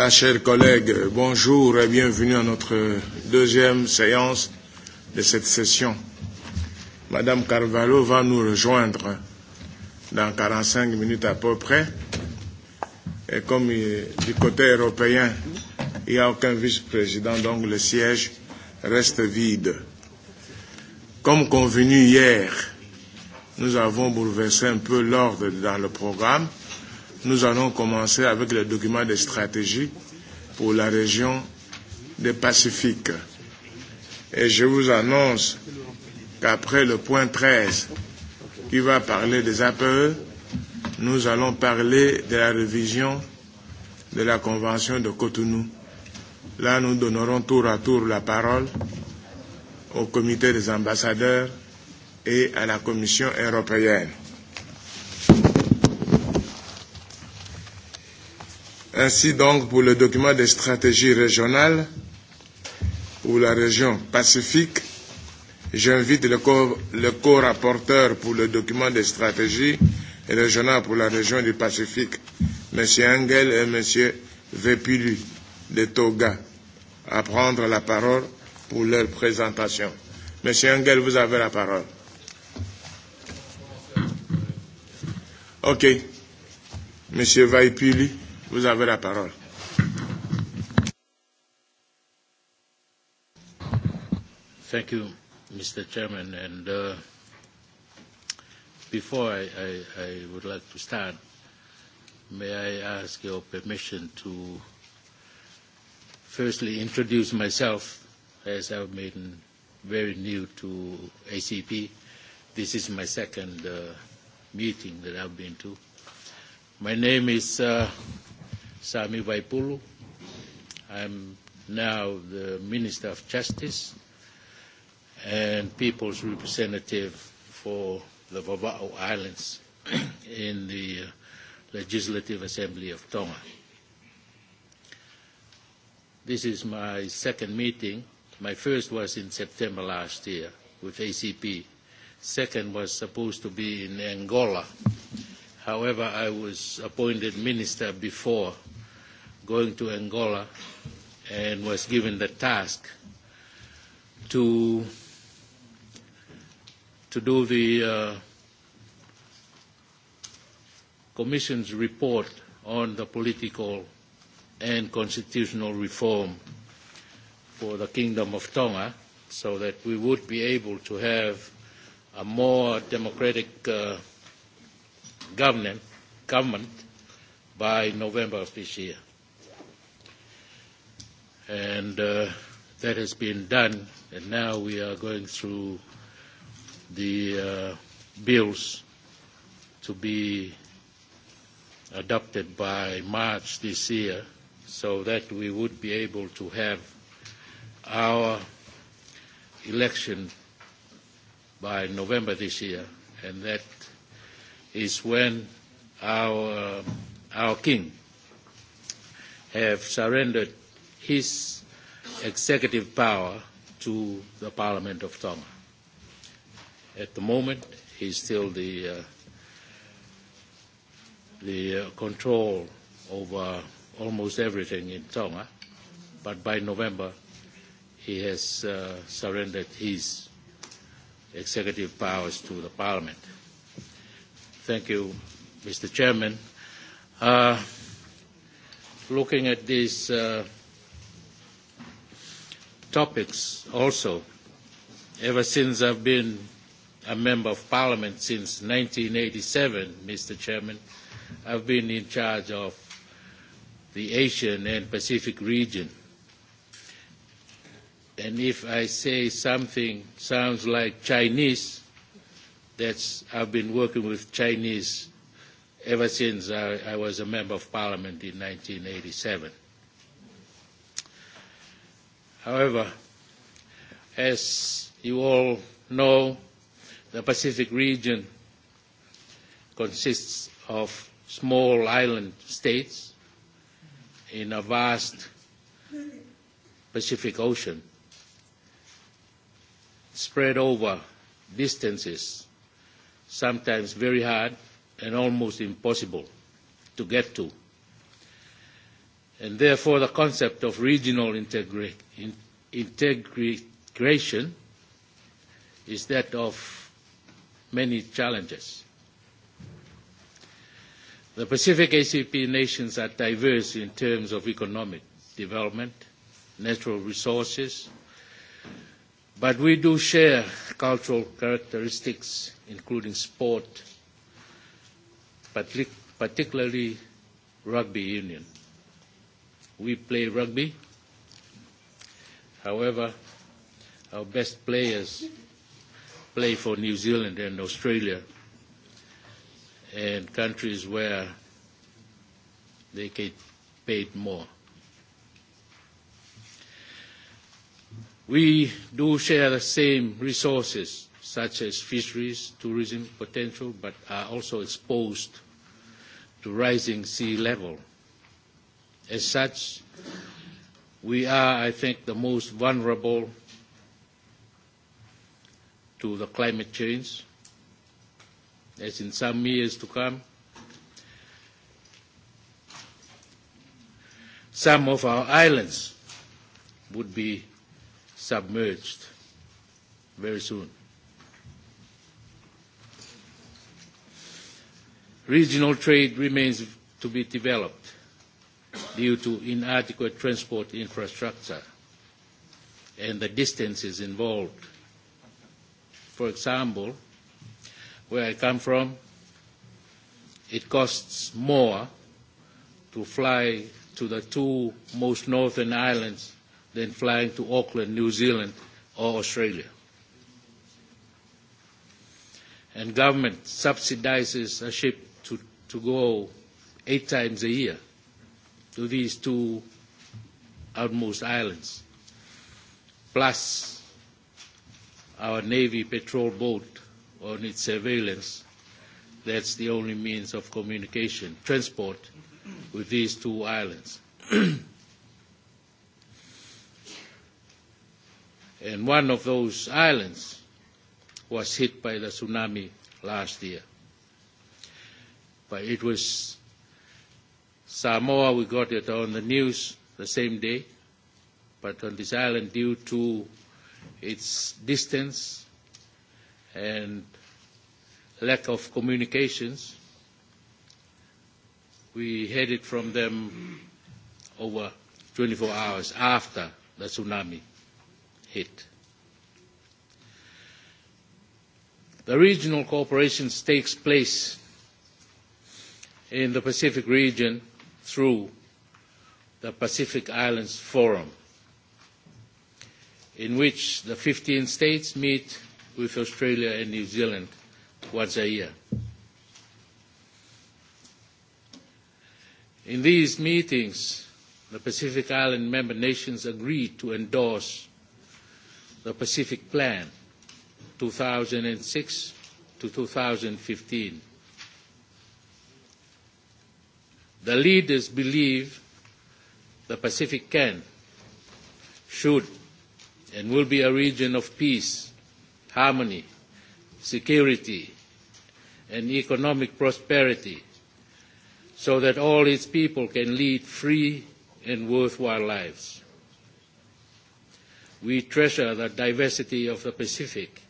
Voilà, chers collègues, bonjour et bienvenue à notre deuxième séance de cette session. Madame Carvalho va nous rejoindre dans 45 minutes à peu près. Et comme du côté européen, il n'y a aucun vice-président, donc le siège reste vide. Comme convenu hier, nous avons bouleversé un peu l'ordre dans le programme Nous allons commencer avec le document de stratégie pour la région du Pacifique. Et je vous annonce qu'après le point 13, qui va parler des APE, nous allons parler de la révision de la Convention de Cotonou. Là, nous donnerons tour à tour la parole au comité des ambassadeurs et à la Commission européenne. Ainsi donc, pour le document des stratégies régionales pour la région Pacifique, j'invite le co-rapporteur co pour le document des stratégies régionales pour la région du Pacifique, M. Engel et M. Vepulu de Toga, à prendre la parole pour leur présentation. Monsieur Engel, vous avez la parole. OK. Monsieur Vaipuli. Vous avez la parole. Thank you, Mr. Chairman. And uh, before I, I, I would like to start, may I ask your permission to firstly introduce myself as I've been very new to ACP. This is my second uh, meeting that I've been to. My name is uh, Sami Vaipulu. I am now the Minister of Justice and People's Representative for the Vava'o Islands in the Legislative Assembly of Tonga. This is my second meeting. My first was in September last year with ACP. Second was supposed to be in Angola However, I was appointed minister before going to Angola and was given the task to to do the uh, commission's report on the political and constitutional reform for the kingdom of Tonga so that we would be able to have a more democratic uh, government, government by November of this year. And uh, that has been done, and now we are going through the uh, bills to be adopted by March this year so that we would be able to have our election by November this year and that is when our, our king have surrendered his executive power to the Parliament of Tonga. At the moment, he's still the, uh, the uh, control over almost everything in Tonga, but by November, he has uh, surrendered his executive powers to the Parliament Thank you, Mr. Chairman. Uh, looking at these uh, topics also, ever since I've been a member of parliament since 1987, Mr. Chairman, I've been in charge of the Asian and Pacific region. And if I say something sounds like Chinese, That's, I've been working with Chinese ever since I, I was a member of parliament in 1987. However, as you all know, the Pacific region consists of small island states in a vast Pacific Ocean spread over distances sometimes very hard and almost impossible to get to. And therefore, the concept of regional integra- in- integration is that of many challenges. The Pacific ACP nations are diverse in terms of economic development, natural resources, but we do share cultural characteristics including sport, particularly rugby union. We play rugby. However, our best players play for New Zealand and Australia and countries where they get paid more. We do share the same resources such as fisheries, tourism potential, but are also exposed to rising sea level. As such, we are, I think, the most vulnerable to the climate change, as in some years to come. Some of our islands would be submerged very soon. Regional trade remains to be developed due to inadequate transport infrastructure and the distances involved. For example, where I come from, it costs more to fly to the two most northern islands than flying to Auckland, New Zealand, or Australia. And government subsidizes a ship to go eight times a year to these two outmost islands, plus our Navy patrol boat on its surveillance. That's the only means of communication, transport with these two islands. and one of those islands was hit by the tsunami last year. But it was Samoa, we got it on the news the same day. But on this island, due to its distance and lack of communications, we had it from them over 24 hours after the tsunami hit. The regional cooperation takes place in the Pacific region through the Pacific Islands Forum, in which the 15 states meet with Australia and New Zealand once a year. In these meetings, the Pacific Island member nations agreed to endorse the Pacific Plan 2006 to 2015 The leaders believe the Pacific can, should, and will be a region of peace, harmony, security, and economic prosperity so that all its people can lead free and worthwhile lives. We treasure the diversity of the Pacific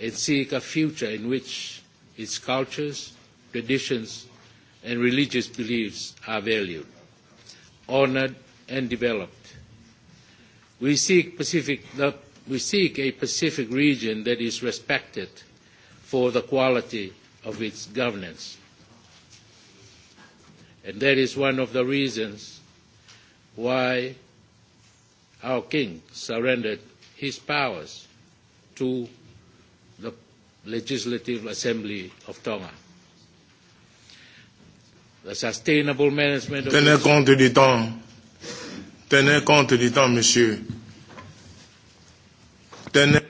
and seek a future in which its cultures, traditions, and religious beliefs are valued, honoured and developed. We seek, Pacific, we seek a Pacific region that is respected for the quality of its governance. And that is one of the reasons why our king surrendered his powers to the Legislative Assembly of Tonga sustainable management of Tenez compte du temps. Tenez compte du temps, monsieur. Tenez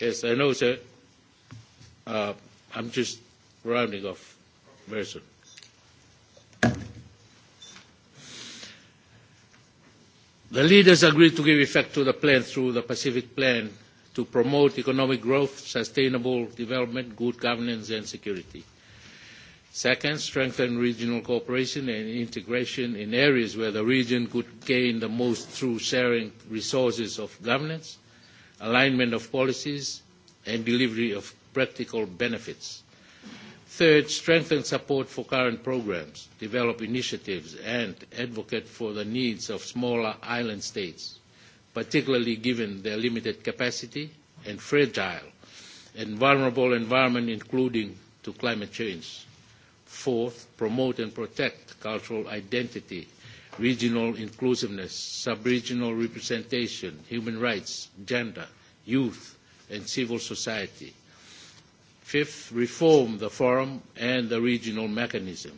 Yes, I know, sir. Uh, I'm just rounding off very soon. The leaders agreed to give effect to the plan through the Pacific Plan to promote economic growth, sustainable development, good governance and security. Second, strengthen regional cooperation and integration in areas where the region could gain the most through sharing resources of governance, alignment of policies, and delivery of practical benefits. Third, strengthen support for current programs, develop initiatives, and advocate for the needs of smaller island states particularly given their limited capacity and fragile and vulnerable environment, including to climate change. Fourth, promote and protect cultural identity, regional inclusiveness, sub-regional representation, human rights, gender, youth, and civil society. Fifth, reform the forum and the regional mechanism.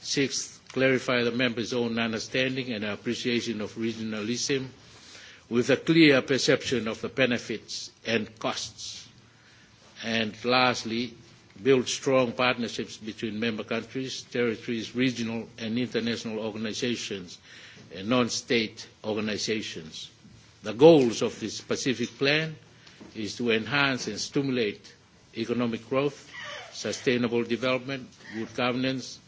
Sixth, clarify the members' own understanding and appreciation of regionalism with a clear perception of the benefits and costs. And lastly, build strong partnerships between member countries, territories, regional and international organisations and non-state organisations. The goals of this Pacific Plan is to enhance and stimulate economic growth, sustainable development, good governance,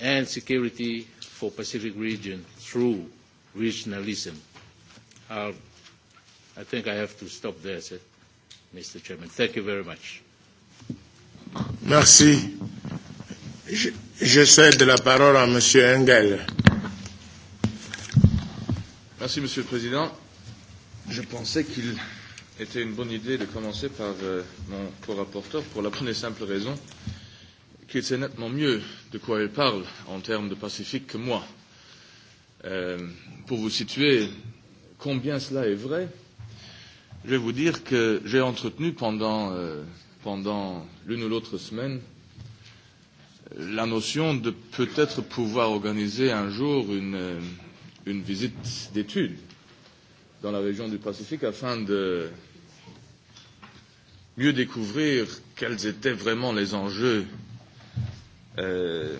and security for Pacific region through regionalism. I think I have to stop there, sir, Mr. Chairman. Thank you very much. Merci. Je cède la parole à Monsieur Engel. Merci, Monsieur le Président. Je pensais qu'il était une bonne idée de commencer par euh, mon co-rapporteur pour la bonne et simple raison qu'il sait nettement mieux de quoi il parle en termes de Pacifique que moi. Euh, pour vous situer, combien cela est vrai, je vais vous dire que j'ai entretenu pendant, euh, pendant l'une ou l'autre semaine la notion de peut-être pouvoir organiser un jour une, une visite d'études dans la région du Pacifique afin de mieux découvrir quels étaient vraiment les enjeux euh,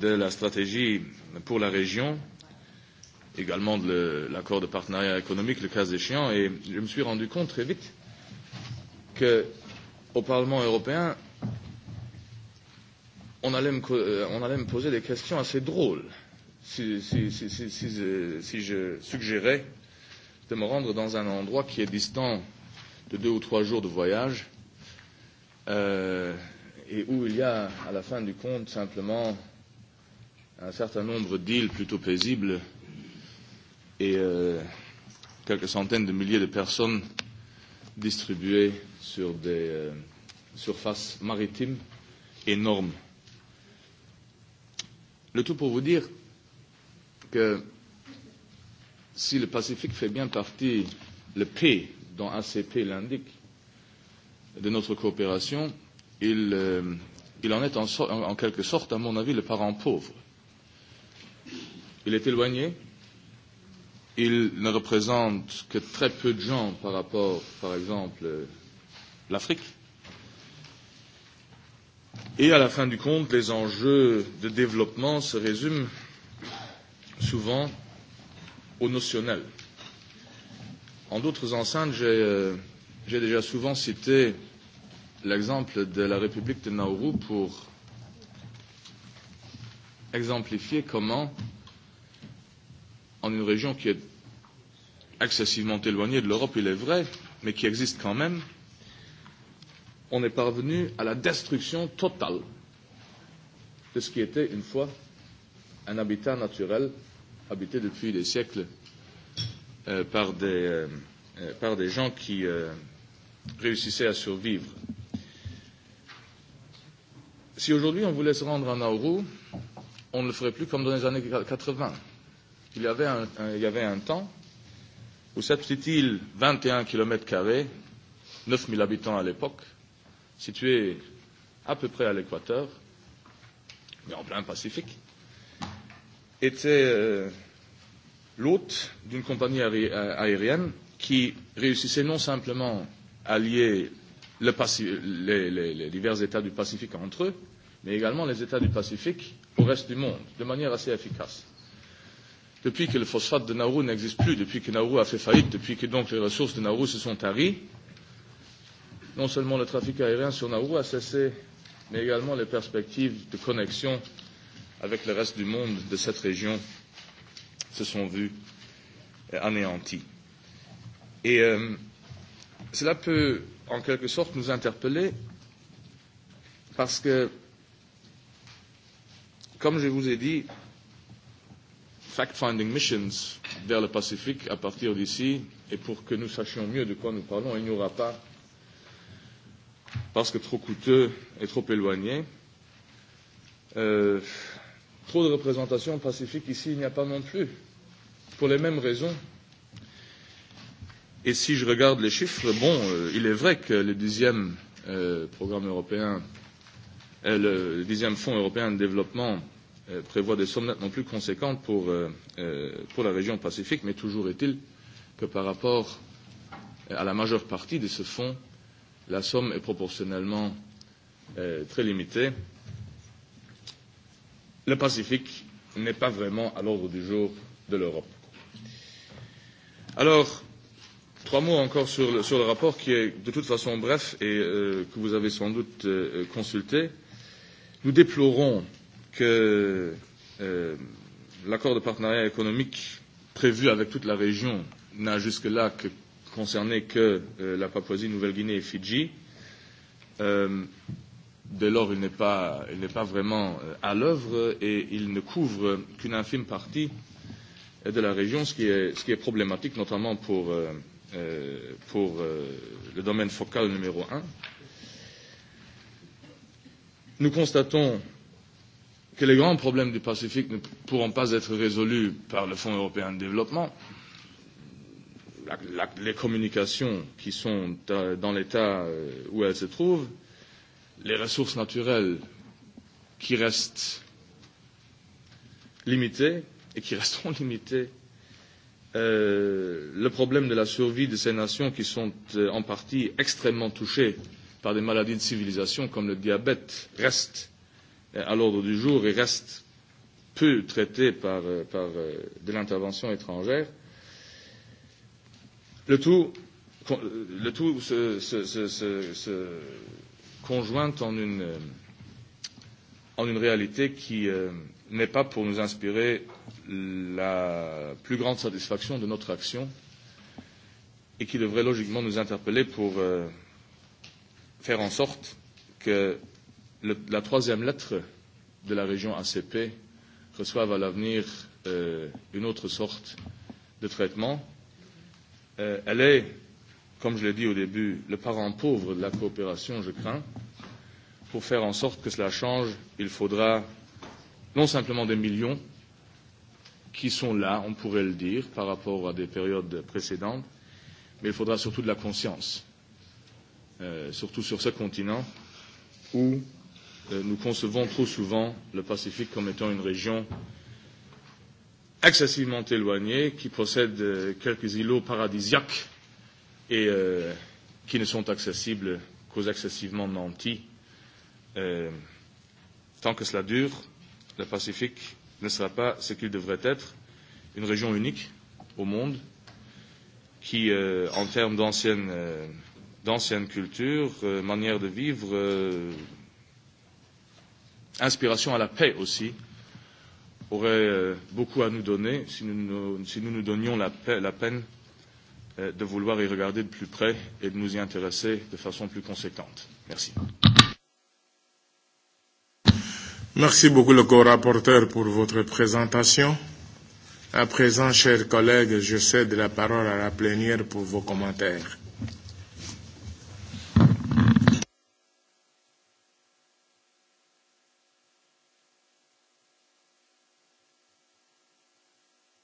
de la stratégie pour la région également de l'accord de partenariat économique, le cas échéant, et je me suis rendu compte très vite qu'au Parlement européen, on allait, me, on allait me poser des questions assez drôles si, si, si, si, si, si je suggérais de me rendre dans un endroit qui est distant de deux ou trois jours de voyage euh, et où il y a à la fin du compte simplement un certain nombre d'îles plutôt paisibles et euh, quelques centaines de milliers de personnes distribuées sur des euh, surfaces maritimes énormes. Le tout pour vous dire que si le Pacifique fait bien partie, le P dont ACP l'indique, de notre coopération, il, euh, il en est en, so en quelque sorte, à mon avis, le parent pauvre. Il est éloigné il ne représente que très peu de gens par rapport, par exemple, à l'Afrique. Et à la fin du compte, les enjeux de développement se résument souvent au notionnel. En d'autres enceintes, j'ai déjà souvent cité l'exemple de la République de Nauru pour exemplifier comment en une région qui est excessivement éloignée de l'Europe, il est vrai, mais qui existe quand même, on est parvenu à la destruction totale de ce qui était une fois un habitat naturel habité depuis des siècles euh, par, des, euh, par des gens qui euh, réussissaient à survivre. Si aujourd'hui on voulait se rendre à Nauru, on ne le ferait plus comme dans les années 80 il y avait un, un, il y avait un temps où cette petite île, 21 km, 9000 habitants à l'époque, située à peu près à l'équateur, mais en plein Pacifique, était euh, l'hôte d'une compagnie aérienne qui réussissait non simplement à lier le les, les, les divers États du Pacifique entre eux, mais également les États du Pacifique au reste du monde, de manière assez efficace depuis que le phosphate de Nauru n'existe plus, depuis que Nauru a fait faillite, depuis que donc les ressources de Nauru se sont taries, non seulement le trafic aérien sur Nauru a cessé, mais également les perspectives de connexion avec le reste du monde de cette région se sont vues anéanties. Et euh, cela peut en quelque sorte nous interpeller parce que, comme je vous ai dit, fact-finding missions vers le Pacifique à partir d'ici, et pour que nous sachions mieux de quoi nous parlons, il n'y aura pas, parce que trop coûteux et trop éloigné, euh, trop de représentation pacifique ici, il n'y a pas non plus, pour les mêmes raisons. Et si je regarde les chiffres, bon, euh, il est vrai que le dixième euh, programme européen, euh, le dixième fonds européen de développement prévoit des sommes nettement plus conséquentes pour, pour la région Pacifique, mais toujours est-il que par rapport à la majeure partie de ce fonds, la somme est proportionnellement très limitée. Le Pacifique n'est pas vraiment à l'ordre du jour de l'Europe. Alors, trois mots encore sur le, sur le rapport qui est de toute façon bref et euh, que vous avez sans doute euh, consulté. Nous déplorons que euh, l'accord de partenariat économique prévu avec toute la région n'a jusque-là que concerné que euh, la Papouasie-Nouvelle-Guinée et Fidji. Euh, dès lors, il n'est pas, il n'est pas vraiment à l'œuvre et il ne couvre qu'une infime partie de la région, ce qui est, ce qui est problématique, notamment pour, euh, pour euh, le domaine focal numéro un. Nous constatons que les grands problèmes du Pacifique ne pourront pas être résolus par le Fonds européen de développement, la, la, les communications qui sont dans l'état où elles se trouvent, les ressources naturelles qui restent limitées et qui resteront limitées, euh, le problème de la survie de ces nations qui sont euh, en partie extrêmement touchées par des maladies de civilisation comme le diabète reste à l'ordre du jour et reste peu traité par, par de l'intervention étrangère. Le tout, le tout se, se, se, se, se conjointe en une, en une réalité qui euh, n'est pas pour nous inspirer la plus grande satisfaction de notre action et qui devrait logiquement nous interpeller pour euh, faire en sorte que le, la troisième lettre de la région ACP reçoive à l'avenir euh, une autre sorte de traitement. Euh, elle est, comme je l'ai dit au début, le parent pauvre de la coopération, je crains. Pour faire en sorte que cela change, il faudra non simplement des millions qui sont là, on pourrait le dire, par rapport à des périodes précédentes, mais il faudra surtout de la conscience, euh, surtout sur ce continent où nous concevons trop souvent le Pacifique comme étant une région excessivement éloignée qui possède quelques îlots paradisiaques et euh, qui ne sont accessibles qu'aux excessivement nantis. Euh, tant que cela dure, le Pacifique ne sera pas ce qu'il devrait être, une région unique au monde qui, euh, en termes d'ancienne euh, culture, euh, manière de vivre, euh, inspiration à la paix aussi, aurait beaucoup à nous donner si nous nous, si nous, nous donnions la, paix, la peine de vouloir y regarder de plus près et de nous y intéresser de façon plus conséquente. Merci. Merci beaucoup, le co-rapporteur, pour votre présentation. À présent, chers collègues, je cède la parole à la plénière pour vos commentaires.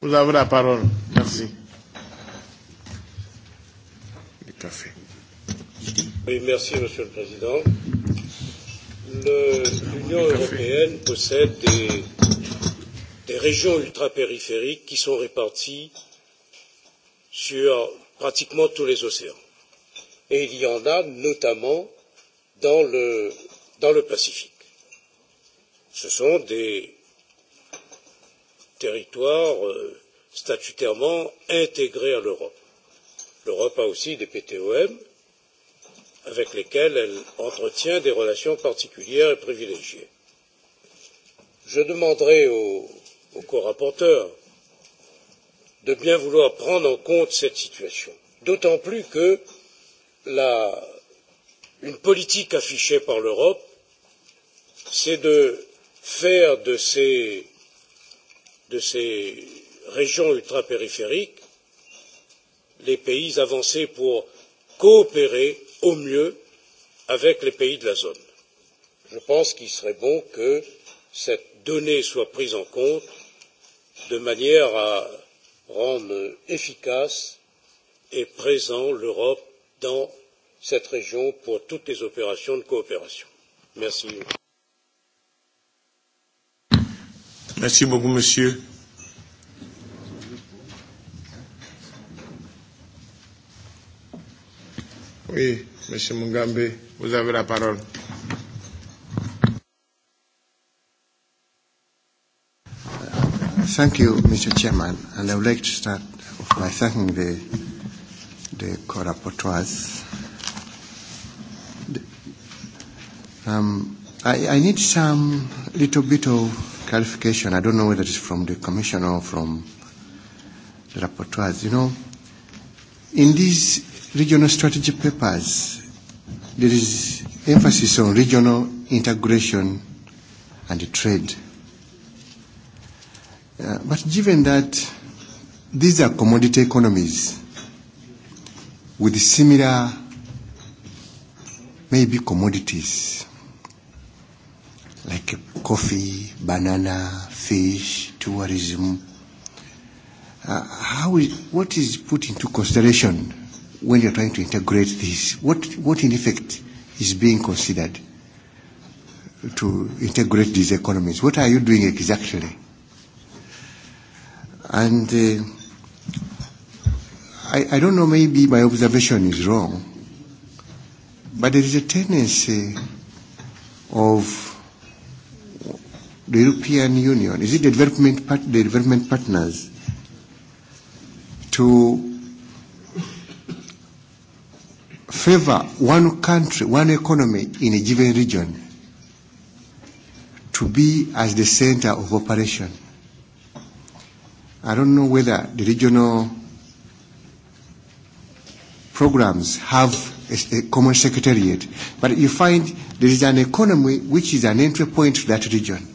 Vous avez la parole. Merci. Oui, merci, Monsieur le Président. L'Union européenne possède des, des régions ultrapériphériques qui sont réparties sur pratiquement tous les océans. Et il y en a notamment dans le, dans le Pacifique. Ce sont des territoire statutairement intégré à l'Europe. L'Europe a aussi des PTOM avec lesquels elle entretient des relations particulières et privilégiées. Je demanderai aux au de bien vouloir prendre en compte cette situation, d'autant plus que la, une politique affichée par l'Europe, c'est de faire de ces de ces régions ultrapériphériques, les pays avancés pour coopérer au mieux avec les pays de la zone. Je pense qu'il serait bon que cette donnée soit prise en compte de manière à rendre efficace et présent l'Europe dans cette région pour toutes les opérations de coopération. Merci. Merci beaucoup, monsieur. Oui, monsieur Mugambe, vous avez la parole. Thank you, Mr. Chairman, and I would like to start by thanking the, the co-rapporteurs. Um, I, I need some little bit of clarification. I don't know whether it's from the Commission or from the rapporteurs. You know, in these regional strategy papers, there is emphasis on regional integration and trade. Uh, but given that these are commodity economies with similar, maybe commodities, like coffee, banana, fish, tourism. Uh, how is, what is put into consideration when you're trying to integrate this? What, what in effect is being considered to integrate these economies? What are you doing exactly? And uh, I, I don't know, maybe my observation is wrong, but there is a tendency of the European Union, is it the development, part, the development partners, to favor one country, one economy in a given region to be as the center of operation. I don't know whether the regional programs have a, a common secretariat, but you find there is an economy which is an entry point to that region.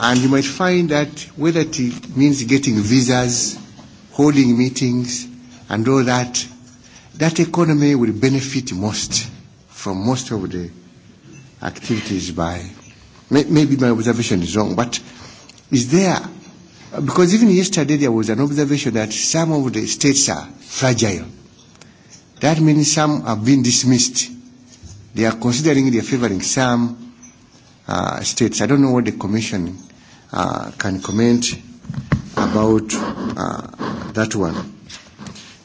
And you might find that whether it means getting visas, holding meetings, and all that, that economy will benefit most from most of the activities by. Maybe my observation is wrong, but is there. Because even yesterday there was an observation that some of the states are fragile. That means some have been dismissed. They are considering they are favoring some uh, states. I don't know what the Commission uh, can comment about uh, that one.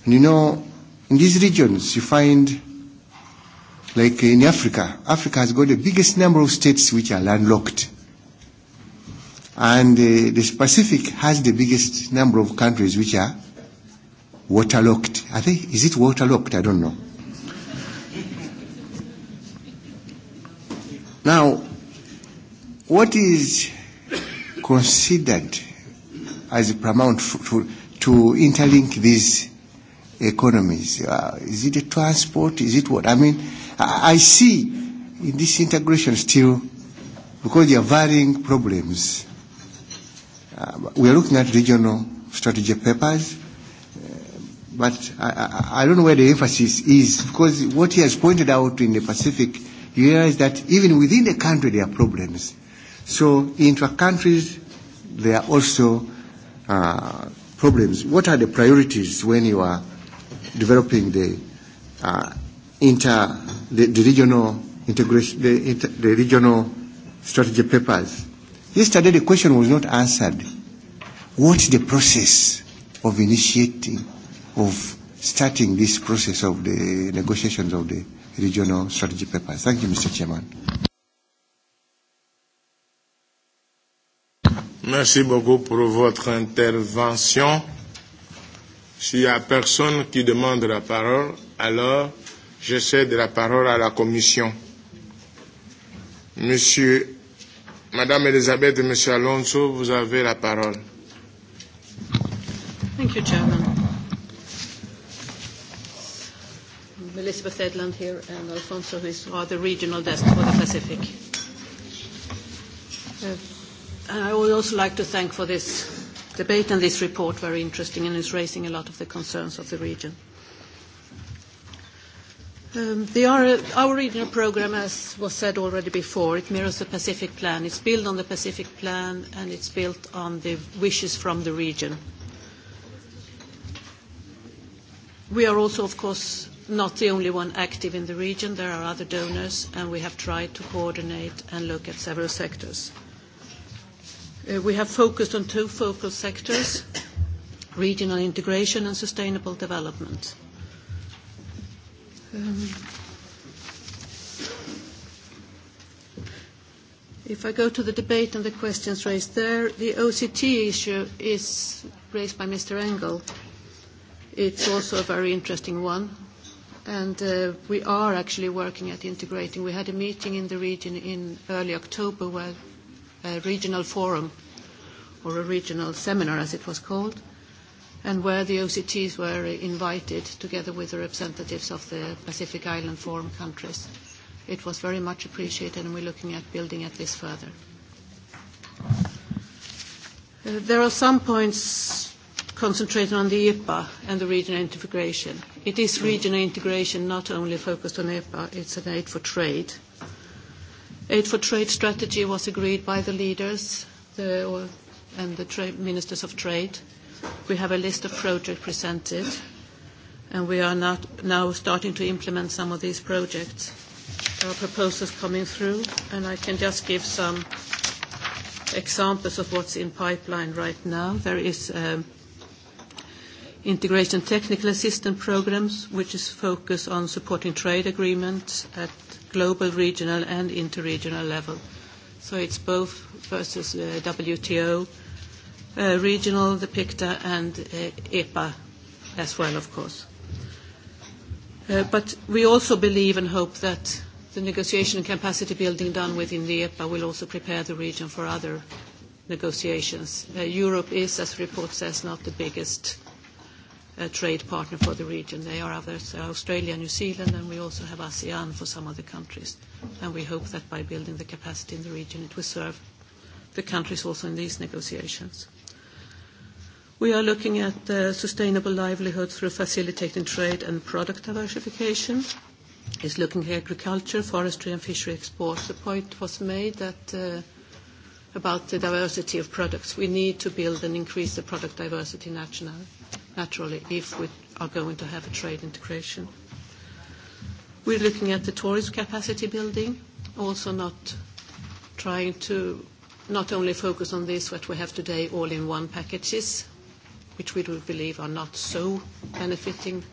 And you know, in these regions, you find, like in Africa, Africa has got the biggest number of states which are landlocked. And uh, the Pacific has the biggest number of countries which are waterlocked. Are they, is it waterlocked? I don't know. Now, what is considered as paramount to, to interlink these economies? Uh, is it a transport? Is it what? I mean, I, I see in this integration still, because there are varying problems. Uh, we are looking at regional strategy papers, uh, but I, I, I don't know where the emphasis is, because what he has pointed out in the Pacific, you realize that even within the country there are problems So in intra-countries, there are also uh, problems. What are the priorities when you are developing the uh, inter, the, the regional integration, the, inter, the regional strategy papers? Yesterday the question was not answered. What's the process of initiating, of starting this process of the negotiations of the regional strategy papers? Thank you, Mr. Chairman. Merci beaucoup pour votre intervention. S'il n'y a personne qui demande la parole, alors je cède la parole à la Commission. Monsieur, Madame Elisabeth et Monsieur Alonso, vous avez la parole. Thank you, Chairman. Elizabeth Edland here, and Alfonso who is the regional desk for the Pacific. Uh, I would also like to thank for this debate and this report, very interesting, and is raising a lot of the concerns of the region. Our regional program, as was said already before, it mirrors the Pacific Plan. It's built on the Pacific Plan, and it's built on the wishes from the region. We are also, of course, not the only one active in the region. There are other donors, and we have tried to coordinate and look at several sectors. We have focused on two focal sectors, regional integration and sustainable development. If I go to the debate and the questions raised there, the OCT issue is raised by Mr. Engel. It's also a very interesting one, and we are actually working at integrating. We had a meeting in the region in early October where a regional forum or a regional seminar, as it was called, and where the OCTs were invited together with the representatives of the Pacific Island Forum countries. It was very much appreciated, and we're looking at building at this further. There are some points concentrated on the IPA and the regional integration. It is regional integration, not only focused on IPA, it's an aid for trade aid for trade strategy was agreed by the leaders and the ministers of trade. We have a list of projects presented, and we are now starting to implement some of these projects. There are proposals coming through, and I can just give some examples of what's in pipeline right now. There is integration technical assistance programs, which is focused on supporting trade agreements at global, regional, and interregional level. So it's both versus uh, WTO, uh, regional, the PICTA, and uh, EPA as well, of course. Uh, but we also believe and hope that the negotiation and capacity building done within the EPA will also prepare the region for other negotiations. Uh, Europe is, as the report says, not the biggest uh, a trade partner for the region. They are others, Australia, New Zealand, and we also have ASEAN for some other countries. And we hope that by building the capacity in the region, it will serve the countries also in these negotiations. We are looking at sustainable livelihood through facilitating trade and product diversification. It's looking at agriculture, forestry, and fishery exports. The point was made that about the diversity of products. We need to build and increase the product diversity nationally naturally, if we are going to have a trade integration. We're looking at the tourist capacity building, also not trying to not only focus on this, what we have today, all-in-one packages, which we do believe are not so benefiting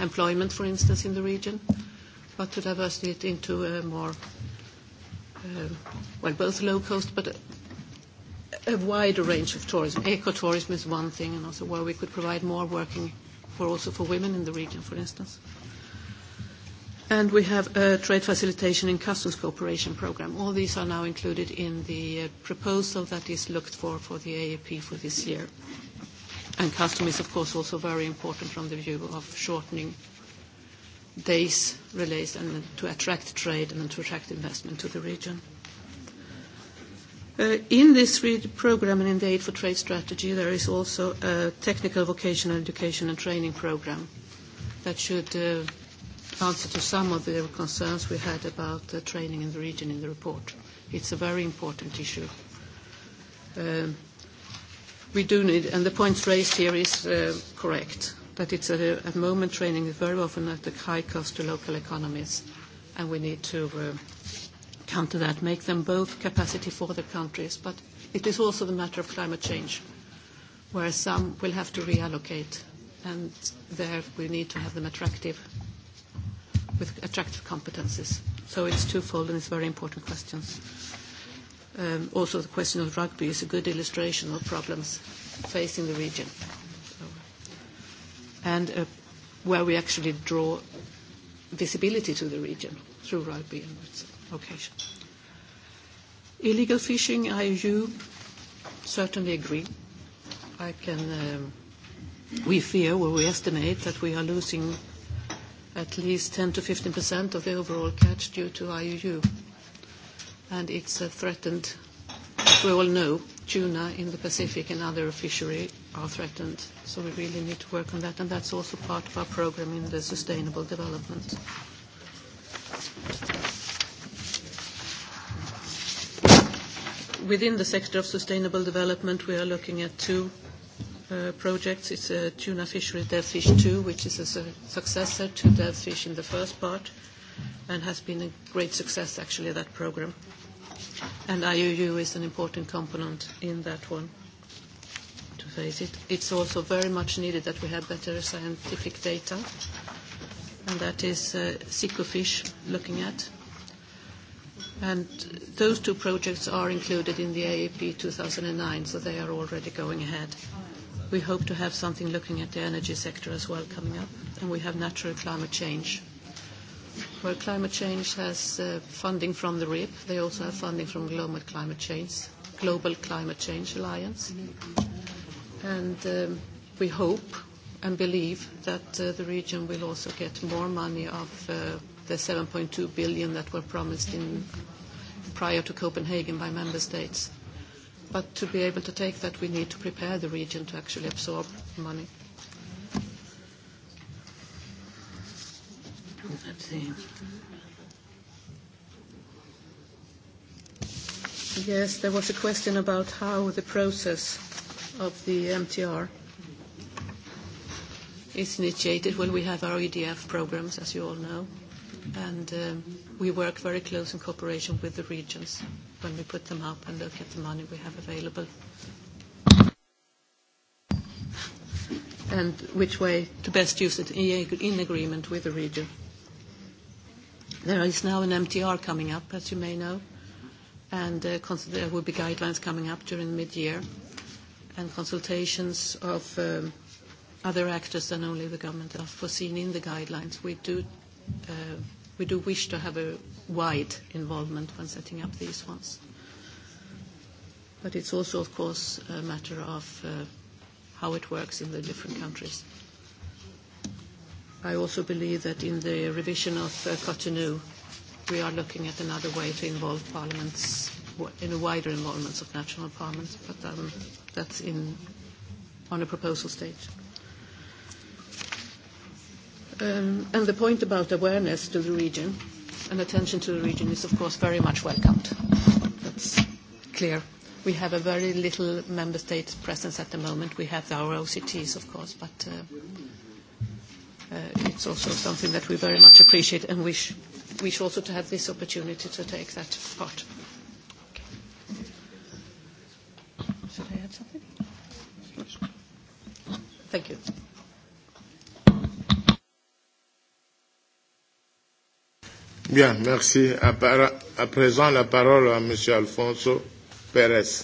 employment, for instance, in the region, but to diversify it into a more, well, both low cost, but a wider range of tourism. Ecotourism is one thing, and also where we could provide more working for also for women in the region, for instance. And we have a trade facilitation and customs cooperation program. All these are now included in the proposal that is looked for for the AAP for this year. And custom is, of course, also very important from the view of shortening days relays and to attract trade and to attract investment to the region in this program and in the Aid for Trade strategy, there is also a technical vocational education and training program that should uh, answer to some of the concerns we had about the training in the region in the report. It's a very important issue. Um, we do need, and the point raised here is uh, correct, that it's a, a moment training is very often at a high cost to local economies, and we need to uh, counter that, make them both capacity for the countries. But it is also the matter of climate change, where some will have to reallocate, and there we need to have them attractive, with attractive competencies. So it's twofold, and it's very important questions. Um, also, the question of rugby is a good illustration of problems facing the region, and uh, where we actually draw visibility to the region through rugby. And it's, location. Illegal fishing, I you certainly agree. I can, um, we fear well we estimate that we are losing at least 10 to 15 percent of the overall catch due to IUU. And it's a threatened, we all know, tuna in the Pacific and other fishery are threatened. So we really need to work on that. And that's also part of our program in the sustainable development. within the sector of sustainable development, we are looking at two uh, projects. It's a tuna fishery, devfish 2, which is a su successor to Delfish in the first part and has been a great success, actually, that program. And IUU is an important component in that one, to face it. It's also very much needed that we have better scientific data, and that is uh, Sikofish looking at And those two projects are included in the AAP 2009, so they are already going ahead. We hope to have something looking at the energy sector as well coming up, and we have natural climate change. Where climate change has uh, funding from the RIP, they also have funding from Global Climate Change, Global Climate Change Alliance. And um, we hope and believe that uh, the region will also get more money of uh, the 7.2 billion that were promised in prior to Copenhagen by member states. But to be able to take that, we need to prepare the region to actually absorb money. Let's see. Yes, there was a question about how the process of the MTR is initiated. when we have our EDF programs, as you all know and we work very close in cooperation with the regions when we put them up and look at the money we have available. And which way to best use it in agreement with the region. There is now an MTR coming up, as you may know, and there will be guidelines coming up during mid-year, and consultations of other actors than only the government are foreseen in the guidelines. We do we do wish to have a wide involvement when setting up these ones. But it's also, of course, a matter of uh, how it works in the different countries. I also believe that in the revision of uh, Cotonou, we are looking at another way to involve parliaments in a wider involvement of national parliaments, but um, that's in, on a proposal stage and the point about awareness to the region and attention to the region is, of course, very much welcomed. That's clear. We have a very little member state presence at the moment. We have our OCTs, of course, but uh, uh, it's also something that we very much appreciate and wish, wish also to have this opportunity to take that part. Should I add something? Thank you. Bien, merci. À, par... à présent, la parole à M. Alfonso Pérez.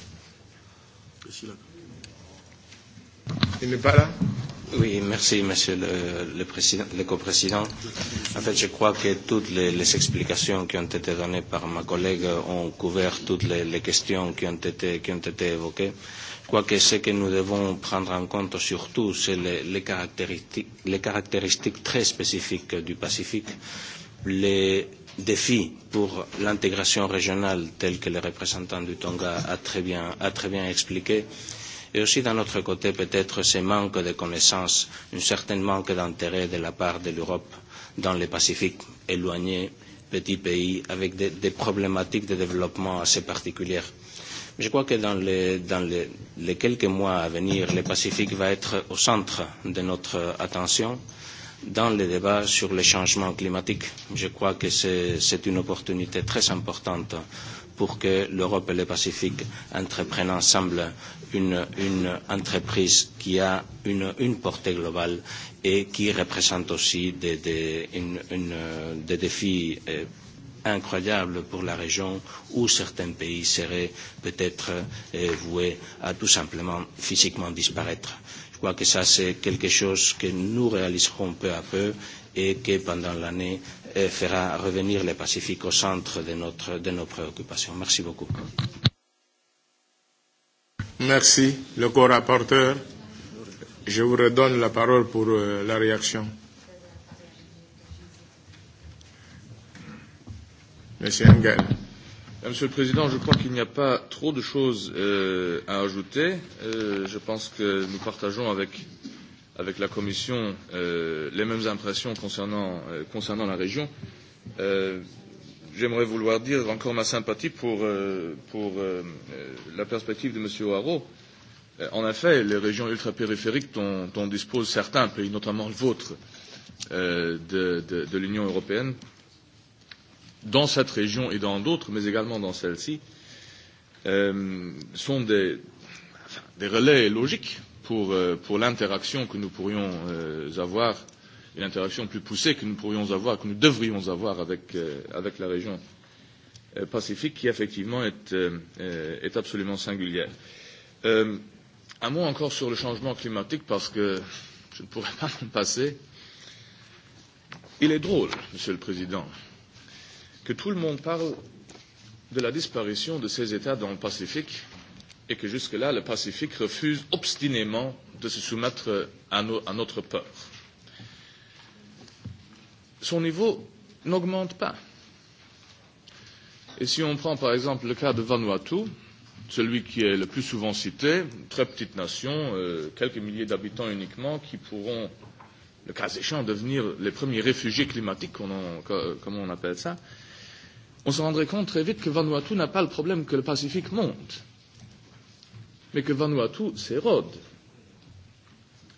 Il n'est pas là Oui, merci, Monsieur le, le, président, le coprésident. En fait, je crois que toutes les, les explications qui ont été données par ma collègue ont couvert toutes les, les questions qui ont, été, qui ont été évoquées. Je crois que ce que nous devons prendre en compte surtout, c'est les, les, caractéristiques, les caractéristiques très spécifiques du Pacifique les défis pour l'intégration régionale tels que le représentant du Tonga a très bien, a très bien expliqué, et aussi d'un autre côté peut-être ce manque de connaissances, un certain manque d'intérêt de la part de l'Europe dans le Pacifique éloigné, petit pays, avec des, des problématiques de développement assez particulières. Je crois que dans les, dans les, les quelques mois à venir, le Pacifique va être au centre de notre attention dans le débat sur le changement climatique. Je crois que c'est une opportunité très importante pour que l'Europe et le Pacifique entreprennent ensemble une, une entreprise qui a une, une portée globale et qui représente aussi des, des, une, une, des défis incroyables pour la région où certains pays seraient peut-être voués à tout simplement physiquement disparaître. Je crois que ça, c'est quelque chose que nous réaliserons peu à peu et que pendant l'année eh, fera revenir le Pacifique au centre de, notre, de nos préoccupations. Merci beaucoup. Merci. Le co-rapporteur, je vous redonne la parole pour euh, la réaction. Monsieur Engel. Monsieur le Président, je crois qu'il n'y a pas trop de choses euh, à ajouter. Euh, je pense que nous partageons avec, avec la Commission euh, les mêmes impressions concernant, euh, concernant la région. Euh, J'aimerais vouloir dire encore ma sympathie pour, euh, pour euh, la perspective de M. O'Haraud. En effet, les régions ultrapériphériques dont, dont disposent certains pays, notamment le vôtre, euh, de, de, de l'Union européenne, dans cette région et dans d'autres, mais également dans celle-ci, euh, sont des, enfin, des relais logiques pour, euh, pour l'interaction que nous pourrions euh, avoir, une interaction plus poussée que nous pourrions avoir, que nous devrions avoir avec, euh, avec la région euh, pacifique, qui effectivement est, euh, est absolument singulière. Euh, un mot encore sur le changement climatique, parce que je ne pourrais pas m'en passer. Il est drôle, Monsieur le Président, que tout le monde parle de la disparition de ces États dans le Pacifique et que jusque-là, le Pacifique refuse obstinément de se soumettre à, no à notre peur. Son niveau n'augmente pas. Et si on prend par exemple le cas de Vanuatu, celui qui est le plus souvent cité, une très petite nation, euh, quelques milliers d'habitants uniquement, qui pourront, le cas échéant, devenir les premiers réfugiés climatiques, on en, comment on appelle ça, euh, on se rendrait compte très vite que Vanuatu n'a pas le problème que le Pacifique monte, mais que Vanuatu s'érode.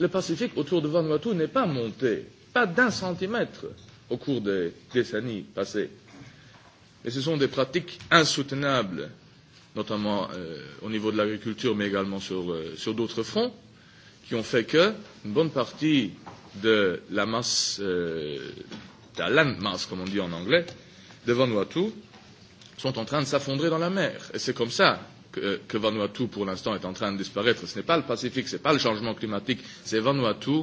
Le Pacifique autour de Vanuatu n'est pas monté, pas d'un centimètre au cours des décennies passées. Et ce sont des pratiques insoutenables, notamment euh, au niveau de l'agriculture, mais également sur, euh, sur d'autres fronts, qui ont fait que une bonne partie de la masse, euh, de la landmass, comme on dit en anglais, euh, de Vanuatu sont en train de s'affondrer dans la mer. Et c'est comme ça que, que Vanuatu, pour l'instant, est en train de disparaître. Ce n'est pas le Pacifique, ce n'est pas le changement climatique, c'est Vanuatu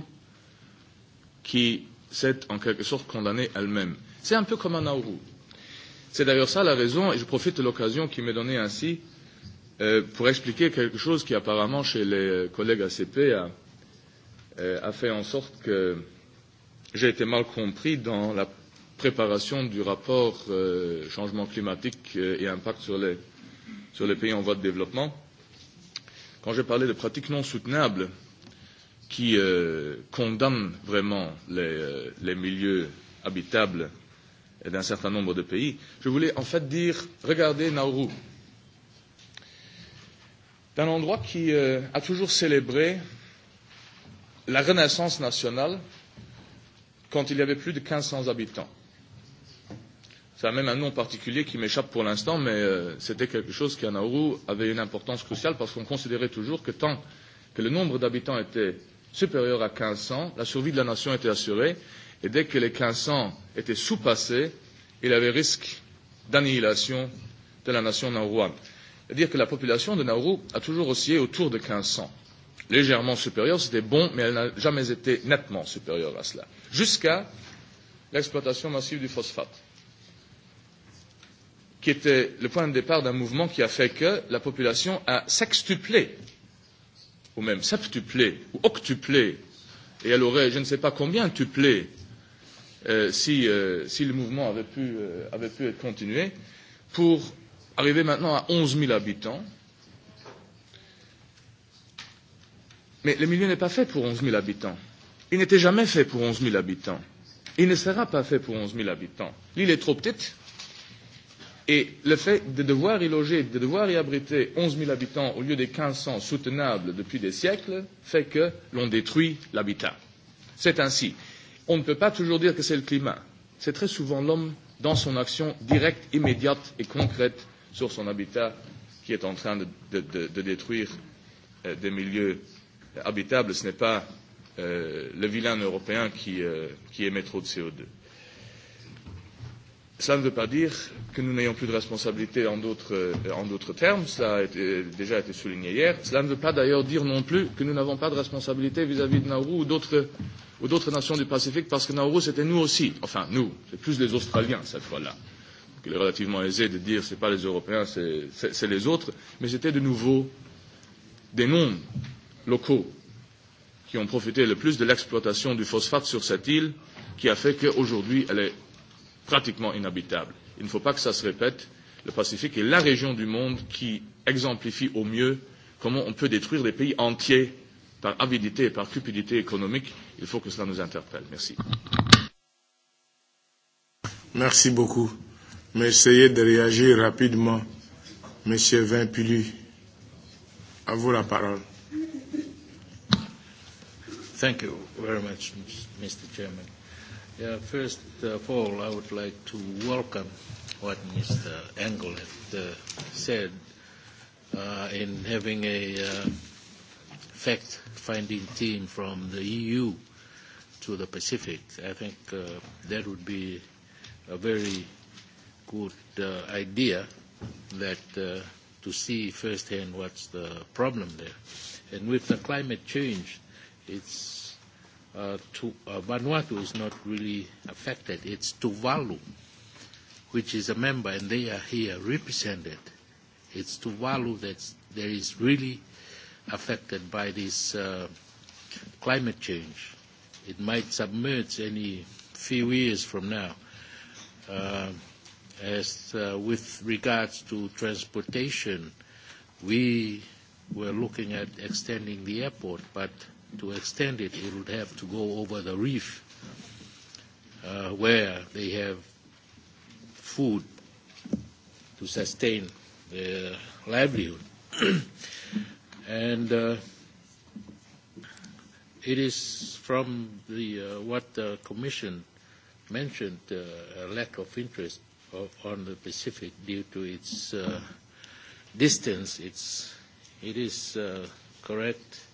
qui s'est en quelque sorte condamnée elle-même. C'est un peu comme à Nauru. C'est d'ailleurs ça la raison, et je profite de l'occasion qui m'est donnée ainsi euh, pour expliquer quelque chose qui apparemment chez les collègues ACP a, euh, a fait en sorte que j'ai été mal compris dans la préparation du rapport euh, changement climatique et impact sur les, sur les pays en voie de développement, quand j'ai parlé de pratiques non soutenables qui euh, condamnent vraiment les, les milieux habitables d'un certain nombre de pays, je voulais en fait dire regardez Nauru, d'un endroit qui euh, a toujours célébré la renaissance nationale quand il y avait plus de 1500 habitants. Ça a même un nom particulier qui m'échappe pour l'instant, mais euh, c'était quelque chose qui, à Nauru, avait une importance cruciale parce qu'on considérait toujours que tant que le nombre d'habitants était supérieur à 1500, la survie de la nation était assurée. Et dès que les 1500 étaient sous-passés, il y avait risque d'annihilation de la nation nauruane. C'est-à-dire que la population de Nauru a toujours oscillé autour de 1500. Légèrement supérieure, c'était bon, mais elle n'a jamais été nettement supérieure à cela. Jusqu'à l'exploitation massive du phosphate qui était le point de départ d'un mouvement qui a fait que la population a sextuplé, ou même septuplé, ou octuplé, et elle aurait je ne sais pas combien tuplé euh, si, euh, si le mouvement avait pu, euh, avait pu être continué, pour arriver maintenant à 11 000 habitants. Mais le milieu n'est pas fait pour 11 000 habitants. Il n'était jamais fait pour 11 000 habitants. Il ne sera pas fait pour 11 000 habitants. L'île est trop petite Et le fait de devoir y loger, de devoir y abriter 11 000 habitants au lieu des 1500 soutenables depuis des siècles fait que l'on détruit l'habitat. C'est ainsi. On ne peut pas toujours dire que c'est le climat. C'est très souvent l'homme dans son action directe, immédiate et concrète sur son habitat qui est en train de, de, de, de détruire euh, des milieux habitables. Ce n'est pas euh, le vilain européen qui, euh, qui émet trop de CO2. Cela ne veut pas dire que nous n'ayons plus de responsabilité en d'autres termes, cela a été, déjà été souligné hier. Cela ne veut pas d'ailleurs dire non plus que nous n'avons pas de responsabilité vis-à-vis de Nauru ou d'autres ou d'autres nations du Pacifique, parce que Nauru, c'était nous aussi. Enfin, nous, c'est plus les Australiens cette fois-là. Donc, il est relativement aisé de dire, ce n'est pas les Européens, c'est les autres, mais c'était de nouveau des noms locaux qui ont profité le plus de l'exploitation du phosphate sur cette île, qui a fait qu'aujourd'hui, elle est pratiquement inhabitable. Il ne faut pas que ça se répète. Le Pacifique est la région du monde qui exemplifie au mieux comment on peut détruire des pays entiers par avidité et par cupidité économique. Il faut que cela nous interpelle. Merci. Merci beaucoup. Mais essayez de réagir rapidement. Monsieur Vimpulu, à vous la parole. Thank you very much, Mr. Chairman Yeah, first of all, I would like to welcome what Mr. Engel had uh, said uh, in having a uh, fact-finding team from the EU to the Pacific. I think uh, that would be a very good uh, idea that uh, to see firsthand what's the problem there. And with the climate change, it's to, uh, Vanuatu is not really affected. It's Tuvalu, which is a member, and they are here represented. It's Tuvalu that's, that is really affected by this uh, climate change. It might submerge any few years from now. Uh, as uh, with regards to transportation, we were looking at extending the airport, but to extend it, it would have to go over the reef uh, where they have food to sustain their livelihood. and uh, it is from the, uh, what the Commission mentioned, uh, a lack of interest of, on the Pacific due to its uh, distance. It's, it is uh, correct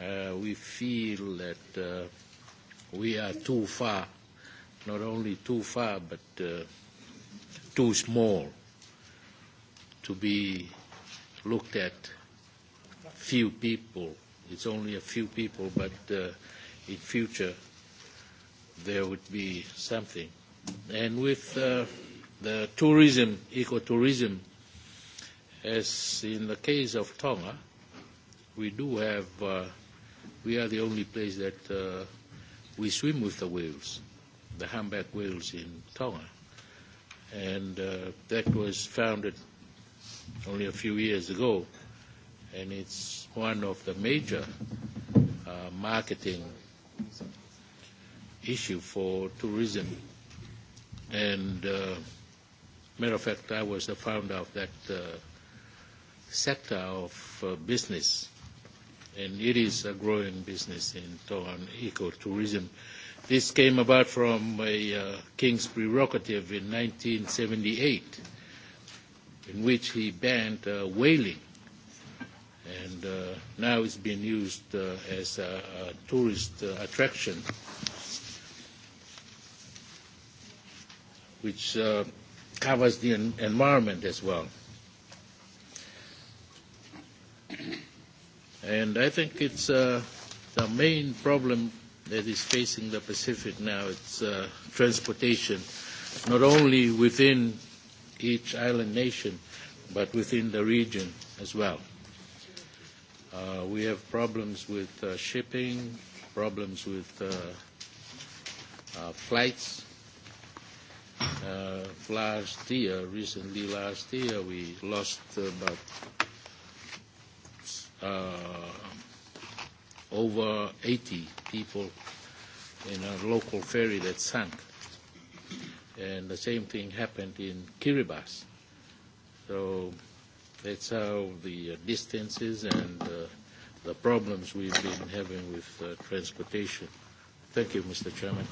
uh, we feel that uh, we are too far, not only too far, but uh, too small to be looked at. Few people, it's only a few people, but uh, in future there would be something. And with uh, the tourism, ecotourism, as in the case of Tonga, we do have uh, we are the only place that uh, we swim with the whales, the humpback whales in Tonga. And uh, that was founded only a few years ago, and it's one of the major uh, marketing issue for tourism. And uh, matter of fact, I was the founder of that uh, sector of uh, business and it is a growing business in Tongan ecotourism. This came about from a uh, king's prerogative in 1978, in which he banned uh, whaling, and uh, now it's been used uh, as a, a tourist uh, attraction, which uh, covers the en- environment as well. And I think it's uh, the main problem that is facing the Pacific now. It's uh, transportation, not only within each island nation, but within the region as well. Uh, we have problems with uh, shipping, problems with uh, uh, flights. Uh, last year, recently last year, we lost about uh over 80 people in a local ferry that sank. And the same thing happened in Kiribati. So that's how the distances and uh, the problems we've been having with uh, transportation. Thank you, Mr. Chairman.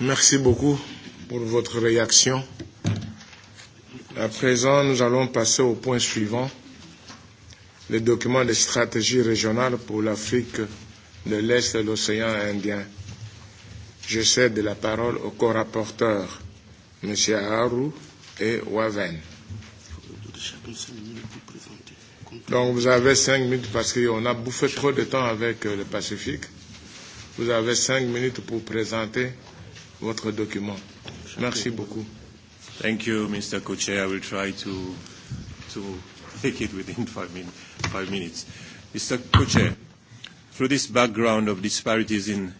Merci beaucoup pour votre réaction. À présent, nous allons passer au point suivant, le document de stratégie régionale pour l'Afrique de l'Est et l'océan Indien. Je cède la parole au co-rapporteur, M. Haru et Waven. Donc vous avez cinq minutes parce qu'on a bouffé trop de temps avec le Pacifique. Vous avez cinq minutes pour présenter votre document. Merci beaucoup. Thank you, Mr. Co-Chair. I will try to, to take it within five, min five minutes. Mr. Co-Chair, through this background of disparities in,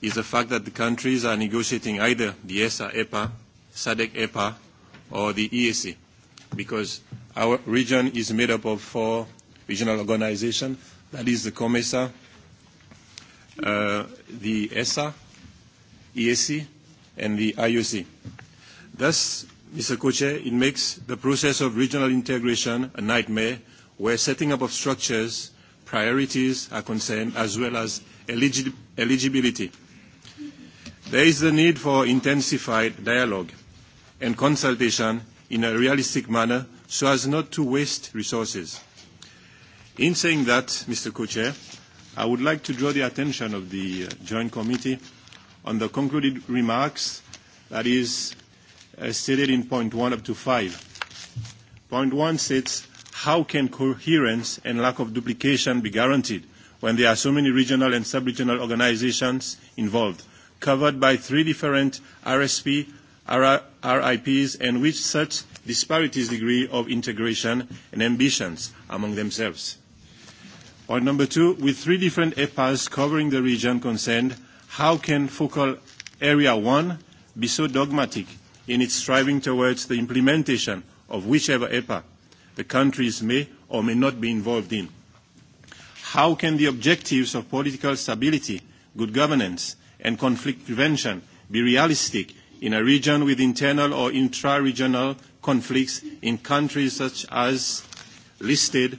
is the fact that the countries are negotiating either the ESA-EPA, SADC-EPA, or the EAC, because our region is made up of four regional organizations, that is the COMESA, uh, the ESA, EAC, and the IOC. Thus, Mr. Koche, it makes the process of regional integration a nightmare where setting up of structures, priorities are concerned, as well as eligibility. There is the need for intensified dialogue and consultation in a realistic manner so as not to waste resources. In saying that, Mr. Co-Chair, I would like to draw the attention of the Joint Committee on the concluded remarks, that is as stated in point one up to five. Point one states how can coherence and lack of duplication be guaranteed when there are so many regional and sub-regional organizations involved, covered by three different RSP, RIPs, and with such disparities degree of integration and ambitions among themselves. Point number two, with three different EPAs covering the region concerned, how can focal area one be so dogmatic in its striving towards the implementation of whichever EPA the countries may or may not be involved in. How can the objectives of political stability, good governance, and conflict prevention be realistic in a region with internal or intra-regional conflicts in countries such as listed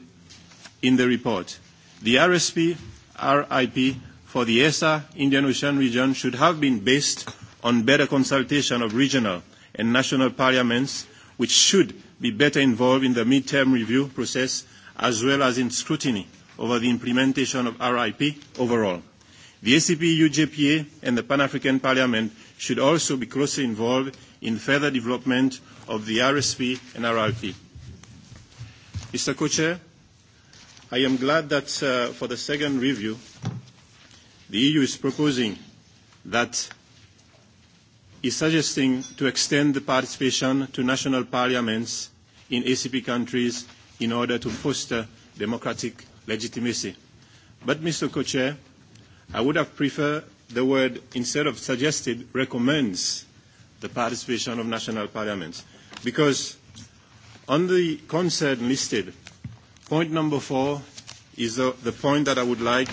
in the report? The RSP RIP for the ESA Indian Ocean region should have been based on better consultation of regional and national parliaments, which should be better involved in the mid-term review process as well as in scrutiny over the implementation of RIP overall. The ACP UJPA and the Pan-African Parliament should also be closely involved in further development of the RSP and RIP. Mr. Co-Chair, I am glad that uh, for the second review, the EU is proposing that is suggesting to extend the participation to national parliaments in ACP countries in order to foster democratic legitimacy. But, Mr. Co-Chair, I would have preferred the word, instead of suggested, recommends the participation of national parliaments. Because on the concern listed, point number four is the, the point that I would like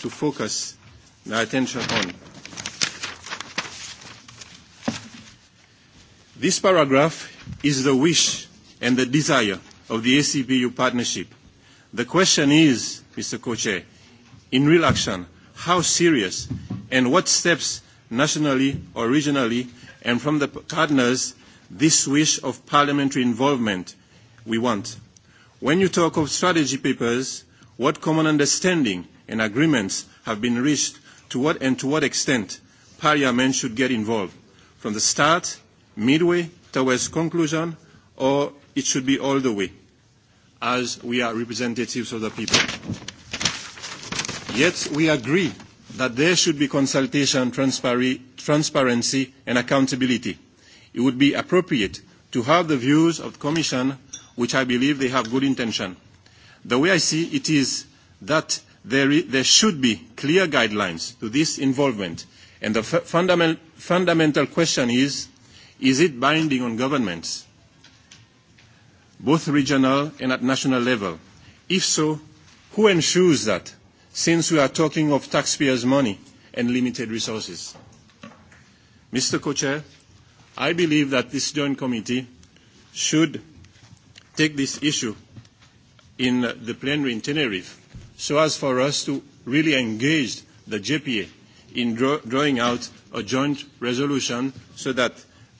to focus my attention on. This paragraph is the wish and the desire of the ACPU partnership. The question is, Mr. Co-Chair, in real action, how serious and what steps nationally or regionally and from the partners this wish of parliamentary involvement we want. When you talk of strategy papers, what common understanding and agreements have been reached to what and to what extent parliament should get involved from the start midway towards conclusion, or it should be all the way, as we are representatives of the people. Yet we agree that there should be consultation, transparency, and accountability. It would be appropriate to have the views of the Commission, which I believe they have good intention. The way I see it is that there, there should be clear guidelines to this involvement. And the fundamental question is Is it binding on governments, both regional and at national level? If so, who ensures that, since we are talking of taxpayers' money and limited resources? Mr. Co-Chair, I believe that this joint committee should take this issue in the plenary in Tenerife so as for us to really engage the JPA in draw, drawing out a joint resolution so that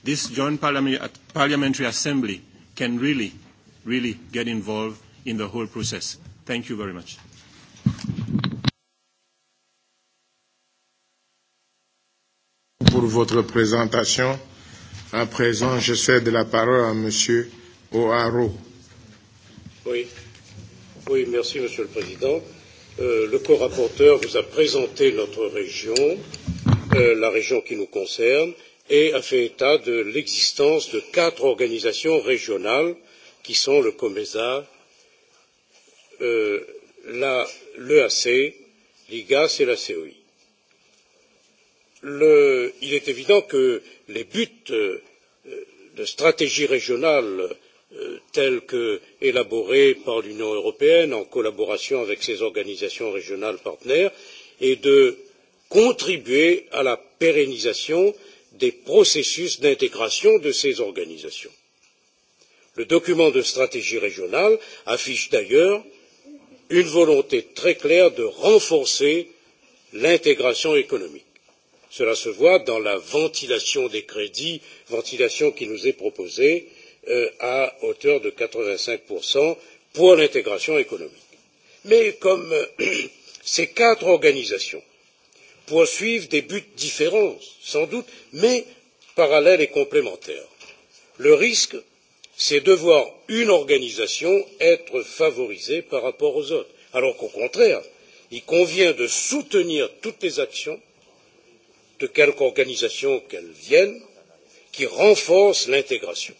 this joint parliamentary assembly can really, really get involved in the whole process. Thank you very much. Pour votre présentation, à présent, je cède la parole à Monsieur O'Haro. Oui. Oui, merci, Monsieur le Président. Euh, le co-rapporteur vous a présenté notre région, euh, la région qui nous concerne, et a fait état de l'existence de quatre organisations régionales qui sont le COMESA, l'EAC, l'IGAS et la COI. il est évident que les buts de stratégie régionale tels qu'élaborés par l'Union européenne en collaboration avec ses organisations régionales partenaires et de contribuer à la pérennisation des processus d'intégration de ces organisations. Le document de stratégie régionale affiche d'ailleurs une volonté très claire de renforcer l'intégration économique. Cela se voit dans la ventilation des crédits, ventilation qui nous est proposée à hauteur de quatre vingt cinq pour l'intégration économique. Mais comme ces quatre organisations poursuivent des buts différents sans doute mais parallèles et complémentaires. le risque c'est de voir une organisation être favorisée par rapport aux autres alors qu'au contraire il convient de soutenir toutes les actions de quelque organisation qu'elles viennent qui renforcent l'intégration.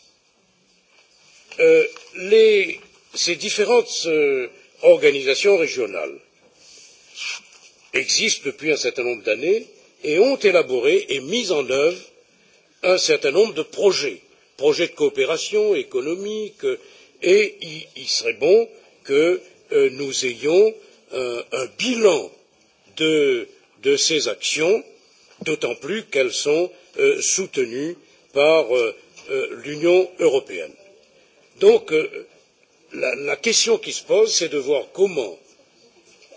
ces différentes organisations régionales existent depuis un certain nombre d'années et ont élaboré et mis en œuvre un certain nombre de projets, projets de coopération économique, et il, serait bon que nous ayons un bilan de, ces actions, d'autant plus qu'elles sont soutenues par l'Union européenne. Donc, la, question qui se pose, c'est de voir comment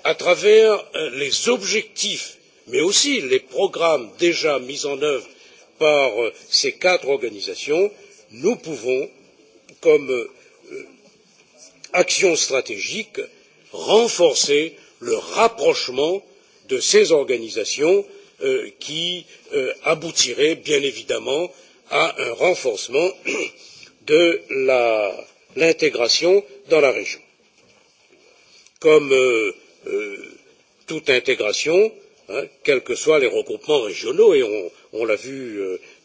à travers les objectifs, mais aussi les programmes déjà mis en œuvre par ces quatre organisations, nous pouvons, comme action stratégique, renforcer le rapprochement de ces organisations qui aboutirait bien évidemment à un renforcement de l'intégration dans la région. Comme toute intégration, quels que soient les regroupements régionaux, et on, l'a vu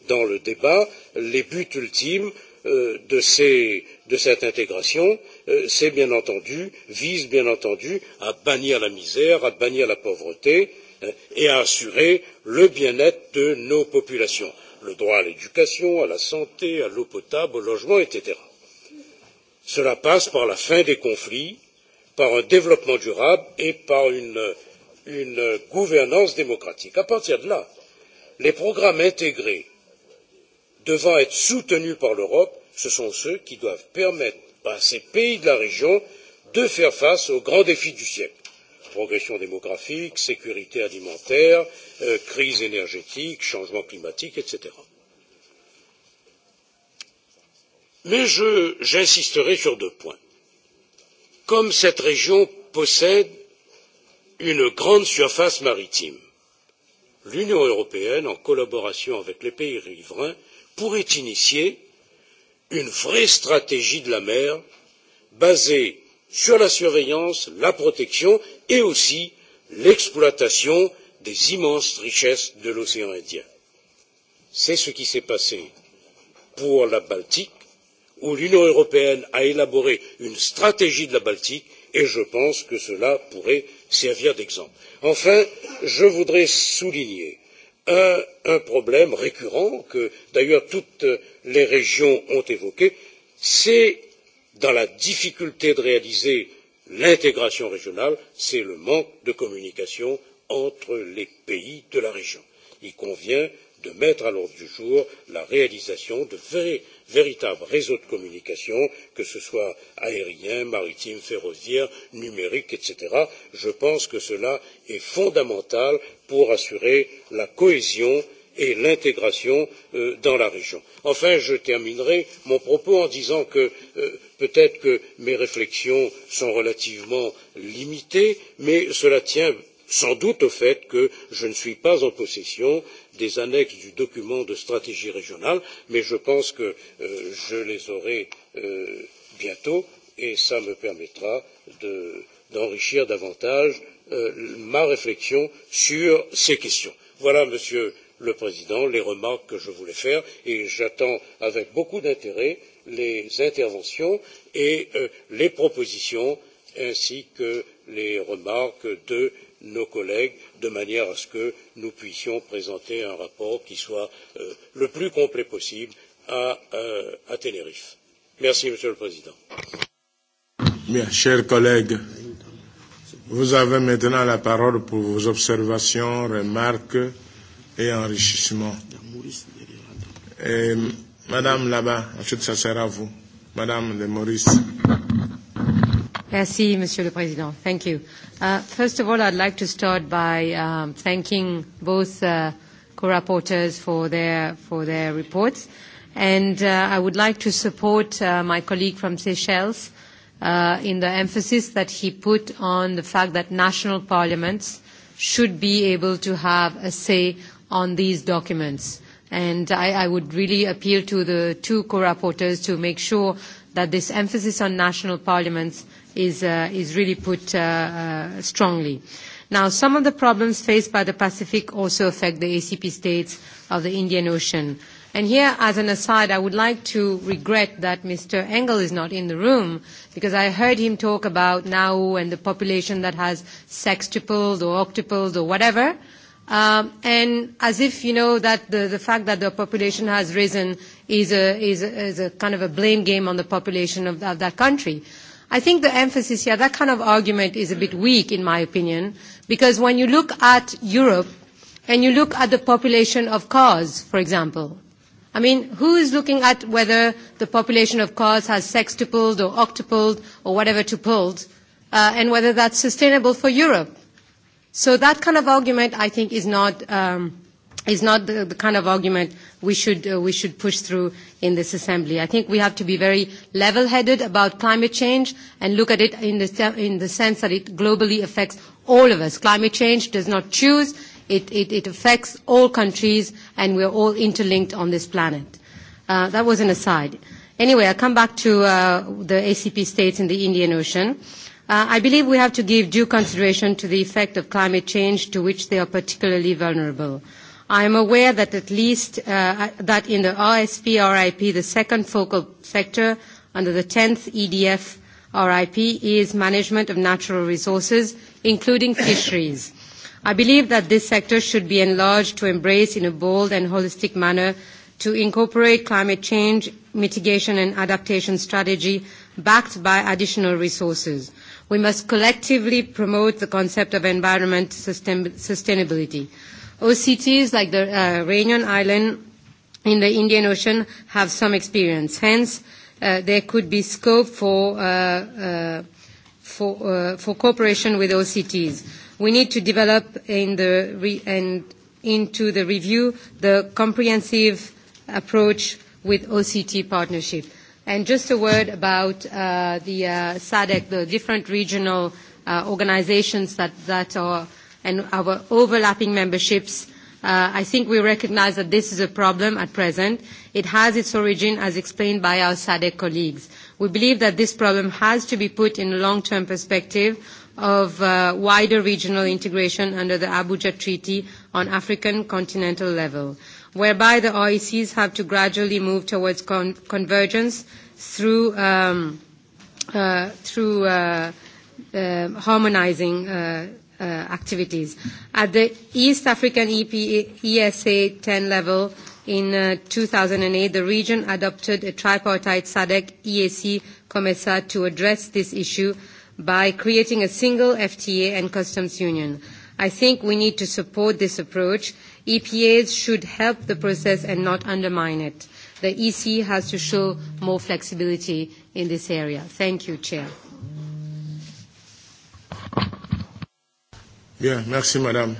dans le débat, les buts ultimes de, cette intégration c'est bien entendu, vise bien entendu à bannir la misère, à bannir la pauvreté et à assurer le bien-être de nos populations, le droit à l'éducation, à la santé, à l'eau potable, au logement, etc. Cela passe par la fin des conflits, par un développement durable et par une, gouvernance démocratique. À partir de là, les programmes intégrés devant être soutenus par l'Europe, ce sont ceux qui doivent permettre à ces pays de la région de faire face aux grands défis du siècle progression démographique, sécurité alimentaire, crise énergétique, changement climatique, etc. Mais j'insisterai sur deux points comme cette région possède une grande surface maritime l'union européenne en collaboration avec les pays riverains pourrait initier une vraie stratégie de la mer basée sur la surveillance la protection et aussi l'exploitation des immenses richesses de l'océan indien. c'est ce qui s'est passé pour la baltique où l'Union européenne a élaboré une stratégie de la Baltique et je pense que cela pourrait servir d'exemple. Enfin, je voudrais souligner un, problème récurrent que d'ailleurs toutes les régions ont évoqué, c'est dans la difficulté de réaliser l'intégration régionale, c'est le manque de communication entre les pays de la région. Il convient de mettre à l'ordre du jour la réalisation de véritables réseaux de communication, que ce soit aérien, maritime, ferroviaire, numérique, etc. Je pense que cela est fondamental pour assurer la cohésion et l'intégration dans la région. Enfin, je terminerai mon propos en disant que peut être que mes réflexions sont relativement limitées, mais cela tient sans doute au fait que je ne suis pas en possession des annexes du document de stratégie régionale mais je pense que je les aurai bientôt et cela me permettra d'enrichir davantage ma réflexion sur ces questions. voilà monsieur le président les remarques que je voulais faire et j'attends avec beaucoup d'intérêt les interventions et les propositions ainsi que les remarques de nos collègues de manière à ce que nous puissions présenter un rapport qui soit le plus complet possible à, Tenerife. Merci, Monsieur le Président. Bien, chers collègues, vous avez maintenant la parole pour vos observations, remarques et enrichissements. Et, Madame là-bas, ensuite ça sera à vous. Madame de Maurice. Merci, Monsieur le Président. Thank you. Uh, first of all, I'd like to start by um, thanking both uh, co-rapporteurs for their, for their reports. And uh, I would like to support uh, my colleague from Seychelles uh, in the emphasis that he put on the fact that national parliaments should be able to have a say on these documents. And I, I would really appeal to the two co-rapporteurs to make sure that this emphasis on national parliaments is, uh, is really put uh, uh, strongly. Now, some of the problems faced by the Pacific also affect the ACP states of the Indian Ocean. And here, as an aside, I would like to regret that Mr. Engel is not in the room because I heard him talk about Nauru and the population that has sextupled or octupled or whatever. Um, and as if, you know, that the, the fact that the population has risen is a, is, a, is a kind of a blame game on the population of, of that country. I think the emphasis here, that kind of argument is a bit weak in my opinion, because when you look at Europe and you look at the population of cars, for example, I mean, who is looking at whether the population of cars has sextupled or octupled or whatever tupled, uh, and whether that's sustainable for Europe? So that kind of argument, I think, is not um, is not the, the kind of argument we should, uh, we should push through in this assembly. I think we have to be very level-headed about climate change and look at it in the, in the sense that it globally affects all of us. Climate change does not choose. It, it, it affects all countries, and we're all interlinked on this planet. Uh, that was an aside. Anyway, I come back to uh, the ACP states in the Indian Ocean. Uh, I believe we have to give due consideration to the effect of climate change to which they are particularly vulnerable. I am aware that at least uh, that in the RSP RIP, the second focal sector under the 10th EDF RIP is management of natural resources, including fisheries. I believe that this sector should be enlarged to embrace in a bold and holistic manner to incorporate climate change mitigation and adaptation strategy backed by additional resources. We must collectively promote the concept of environment sustain- sustainability. OCTs like the uh, Reunion Island in the Indian Ocean have some experience. Hence, uh, there could be scope for, uh, uh, for, uh, for cooperation with OCTs. We need to develop in the re- and into the review the comprehensive approach with OCT partnership. And just a word about uh, the uh, SADC, the different regional uh, organizations that, that are – and our overlapping memberships, I think we recognize that this is a problem at present. It has its origin, as explained by our SADC colleagues. We believe that this problem has to be put in a long-term perspective of wider regional integration under the Abuja Treaty on African continental level, whereby the OECs have to gradually move towards convergence through, harmonizing activities. At the East African ESA 10 level in uh, 2008, the region adopted a tripartite SADC EAC COMESA to address this issue by creating a single FTA and customs union. I think we need to support this approach. EPAs should help the process and not undermine it. The EC has to show more flexibility in this area. Thank you, Chair. Bien, merci madame.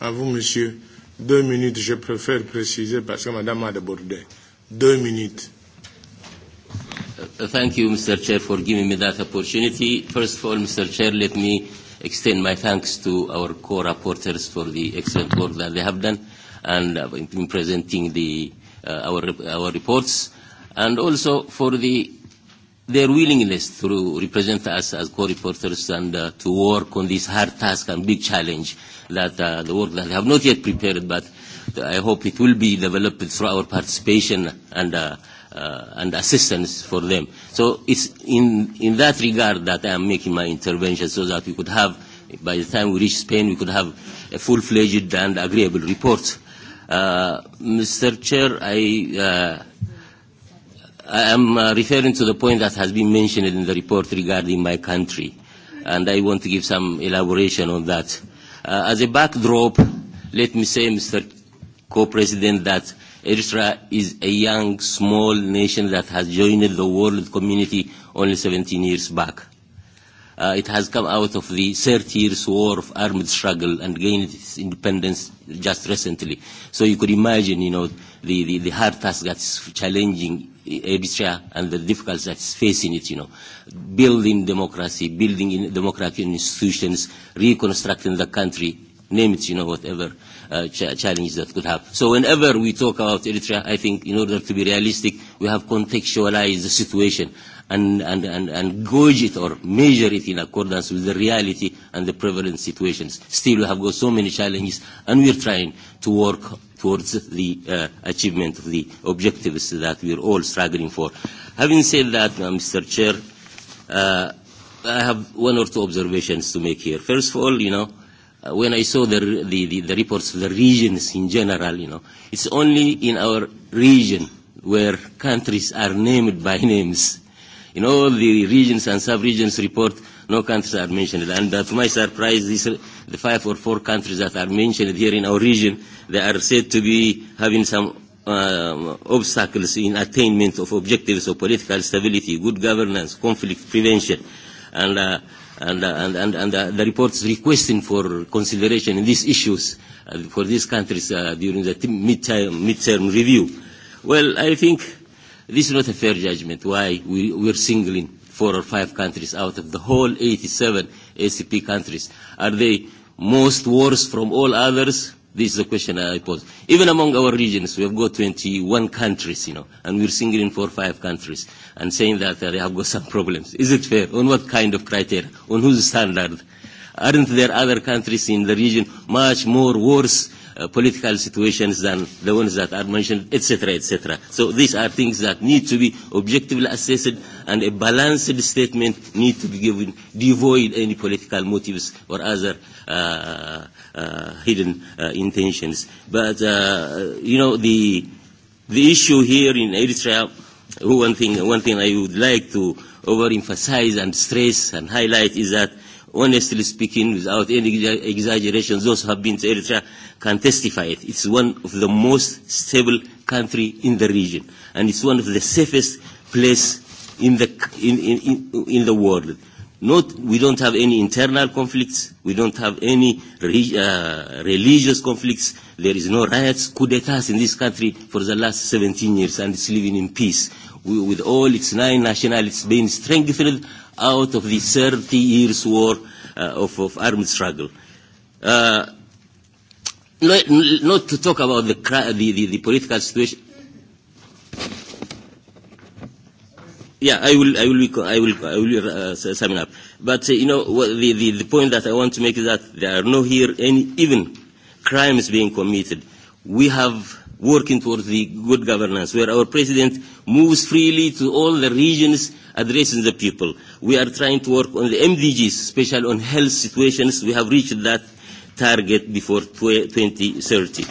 À vous monsieur. Deux minutes, je préfère préciser parce que madame a débordé. Deux minutes. Thank you, Mr. Chair, for giving me that opportunity. First of all, Mr. Chair, let me extend my thanks to our co-rapporteurs for the excellent work that they have done and in presenting the, uh, our, our reports, and also for the their willingness to represent us as co-reporters and uh, to work on this hard task and big challenge that uh, the work that they have not yet prepared, but I hope it will be developed through our participation and, uh, uh, and assistance for them. So it's in, in that regard that I am making my intervention so that we could have, by the time we reach Spain, we could have a full-fledged and agreeable report. Uh, Mr. Chair, I... Uh, I am uh, referring to the point that has been mentioned in the report regarding my country, and I want to give some elaboration on that. Uh, as a backdrop, let me say, Mr. Co-President, that Eritrea is a young, small nation that has joined the world community only 17 years back Uh, it has come out of the 30 years war of armed struggle and gained its independence just recently. So you could imagine, you know, the, the, the hard task that's challenging Eritrea and the difficulties that's facing it, you know. Building democracy, building in democratic institutions, reconstructing the country, name it, you know, whatever uh, ch- challenges that could have. So whenever we talk about Eritrea, I think in order to be realistic, we have contextualized the situation and, and, and, and gauge it or measure it in accordance with the reality and the prevalent situations. Still, we have got so many challenges, and we are trying to work towards the uh, achievement of the objectives that we are all struggling for. Having said that, uh, Mr. Chair, uh, I have one or two observations to make here. First of all, you know, uh, when I saw the, the, the, the reports of the regions in general, you know, it's only in our region where countries are named by names In all the regions and sub-regions report, no countries are mentioned. And uh, to my surprise, this, the five or four countries that are mentioned here in our region, they are said to be having some um, obstacles in attainment of objectives of political stability, good governance, conflict prevention, and uh, and, uh, and, and, and uh, the reports requesting for consideration in these issues uh, for these countries uh, during the mid-term, mid-term review. Well, I think This is not a fair judgment why we, we're singling four or five countries out of the whole 87 ACP countries. Are they most worse from all others? This is the question I pose. Even among our regions, we have got 21 countries, you know, and we're singling four or five countries and saying that uh, they have got some problems. Is it fair? On what kind of criteria? On whose standard? Aren't there other countries in the region much more worse political situations than the ones that are mentioned, etc., etc. So these are things that need to be objectively assessed, and a balanced statement need to be given, devoid any political motives or other uh, uh, hidden uh, intentions. But uh, you know the the issue here in Eritrea. One thing, one thing I would like to overemphasize and stress and highlight is that honestly speaking, without any exaggeration, those who have been to Eritrea can testify it. It's one of the most stable country in the region, and it's one of the safest places in the, in, in, in the world. Not, we don't have any internal conflicts. We don't have any re, uh, religious conflicts. There is no riots, coup d'etats in this country for the last 17 years, and it's living in peace. We, with all its nine nationalities being strengthened out of the 30 years war uh, of, of armed struggle. Uh, not, not to talk about the, the, the, the political situation. Yeah, I will, I will, I will, I will uh, sum it up. But uh, you know, what the, the, the point that I want to make is that there are no here any even crimes being committed. We have working towards the good governance, where our president moves freely to all the regions, addressing the people We are trying to work on the MDGs, especially on health situations. We have reached that target before 2030.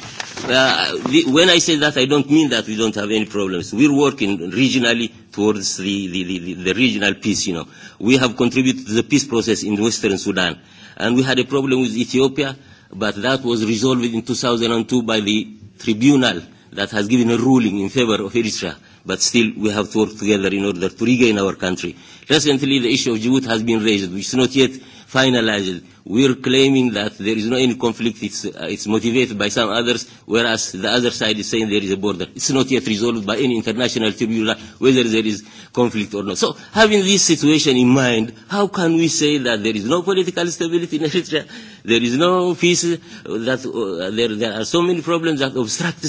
Uh, the, when I say that, I don't mean that we don't have any problems. We're working regionally towards the, the, the, the regional peace, you know. We have contributed to the peace process in Western Sudan. And we had a problem with Ethiopia, but that was resolved in 2002 by the tribunal that has given a ruling in favor of Eritrea but still we have to work together in order to regain our country. Recently, the issue of Djibouti has been raised, which is not yet finalized. We are claiming that there is no any conflict. It's, uh, it's motivated by some others, whereas the other side is saying there is a border. It's not yet resolved by any international tribunal whether there is conflict or not. So having this situation in mind, how can we say that there is no political stability in Eritrea, there is no peace, that uh, there, there are so many problems that obstruct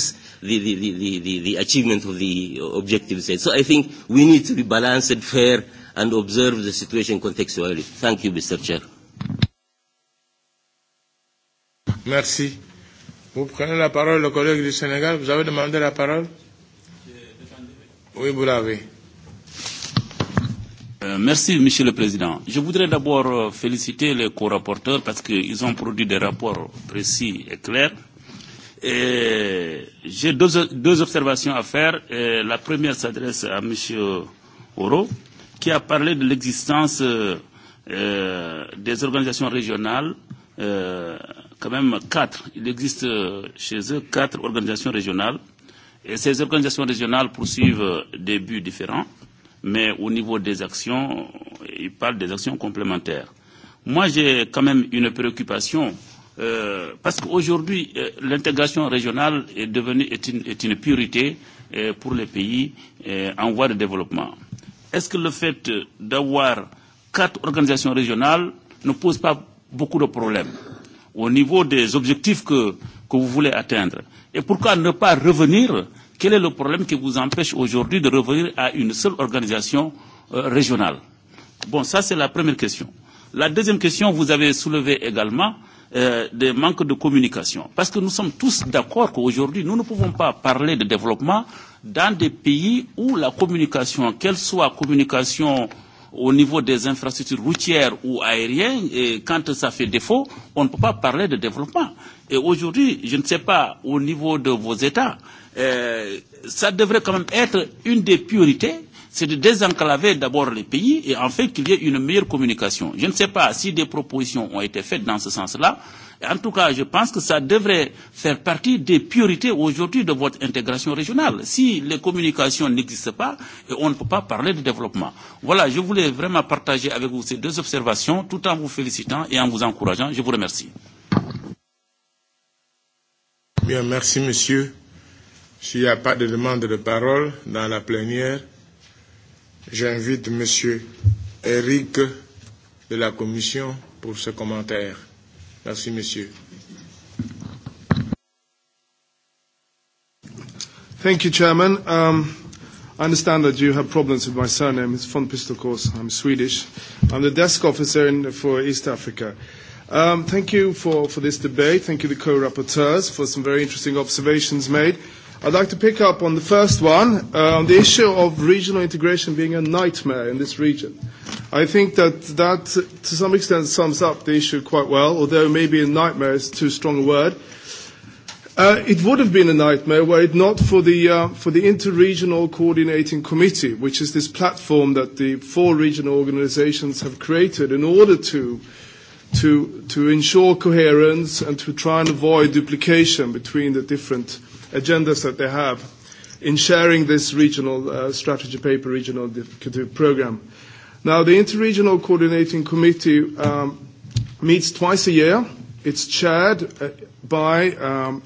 the, the, the, the, the achievement of the objectives set. So I think we need to be balanced, fair, and observe the situation contextually. Thank you, Mr. Chair. Merci. Vous prenez la parole, le collègue du Sénégal. Vous avez demandé la parole Oui, vous l'avez. Merci, Monsieur le Président. Je voudrais d'abord féliciter les co-rapporteurs parce qu'ils ont produit des rapports précis et clairs J'ai deux, deux observations à faire. Et la première s'adresse à M. Oro, qui a parlé de l'existence euh, des organisations régionales, euh, quand même quatre. Il existe chez eux quatre organisations régionales. Et ces organisations régionales poursuivent des buts différents, mais au niveau des actions, ils parlent des actions complémentaires. Moi, j'ai quand même une préoccupation euh, parce qu'aujourd'hui, l'intégration régionale est, devenue, est, une, est une priorité pour les pays en voie de développement. Est-ce que le fait d'avoir quatre organisations régionales ne pose pas beaucoup de problèmes au niveau des objectifs que, que vous voulez atteindre Et pourquoi ne pas revenir Quel est le problème qui vous empêche aujourd'hui de revenir à une seule organisation euh, régionale Bon, ça c'est la première question. La deuxième question, vous avez soulevé également euh, de manque de communication. Parce que nous sommes tous d'accord qu'aujourd'hui, nous ne pouvons pas parler de développement dans des pays où la communication, qu'elle soit communication au niveau des infrastructures routières ou aériennes, et quand ça fait défaut, on ne peut pas parler de développement. Et aujourd'hui, je ne sais pas, au niveau de vos États, euh, ça devrait quand même être une des priorités c'est de désenclaver d'abord les pays et en fait qu'il y ait une meilleure communication. Je ne sais pas si des propositions ont été faites dans ce sens-là. En tout cas, je pense que ça devrait faire partie des priorités aujourd'hui de votre intégration régionale. Si les communications n'existent pas, on ne peut pas parler de développement. Voilà, je voulais vraiment partager avec vous ces deux observations tout en vous félicitant et en vous encourageant. Je vous remercie. Bien, merci monsieur. S'il n'y a pas de demande de parole dans la plénière, J'invite M. Eric de la Commission pour ce commentaire. Merci, monsieur. Thank you, Chairman. Um, I understand that you have problems with my surname. It's von course. I'm Swedish. I'm the desk officer in, for East Africa. Um, thank you for, for this debate. Thank you, the co-rapporteurs, for some very interesting observations made. I'd like to pick up on the first one, uh, on the issue of regional integration being a nightmare in this region. I think that that, to some extent, sums up the issue quite well, although maybe a nightmare is too strong a word. Uh, it would have been a nightmare were it not for the, uh, for the Interregional Coordinating Committee, which is this platform that the four regional organizations have created in order to to, to ensure coherence and to try and avoid duplication between the different agendas that they have in sharing this regional uh, strategy paper, regional program. Now, the Interregional Coordinating Committee um, meets twice a year. It's chaired by um,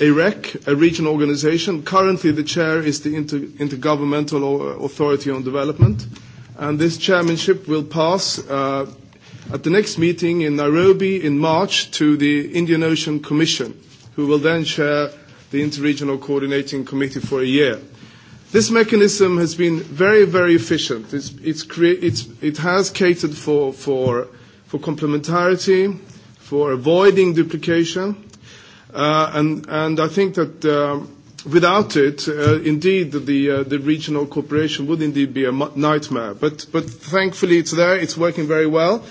a REC, a regional organization. Currently, the chair is the Inter- Intergovernmental Authority on Development. And this chairmanship will pass uh, at the next meeting in Nairobi in March to the Indian Ocean Commission, who will then share the Interregional Coordinating Committee for a year. This mechanism has been very, very efficient. It's, it's crea- it's, it has catered for, for, for complementarity, for avoiding duplication, uh, and, and I think that uh, without it, uh, indeed, the, uh, the regional cooperation would indeed be a nightmare. But, but thankfully, it's there, it's working very well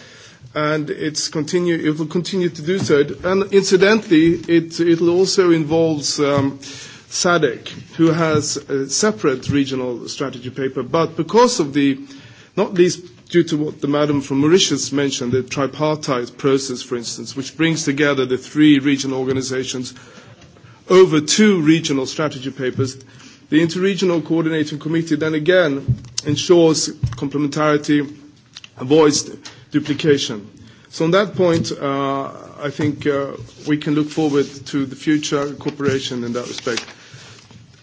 and it's continue, it will continue to do so. And incidentally, it, it also involves um, SADC, who has a separate regional strategy paper. But because of the, not least due to what the madam from Mauritius mentioned, the tripartite process, for instance, which brings together the three regional organizations over two regional strategy papers, the Interregional Coordinating Committee then again ensures complementarity, avoids duplication. So on that point, uh, I think uh, we can look forward to the future cooperation in that respect.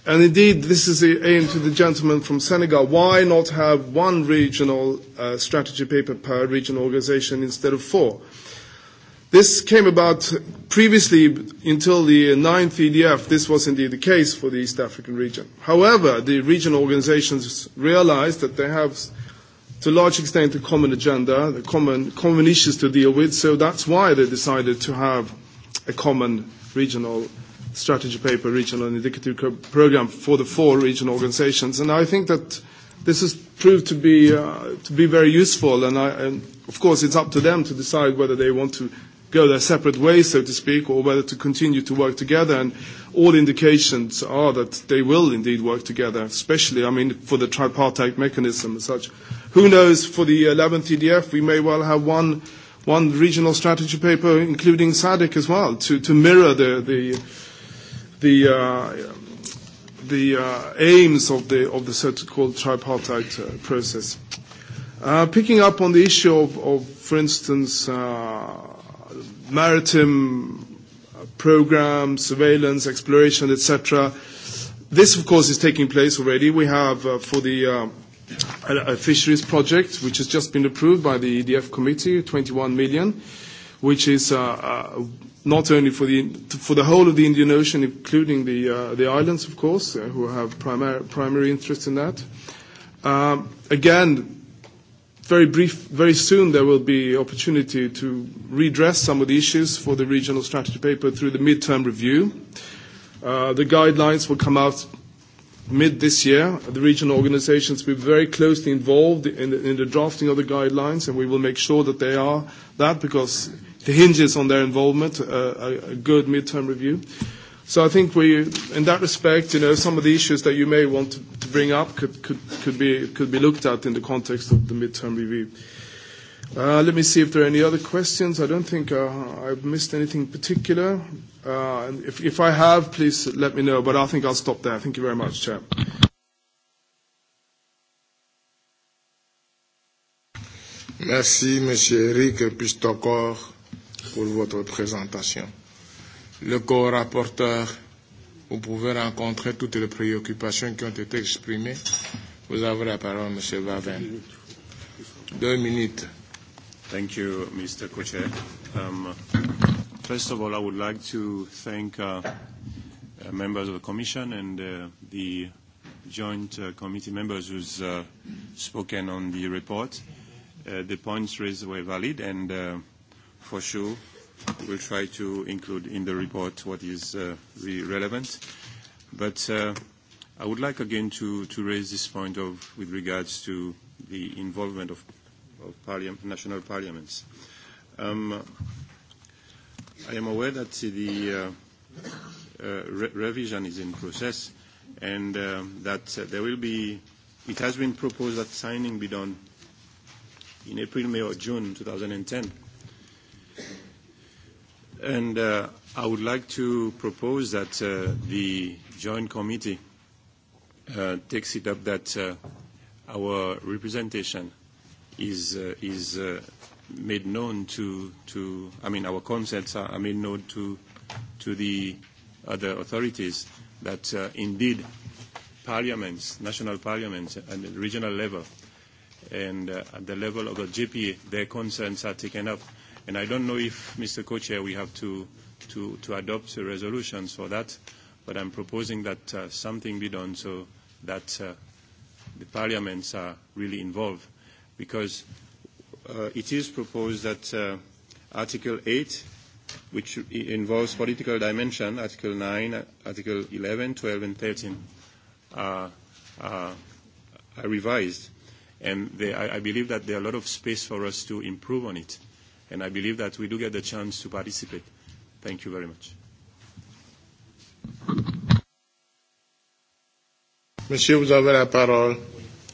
And indeed, this is the aim to the gentleman from Senegal. Why not have one regional uh, strategy paper per regional organization instead of four? This came about previously until the ninth EDF. This was indeed the case for the East African region. However, the regional organizations realized that they have to a large extent, a common agenda, the common, common issues to deal with. So that's why they decided to have a common regional strategy paper, regional and indicative program for the four regional organizations. And I think that this has proved to be, uh, to be very useful. And, I, and of course, it's up to them to decide whether they want to go their separate ways, so to speak, or whether to continue to work together. And all indications are that they will indeed work together, especially, I mean, for the tripartite mechanism and such. Who knows, for the 11th EDF, we may well have one, one regional strategy paper, including SADC as well, to, to mirror the, the, the, uh, the uh, aims of the, of the so-called tripartite uh, process. Uh, picking up on the issue of, of for instance, uh, maritime program, surveillance, exploration, etc. This, of course, is taking place already. We have uh, for the uh, a fisheries project, which has just been approved by the EDF committee, 21 million, which is uh, uh, not only for the, for the whole of the Indian Ocean, including the, uh, the islands, of course, uh, who have primar- primary interest in that. Um, again, very brief, very soon there will be opportunity to redress some of the issues for the regional strategy paper through the midterm review. Uh, the guidelines will come out mid this year. The regional organizations will be very closely involved in the, in the drafting of the guidelines, and we will make sure that they are that because it hinges on their involvement, uh, a, a good midterm review. Uh, So I think we, in that respect, you know, some of the issues that you may want to, bring up could, could, could, be, could be looked at in the context of the midterm review. let me see if there are any other questions. I don't think uh, I've missed anything particular. Uh, and if, if I have, please let me know, but I think I'll stop there. Thank you very much, Chair. Merci, Monsieur Eric Pistocor, pour votre présentation le co-rapporteur. Vous pouvez rencontrer toutes les préoccupations qui ont été exprimées. Vous avez la parole, M. Vavin. Deux minutes. Thank you, Mr. Co-Chair. Um, first of all, I would like to thank uh, members of the Commission and uh, the joint uh, committee members who's uh, spoken on the report. Uh, the points raised were valid, and uh, for sure, We'll try to include in the report what is really relevant. But I would like again to raise this point of with regards to the involvement of national parliaments. I am aware that the revision is in process and that there will be. It has been proposed that signing be done in April, May, or June 2010 And uh, I would like to propose that uh, the joint committee uh, takes it up that uh, our representation is, uh, is uh, made known to, to, I mean, our concepts are made known to, to the other authorities that uh, indeed parliaments, national parliaments and regional level and uh, at the level of the JPA, their concerns are taken up And I don't know if, Mr. Co-Chair, we have to, to, to adopt resolutions for that, but I'm proposing that uh, something be done so that uh, the parliaments are really involved. Because uh, it is proposed that uh, Article 8, which involves political dimension, Article 9, Article 11, 12, and 13, are, are, are revised. And they, I, I believe that there are a lot of space for us to improve on it and I believe that we do get the chance to participate. Thank you very much. Monsieur, vous avez la parole.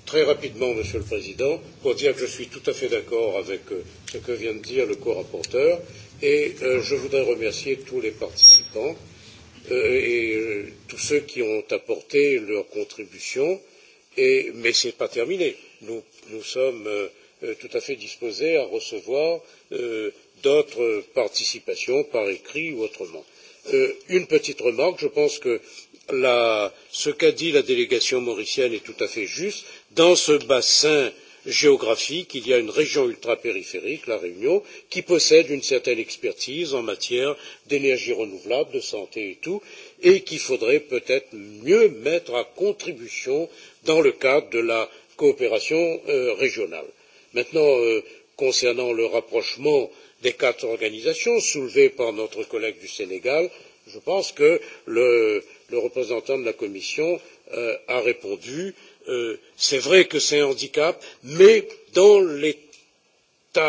Très rapidement, Monsieur le Président, pour dire que je suis tout à fait d'accord avec ce que vient de dire le co-rapporteur et je voudrais remercier tous les participants et tous ceux qui ont apporté leur contribution. mais ce n'est pas terminé. Nous, sommes tout à fait disposé à recevoir d'autres participations par écrit ou autrement. une petite remarque, je pense que ce qu'a dit la délégation mauricienne est tout à fait juste. Dans ce bassin géographique, il y a une région ultrapériphérique, la Réunion, qui possède une certaine expertise en matière d'énergie renouvelable, de santé et tout, et qu'il faudrait peut-être mieux mettre à contribution dans le cadre de la coopération régionale Maintenant, concernant le rapprochement des quatre organisations soulevées par notre collègue du Sénégal, je pense que le, représentant de la Commission a répondu. c'est vrai que c'est un handicap, mais dans l'état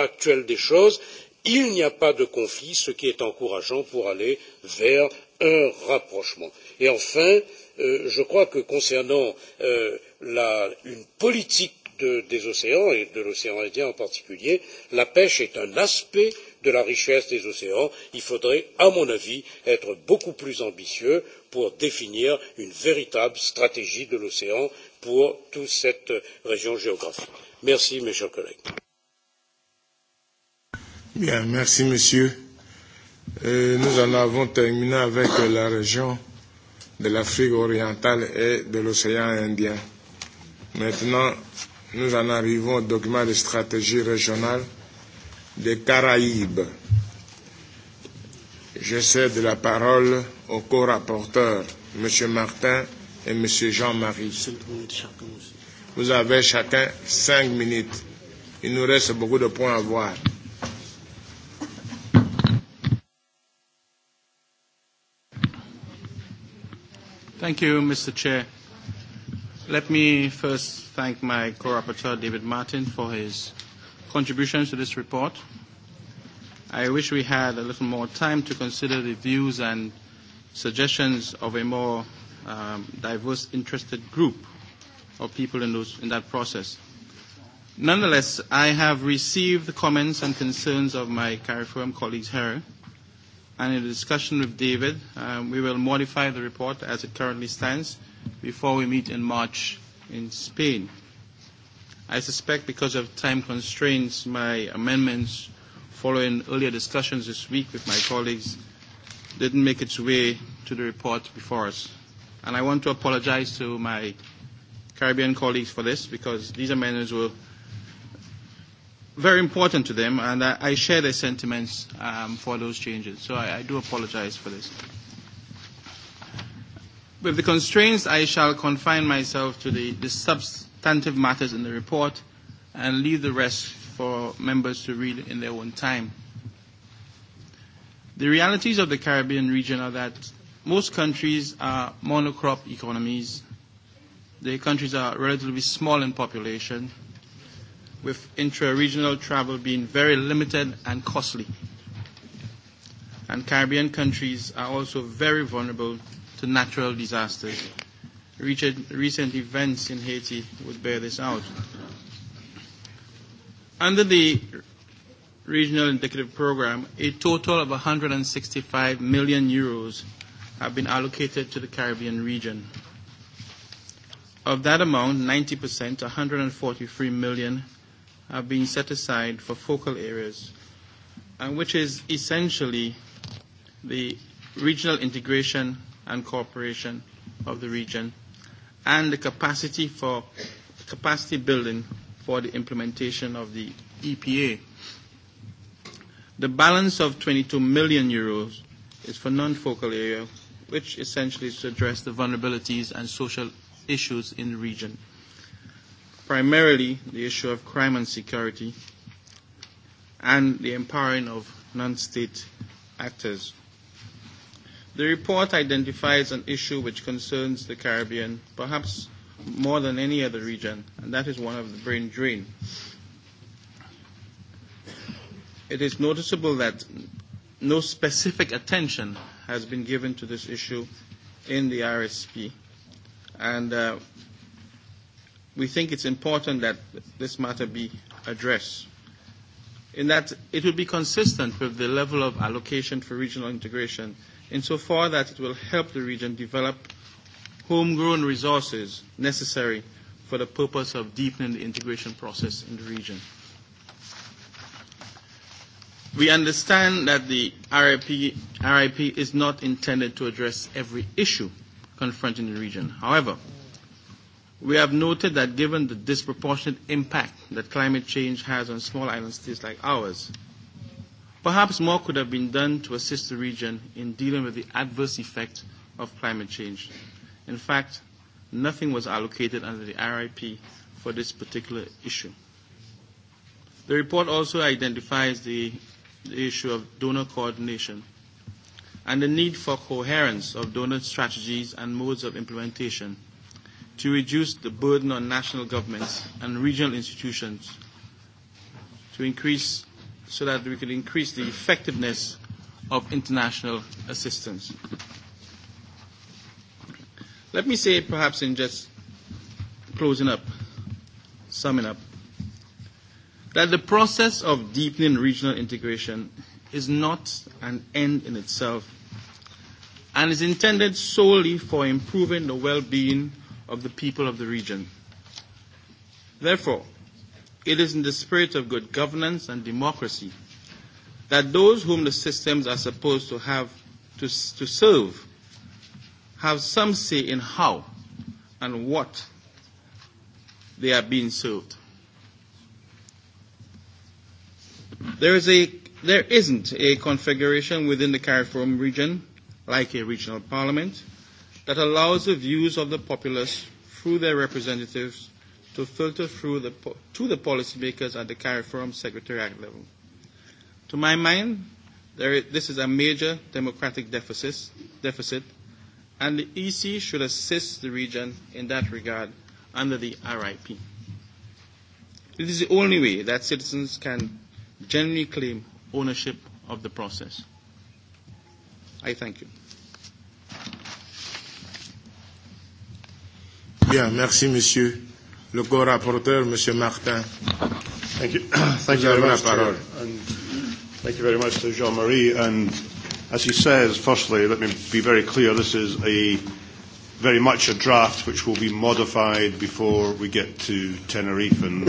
actuel des choses, il n'y a pas de conflit, ce qui est encourageant pour aller vers un rapprochement. Et enfin, je crois que concernant une politique de, des océans et de l'océan Indien en particulier, la pêche est un aspect de la richesse des océans. Il faudrait, à mon avis, être beaucoup plus ambitieux pour définir une véritable stratégie de l'océan pour toute cette région géographique. Merci, mes chers collègues. Bien, merci, monsieur. Et nous en avons terminé avec la région de l'Afrique orientale et de l'océan Indien. Maintenant, nous en arrivons au document de stratégie régionale des Caraïbes. Je cède la parole aux co-rapporteurs, M. Martin et M. Jean-Marie. Vous avez chacun cinq minutes. Il nous reste beaucoup de points à voir. Thank you, Mr. Chair. Let me first thank my co-rapporteur, David Martin, for his contributions to this report. I wish we had a little more time to consider the views and suggestions of a more um, diverse interested group of people in, those, in that process. Nonetheless, I have received the comments and concerns of my CARIFORM colleagues here, and in the discussion with David, um, we will modify the report as it currently stands before we meet in March in Spain. I suspect because of time constraints, my amendments following earlier discussions this week with my colleagues didn't make its way to the report before us. And I want to apologize to my Caribbean colleagues for this because these amendments were very important to them and I, I share their sentiments um, for those changes. So I, I do apologize for this. With the constraints, I shall confine myself to the, the substantive matters in the report and leave the rest for members to read in their own time. The realities of the Caribbean region are that most countries are monocrop economies. The countries are relatively small in population, with intra-regional travel being very limited and costly. And Caribbean countries are also very vulnerable to natural disasters. Recent, recent events in Haiti would bear this out. Under the regional indicative program, a total of 165 million euros have been allocated to the Caribbean region. Of that amount, 90%, 143 million, have been set aside for focal areas, and which is essentially the regional integration and cooperation of the region, and the capacity for capacity building for the implementation of the EPA. The balance of 22 million euros is for non-focal area, which essentially is to address the vulnerabilities and social issues in the region, primarily the issue of crime and security, and the empowering of non-state actors. The report identifies an issue which concerns the Caribbean, perhaps more than any other region, and that is one of the brain drain. It is noticeable that no specific attention has been given to this issue in the RSP, and uh, we think it's important that this matter be addressed in that it would be consistent with the level of allocation for regional integration insofar that it will help the region develop homegrown resources necessary for the purpose of deepening the integration process in the region. We understand that the RIP, RIP is not intended to address every issue confronting the region. However, we have noted that given the disproportionate impact that climate change has on small island states like ours, Perhaps more could have been done to assist the region in dealing with the adverse effect of climate change. In fact, nothing was allocated under the RIP for this particular issue. The report also identifies the, the issue of donor coordination and the need for coherence of donor strategies and modes of implementation to reduce the burden on national governments and regional institutions to increase so that we could increase the effectiveness of international assistance. Let me say, perhaps in just closing up, summing up, that the process of deepening regional integration is not an end in itself and is intended solely for improving the well-being of the people of the region. Therefore, It is in the spirit of good governance and democracy that those whom the systems are supposed to have to, to serve have some say in how and what they are being served. There is a there isn't a configuration within the CARIFORUM region, like a regional parliament, that allows the views of the populace through their representatives to filter through the, to the policymakers at the CARIFORUM secretariat level. To my mind, there is, this is a major democratic deficit, deficit, and the EC should assist the region in that regard under the RIP. It is the only way that citizens can genuinely claim ownership of the process. I thank you. Bien, merci, monsieur le co-rapporteur, M. Martin. Thank you. Thank you very much. Thank you very much to Jean-Marie. And as he says, firstly, let me be very clear, this is a very much a draft which will be modified before we get to Tenerife. And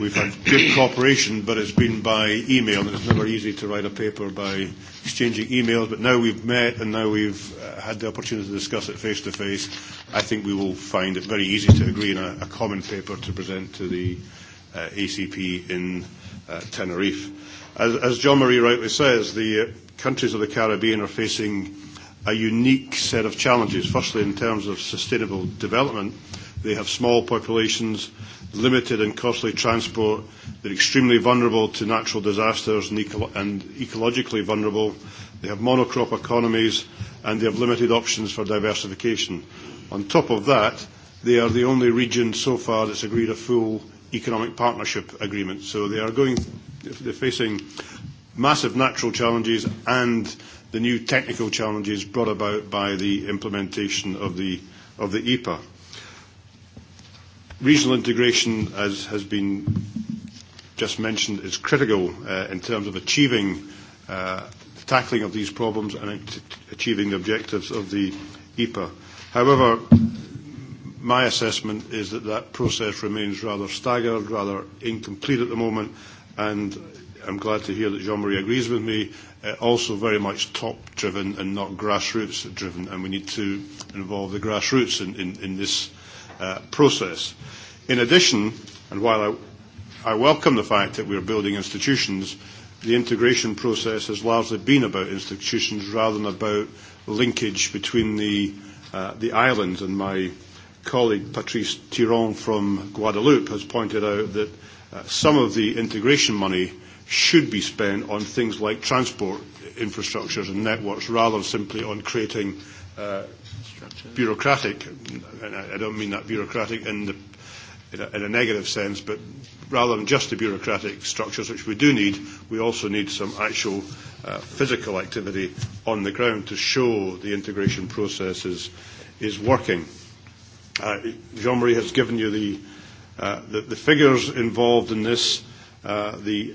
we've had good cooperation, but it's been by email, and it's never easy to write a paper by exchanging emails. But now we've met, and now we've had the opportunity to discuss it face to face. I think we will find it very easy to agree on a, a common paper to present to the uh, ACP in uh, Tenerife. As, as John Marie rightly says, the uh, countries of the Caribbean are facing a unique set of challenges. Firstly, in terms of sustainable development, they have small populations, limited and costly transport, they're extremely vulnerable to natural disasters and, eco- and ecologically vulnerable, they have monocrop economies, and they have limited options for diversification. On top of that, they are the only region so far that's agreed a full economic partnership agreement. So they are going, they're facing massive natural challenges and the new technical challenges brought about by the implementation of the, of the EPA. Regional integration, as has been just mentioned, is critical uh, in terms of achieving uh, the tackling of these problems and achieving the objectives of the EPA. However, my assessment is that that process remains rather staggered, rather incomplete at the moment, and I'm glad to hear that Jean-Marie agrees with me, uh, also very much top-driven and not grassroots-driven, and we need to involve the grassroots in, in, in this uh, process. In addition, and while I, I welcome the fact that we are building institutions, the integration process has largely been about institutions rather than about linkage between the, uh, the islands. And my colleague Patrice Tiron from Guadeloupe has pointed out that uh, some of the integration money should be spent on things like transport infrastructures and networks rather than simply on creating uh, bureaucratic, and I, I don't mean that bureaucratic in, the, in, a, in a negative sense, but rather than just the bureaucratic structures which we do need, we also need some actual uh, physical activity on the ground to show the integration process is, is working. Uh, Jean-Marie has given you the, uh, the, the figures involved in this. Uh, the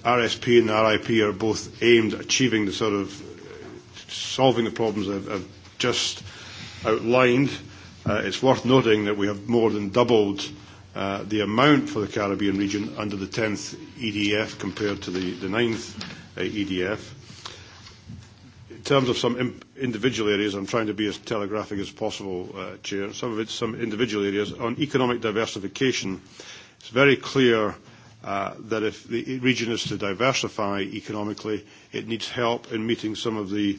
RSP and RIP are both aimed at achieving the sort of solving the problems I've, I've just outlined. Uh, it's worth noting that we have more than doubled uh, the amount for the Caribbean region under the 10th EDF compared to the, the 9th uh, EDF. In terms of some imp- individual areas, I'm trying to be as telegraphic as possible, uh, Chair. Some of it's some individual areas. On economic diversification, it's very clear that if the region is to diversify economically, it needs help in meeting some of the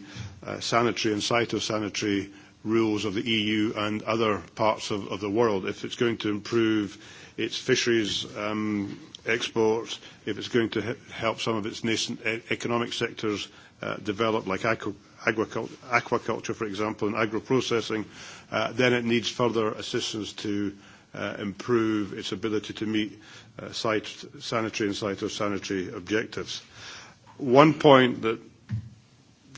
sanitary and phytosanitary rules of the EU and other parts of, of the world. If it's going to improve its fisheries um, exports, if it's going to help some of its nascent economic sectors uh, develop, like aquaculture, for example, and agro-processing, uh, then it needs further assistance to uh, improve its ability to meet sanitary and cytosanitary objectives. One point that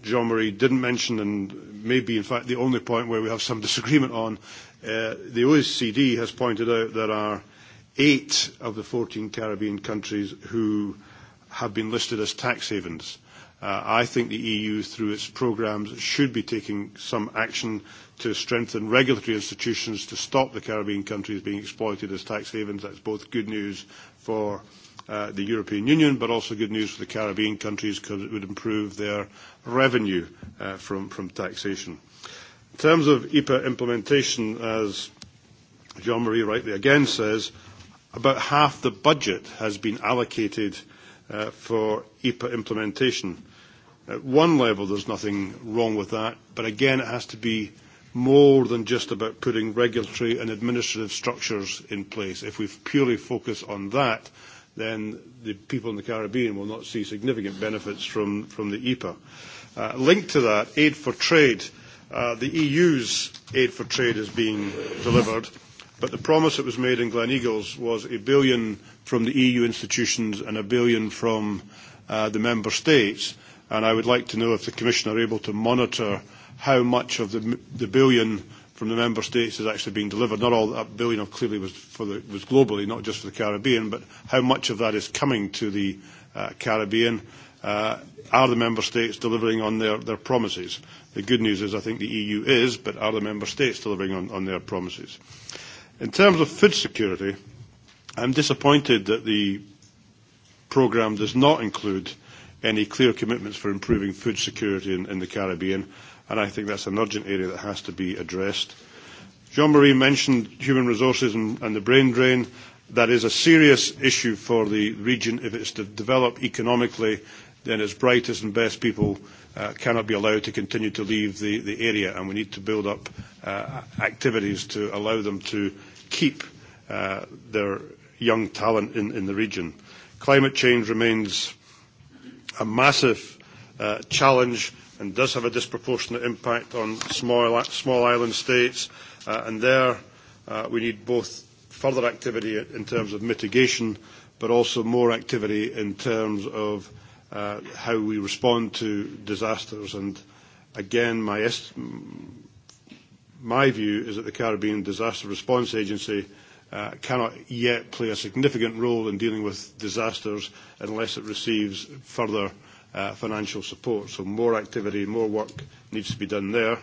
Jean-Marie didn't mention, and maybe in fact the only point where we have some disagreement on, the OECD has pointed out there are eight of the 14 Caribbean countries who have been listed as tax havens. I think the EU, through its programmes, should be taking some action to strengthen regulatory institutions to stop the Caribbean countries being exploited as tax havens. That is both good news for the European Union, but also good news for the Caribbean countries because it would improve their revenue from, taxation. In terms of EPA implementation, as Jean-Marie rightly again says, about half the budget has been allocated for EPA implementation. At one level, there's nothing wrong with that, but again, it has to be more than just about putting regulatory and administrative structures in place. If we purely focus on that, then the people in the Caribbean will not see significant benefits from, from the EPA. Uh, linked to that, aid for trade. Uh, the EU's aid for trade is being delivered, but the promise that was made in Glen Eagles was a billion from the EU institutions and a billion from uh, the member states and I would like to know if the Commission are able to monitor how much of the, the billion from the member states is actually being delivered. Not all that billion clearly was, for the, was globally, not just for the Caribbean, but how much of that is coming to the uh, Caribbean? Uh, are the member states delivering on their, their promises? The good news is I think the EU is, but are the member states delivering on, on their promises? In terms of food security, I'm disappointed that the programme does not include uh, any clear commitments for improving food security in, in the Caribbean, and I think that's an urgent area that has to be addressed. Jean-Marie mentioned human resources and, and the brain drain. That is a serious issue for the region. If it's to develop economically, then its brightest and best people uh, cannot be allowed to continue to leave the, the area, and we need to build up uh, activities to allow them to keep uh, their young talent in, in the region. Climate change remains a massive uh, challenge and does have a disproportionate impact on small, small island states. Uh, and there uh, we need both further activity in terms of mitigation, but also more activity in terms of uh, how we respond to disasters. And again, my, my view is that the Caribbean Disaster Response Agency – cannot yet play a significant role in dealing with disasters unless it receives further financial support. So more activity, more work needs to be done there.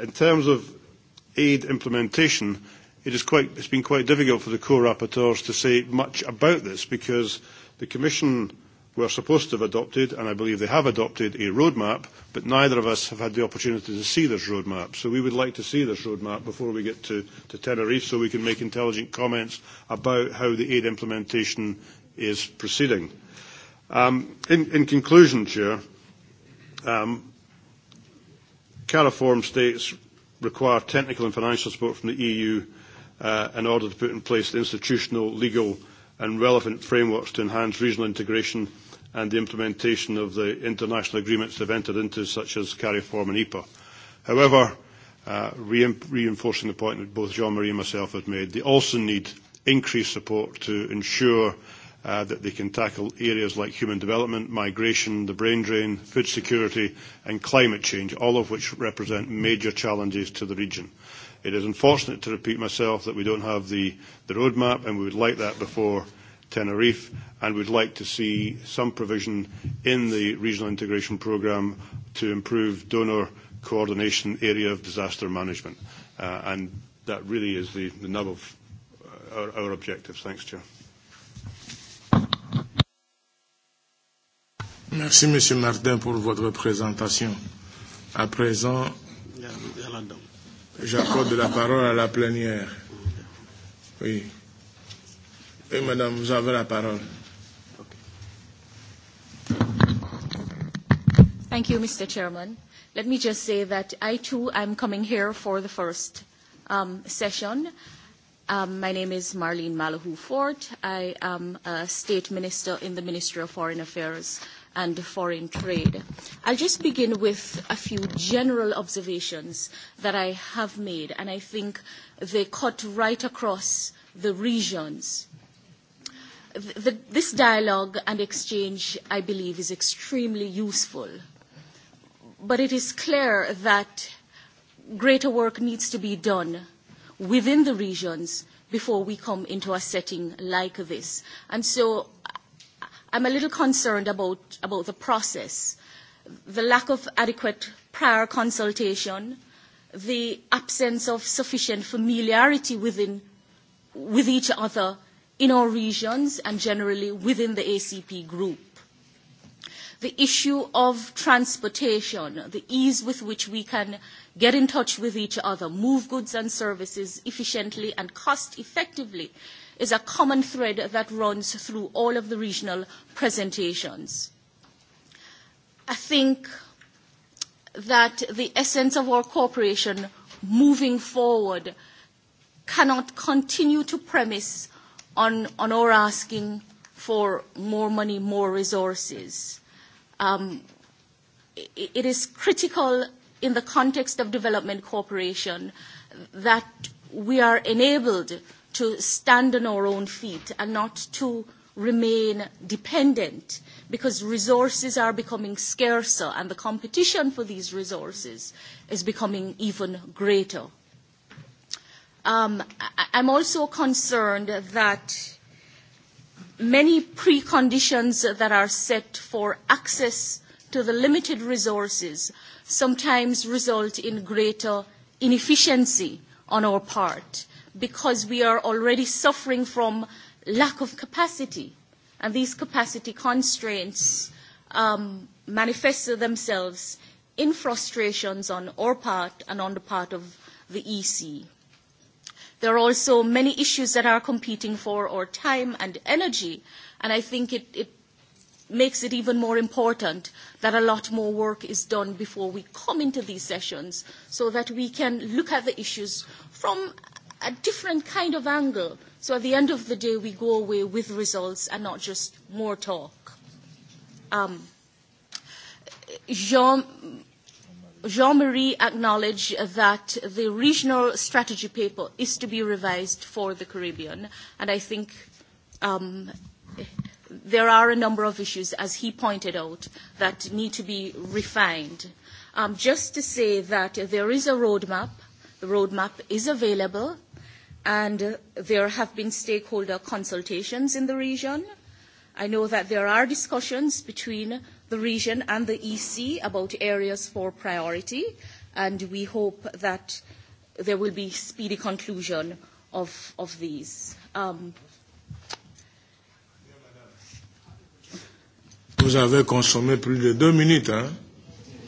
in terms of aid implementation, it is quite, it's been quite difficult for the co-rapporteurs to say much about this because the Commission We are supposed to have adopted, and I believe they have adopted, a roadmap, but neither of us have had the opportunity to see this roadmap. So we would like to see this roadmap before we get to, to Tenerife so we can make intelligent comments about how the aid implementation is proceeding. Um, in, in conclusion, Chair, um, CARIFORM states require technical and financial support from the EU uh, in order to put in place the institutional, legal and relevant frameworks to enhance regional integration and the implementation of the international agreements they have entered into, such as CARIFORM and EPA. However, reinforcing the point that both Jean-Marie and myself have made, they also need increased support to ensure that they can tackle areas like human development, migration, the brain drain, food security, and climate change, all of which represent major challenges to the region. It is unfortunate to repeat myself that we don't have the, the roadmap, and we would like that before Tenerife, and we'd like to see some provision in the regional integration programme to improve donor coordination area of disaster management. and that really is the, the nub of our, our objectives. Thanks, Chair. Merci, Monsieur Martin, pour votre présentation. À présent, j'accorde la parole à la plénière. Oui. Oui, madame, vous avez la parole. Thank you, Mr. Chairman. Let me just say that I too am coming here for the first um, session. Um, my name is Marlene Malahu Fort. I am a state minister in the Ministry of Foreign Affairs and foreign trade. I'll just begin with a few general observations that I have made, and I think they cut right across the regions the, this dialogue and exchange, I believe, is extremely useful. But it is clear that greater work needs to be done within the regions before we come into a setting like this. And so I'm a little concerned about, about the process, the lack of adequate prior consultation, the absence of sufficient familiarity within, with each other in our regions and generally within the ACP group. The issue of transportation, the ease with which we can get in touch with each other, move goods and services efficiently and cost effectively is a common thread that runs through all of the regional presentations. I think that the essence of our cooperation moving forward cannot continue to premise on, on our asking for more money, more resources. Um, it, it is critical in the context of development cooperation that we are enabled to stand on our own feet and not to remain dependent because resources are becoming scarcer and the competition for these resources is becoming even greater. Um, I'm also concerned that many preconditions that are set for access to the limited resources sometimes result in greater inefficiency on our part because we are already suffering from lack of capacity and these capacity constraints um, manifest themselves in frustrations on our part and on the part of the EC. There are also many issues that are competing for our time and energy, and I think it, it makes it even more important that a lot more work is done before we come into these sessions so that we can look at the issues from a different kind of angle. So at the end of the day, we go away with results and not just more talk. Um, Jean Jean-Marie acknowledged that the regional strategy paper is to be revised for the Caribbean, and I think um, there are a number of issues, as he pointed out, that need to be refined. Um, just to say that there is a roadmap, the roadmap is available, and there have been stakeholder consultations in the region. I know that there are discussions between the region and the EC about areas for priority, and we hope that there will be speedy conclusion of, of these. Um, Vous avez consommé plus de deux minutes, hein?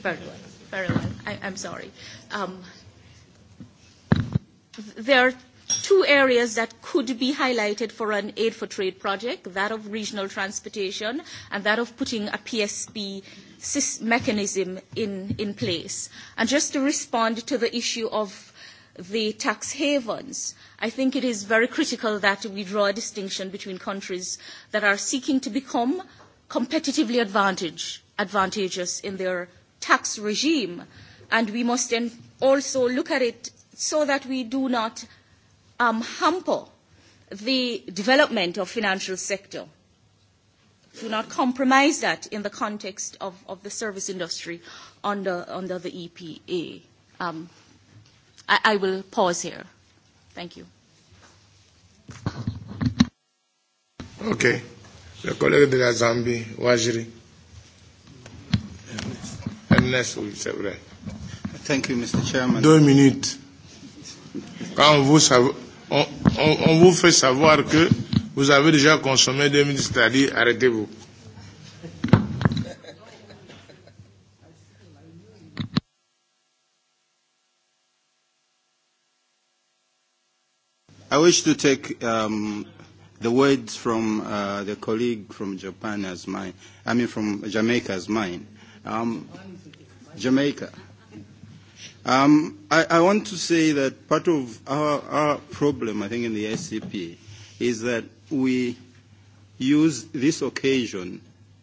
Very well, very well. I, I'm sorry. Um, there are two areas that could be highlighted for an aid for trade project, that of regional transportation and that of putting a PSP mechanism in, in place. And just to respond to the issue of the tax havens, I think it is very critical that we draw a distinction between countries that are seeking to become competitively advantage, advantageous in their tax regime. And we must then also look at it so that we do not um, hamper the development of financial sector. Do not compromise that in the context of, of the service industry under, under the EPA. Um, I, I will pause here. Thank you. Okay. Your colleague de la Zambi, Wajiri. Ernest, oui, c'est vrai. Thank you, Mr. Chairman. Deux minutes. Quand vous savez on, on, vous fait savoir que vous avez déjà consommé deux minutes, c'est-à-dire arrêtez-vous. I wish to take um, the words from uh, the colleague from Japan as mine, I mean from Jamaica as mine. Um, Jamaica. Um, I, I want to say that part of our, our problem, I think, in the SCP is that we use this occasion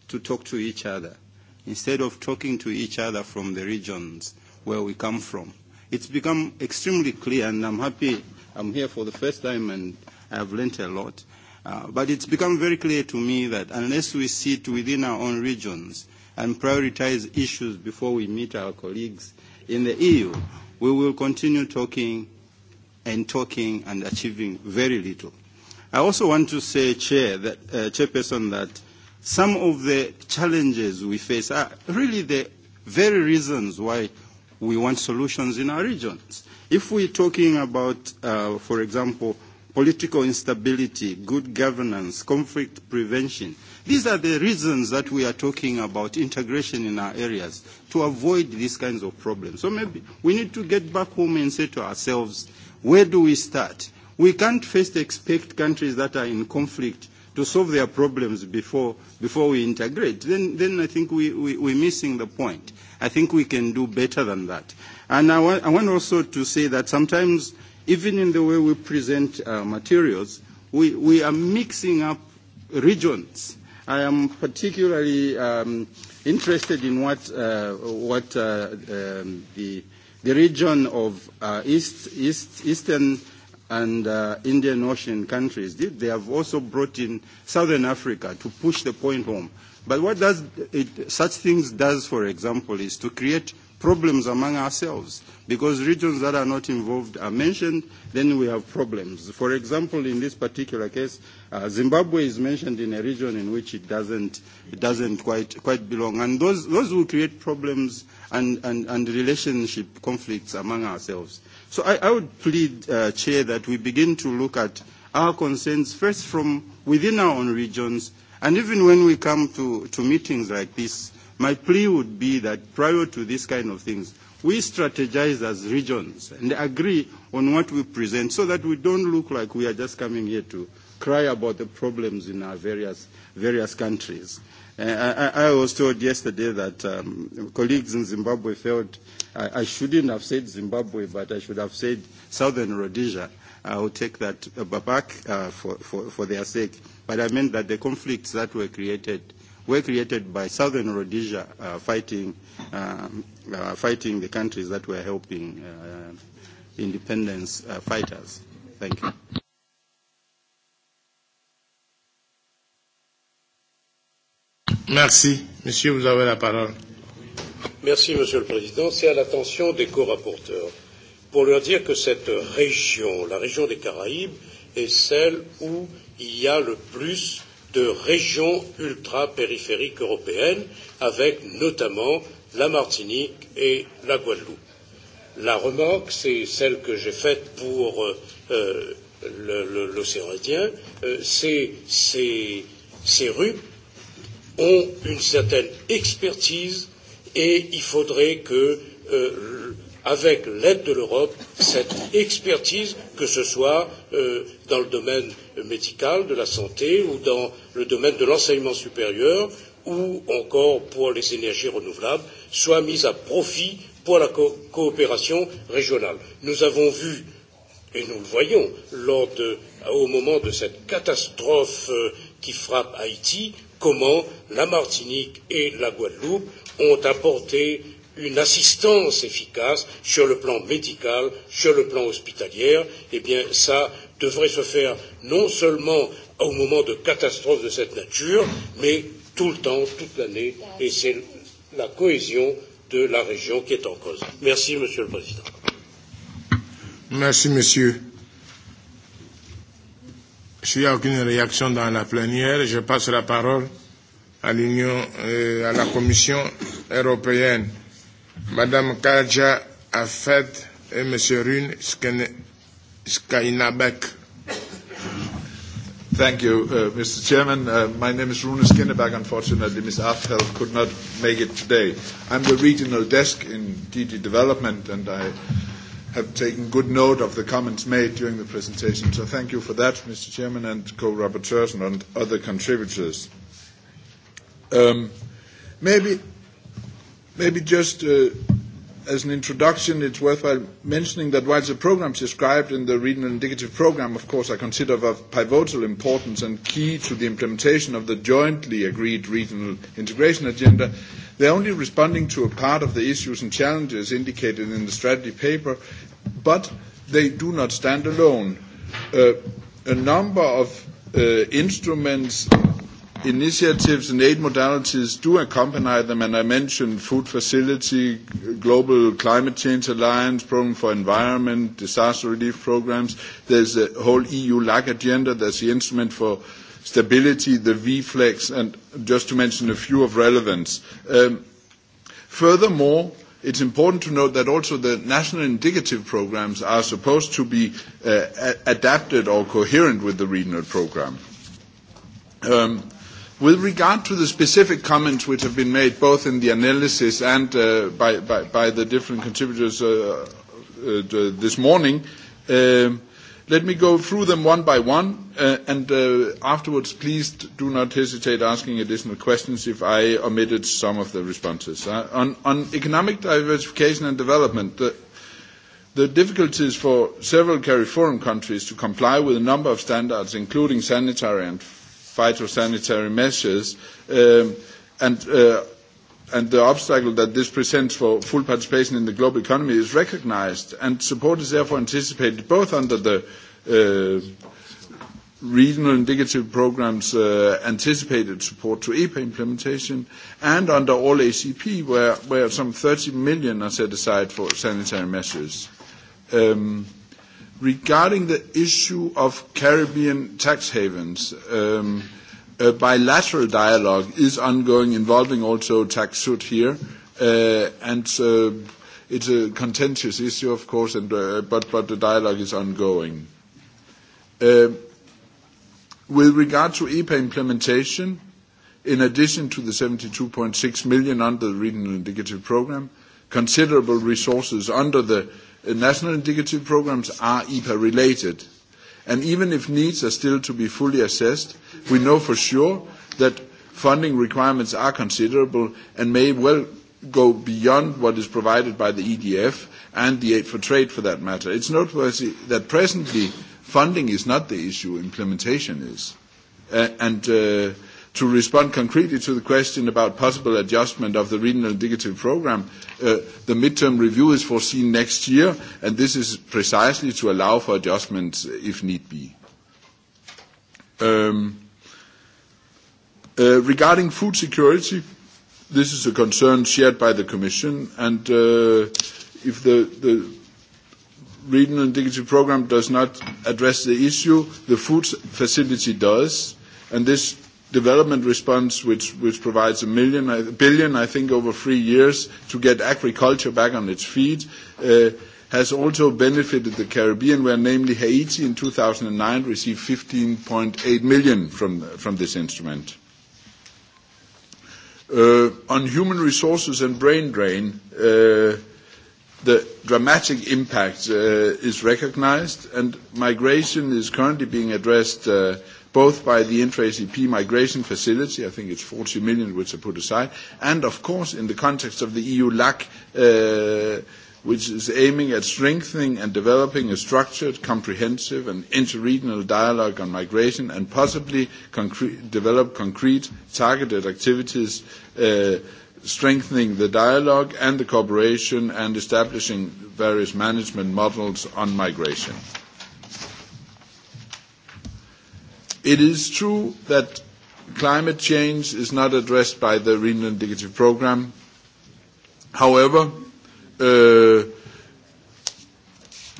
to talk to each other instead of talking to each other from the regions where we come from. It's become extremely clear, and I'm happy I'm here for the first time and I've learnt a lot. Uh, but it's become very clear to me that unless we sit within our own regions and prioritize issues before we meet our colleagues in the EU, we will continue talking and talking and achieving very little. I also want to say, Chair, that, uh, Chairperson, that some of the challenges we face are really the very reasons why we want solutions in our regions. If we're talking about, uh, for example, political instability, good governance, conflict prevention. These are the reasons that we are talking about integration in our areas to avoid these kinds of problems. So maybe we need to get back home and say to ourselves, where do we start? We can't first expect countries that are in conflict to solve their problems before, before we integrate. Then, then I think we, we, we're missing the point. I think we can do better than that. And I, wa- I want also to say that sometimes even in the way we present uh, materials, we, we are mixing up regions. I am particularly um, interested in what, uh, what uh, um, the, the region of uh, East, East, Eastern and uh, Indian Ocean countries did. They have also brought in Southern Africa to push the point home. But what does it, such things does, for example, is to create problems among ourselves because regions that are not involved are mentioned, then we have problems. For example, in this particular case, uh, Zimbabwe is mentioned in a region in which it doesn't, it doesn't quite, quite belong. And those, those will create problems and, and, and relationship conflicts among ourselves. So I, I would plead, uh, Chair, that we begin to look at our concerns first from within our own regions, and even when we come to, to meetings like this, My plea would be that prior to these kind of things, we strategize as regions and agree on what we present so that we don't look like we are just coming here to cry about the problems in our various, various countries. Uh, I, I was told yesterday that um, colleagues in Zimbabwe felt I, I shouldn't have said Zimbabwe, but I should have said Southern Rhodesia. I will take that back uh, for, for, for their sake. But I meant that the conflicts that were created were created by southern Rhodesia uh, fighting, uh, uh, fighting the countries that were helping uh, independence uh, fighters. Thank you. Merci. Monsieur, vous avez la parole. Merci, Monsieur le Président. C'est à l'attention des co-rapporteurs pour leur dire que cette région, la région des Caraïbes, est celle où il y a le plus de régions ultrapériphériques européennes, avec notamment la Martinique et la Guadeloupe. La remarque, c'est celle que j'ai faite pour euh, l'océan Indien, euh, ces, rues ont une certaine expertise et il faudrait que, euh, avec l'aide de l'Europe, cette expertise, que ce soit euh, dans le domaine médicale, de la santé ou dans le domaine de l'enseignement supérieur ou encore pour les énergies renouvelables soient mises à profit pour la coopération régionale. Nous avons vu et nous le voyons lors de, au moment de cette catastrophe qui frappe Haïti, comment la Martinique et la Guadeloupe ont apporté une assistance efficace sur le plan médical, sur le plan hospitalier, eh bien ça devrait se faire non seulement au moment de catastrophes de cette nature, mais tout le temps, toute l'année, et c'est la cohésion de la région qui est en cause. Merci, Monsieur le Président. Merci, Monsieur. S'il n'y a aucune réaction dans la plénière, je passe la parole à l'Union, euh, à la Commission européenne. Madame Kaja Afet et Monsieur Rune Skainabek. Thank you, uh, Mr. Chairman. Uh, my name is Rune Skinneberg. Unfortunately, Ms. Afhel could not make it today. I'm the regional desk in DG Development, and I have taken good note of the comments made during the presentation. So thank you for that, Mr. Chairman, and co-rapporteurs and other contributors. Um, maybe Maybe just uh, as an introduction, it's worthwhile mentioning that whilst the programs described in the regional indicative program, of course, are considered of pivotal importance and key to the implementation of the jointly agreed regional integration agenda, they're only responding to a part of the issues and challenges indicated in the strategy paper, but they do not stand alone. Uh, a number of uh, instruments initiatives and aid modalities do accompany them, and I mentioned food facility, global climate change alliance, program for environment, disaster relief programs. There's the whole EU LAC agenda. There's the instrument for stability, the VFLEX, and just to mention a few of relevance. furthermore, it is important to note that also the national indicative programmes are supposed to be adapted or coherent with the regional programme. Um, With regard to the specific comments which have been made both in the analysis and uh, by, by, by the different contributors uh, uh, this morning, um, let me go through them one by one, uh, and uh, afterwards, please do not hesitate asking additional questions if I omitted some of the responses. Uh, on, on economic diversification and development, the, the difficulties for several CARIFORUM countries to comply with a number of standards, including sanitary and phytosanitary measures, and the obstacle that this presents for full participation in the global economy is recognised, and support is therefore anticipated both under the regional indicative programmes anticipated support to EPA implementation and under all ACP, where some 30 million are set aside for sanitary measures. Um, Regarding the issue of Caribbean tax havens, a bilateral dialogue is ongoing involving also tax suit here, and it's a contentious issue, of course, and, uh, but, but the dialogue is ongoing. Uh, with regard to EPA implementation, in addition to the 72.6 million under the Regional Indicative Programme, considerable resources under the national indicative programs are EPA related. And even if needs are still to be fully assessed, we know for sure that funding requirements are considerable and may well go beyond what is provided by the EDF and the Aid for Trade for that matter. It's noteworthy that presently funding is not the issue, implementation is. and to respond concretely to the question about possible adjustment of the Renal Indicative Programme, the midterm review is foreseen next year, and this is precisely to allow for adjustments if need be. Regarding food security, this is a concern shared by the Commission, and if the Renal Indicative Programme does not address the issue, the food facility does, and this development response, which, which provides a million, billion, I think, over three years to get agriculture back on its feet, has also benefited the Caribbean, where namely Haiti in 2009 received 15.8 million from, from this instrument. on human resources and brain drain, uh, the dramatic impact uh, is recognized, and migration is currently being addressed uh, – both by the intra-ACP migration facility, I think it's 40 million which are put aside, and of course in the context of the EU LAC, which is aiming at strengthening and developing a structured, comprehensive and interregional dialogue on migration and possibly develop concrete targeted activities strengthening the dialogue and the cooperation and establishing various management models on migration. It is true that climate change is not addressed by the Renal Indicative Programme. However, uh,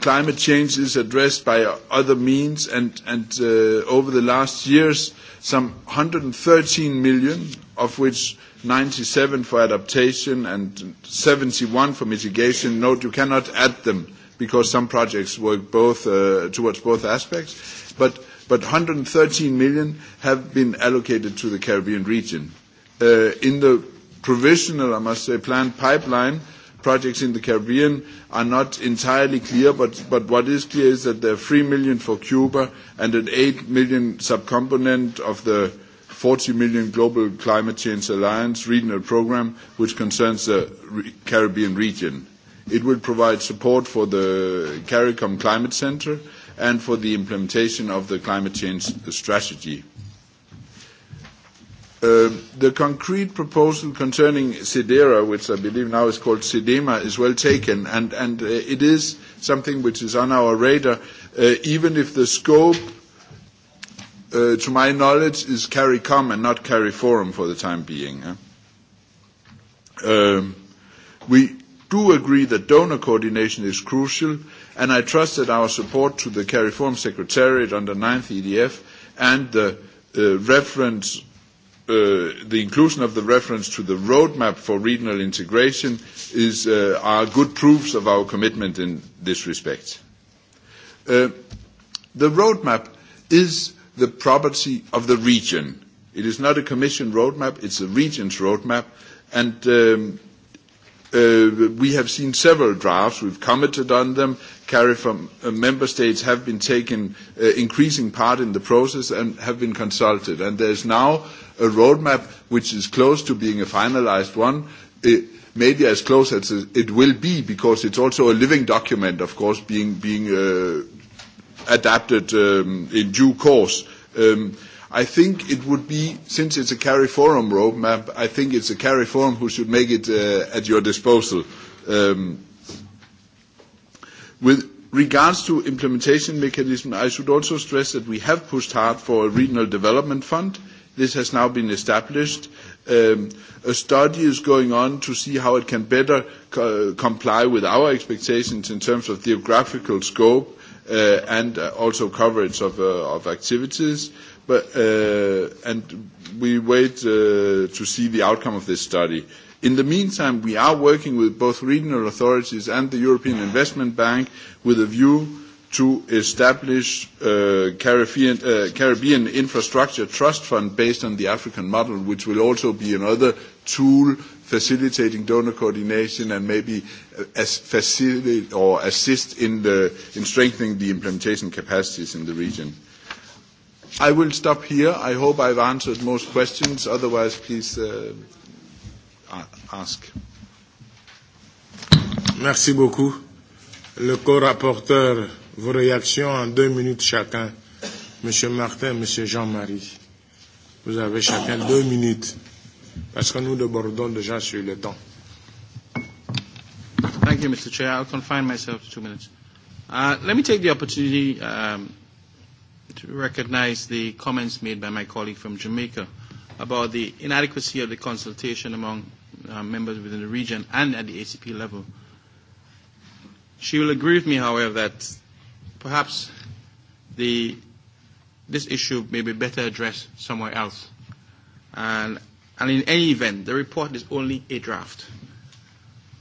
climate change is addressed by other means, and, and uh, over the last years, some 113 million, of which 97 for adaptation and 71 for mitigation. Note you cannot add them because some projects work both uh, towards both aspects, but but 113 million have been allocated to the Caribbean region. In the provisional, I must say, planned pipeline, projects in the Caribbean are not entirely clear, but what is clear is that there are 3 million for Cuba and an 8 million subcomponent of the 40 million Global Climate Change Alliance regional program, which concerns the Caribbean region. It will provide support for the CARICOM Climate Center, and for the implementation of the climate change strategy. The concrete proposal concerning Sidera, which I believe now is called Sidema, is well taken, and it is something which is on our radar, even if the scope, to my knowledge, is CARICOM and not CARIFORUM for the time being. We do agree that donor coordination is crucial, and I trust that our support to the CARIFORM Secretariat under 9th EDF and the reference the inclusion of the reference to the roadmap for regional integration is, uh, are good proofs of our commitment in this respect. Uh, the roadmap is the property of the region. It is not a Commission roadmap, it's a region's roadmap, and we have seen several drafts. We've commented on them. CARIFA from member states have been taking increasing part in the process and have been consulted. And there's now a roadmap which is close to being a finalized one, maybe as close as it will be, because it's also a living document, of course, being adapted in due course. Um I think it would be, since it's a Carry Forum roadmap, I think it's a Carry Forum who should make it uh, at your disposal. Um, with regards to implementation mechanism, I should also stress that we have pushed hard for a regional development fund. This has now been established. Um, a study is going on to see how it can better co- comply with our expectations in terms of geographical scope uh, and uh, also coverage of, uh, of activities and we wait to see the outcome of this study. In the meantime, we are working with both regional authorities and the European Investment Bank with a view to establish a Caribbean, Infrastructure Trust Fund based on the African model, which will also be another tool facilitating donor coordination and maybe facilitate or assist in, strengthening the implementation capacities in the region. I will stop here. I hope I've answered most questions. Otherwise, please ask. Merci beaucoup. Le co-rapporteur, vos réactions en deux minutes chacun. Monsieur Martin, Monsieur Jean-Marie, vous avez chacun deux minutes parce que nous débordons déjà sur le temps. Thank you, Mr. Chair. I'll confine myself to two minutes. Uh, let me take the opportunity um, to recognize the comments made by my colleague from Jamaica about the inadequacy of the consultation among uh, members within the region and at the ACP level. She will agree with me, however, that perhaps the, this issue may be better addressed somewhere else. And, and in any event, the report is only a draft,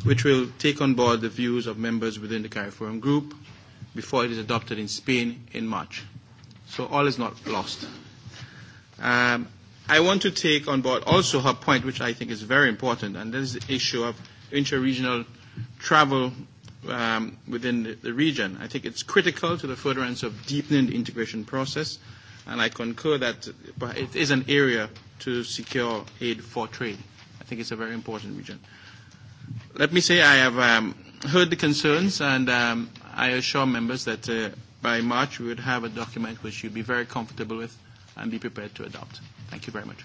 which will take on board the views of members within the CARIFORUM group before it is adopted in Spain in March. So all is not lost. Um, I want to take on board also her point, which I think is very important, and that is the issue of intra-regional travel um, within the, the region. I think it's critical to the furtherance of deepening the integration process, and I concur that it is an area to secure aid for trade. I think it's a very important region. Let me say I have um, heard the concerns, and um, I assure members that uh, by March, we would have a document which you'd be very comfortable with and be prepared to adopt. Thank you very much.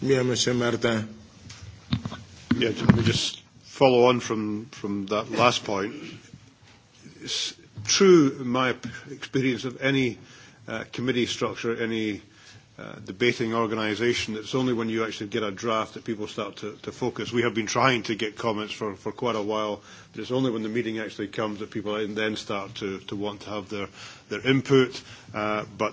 Yeah, Mr. Martin. Yeah, let me just follow on from, from that last point. It's true, in my experience of any uh, committee structure, any debating organisation. It's only when you actually get a draft that people start to, to focus. We have been trying to get comments for, for quite a while, but it's only when the meeting actually comes that people then start to, to want to have their, their input. Uh, but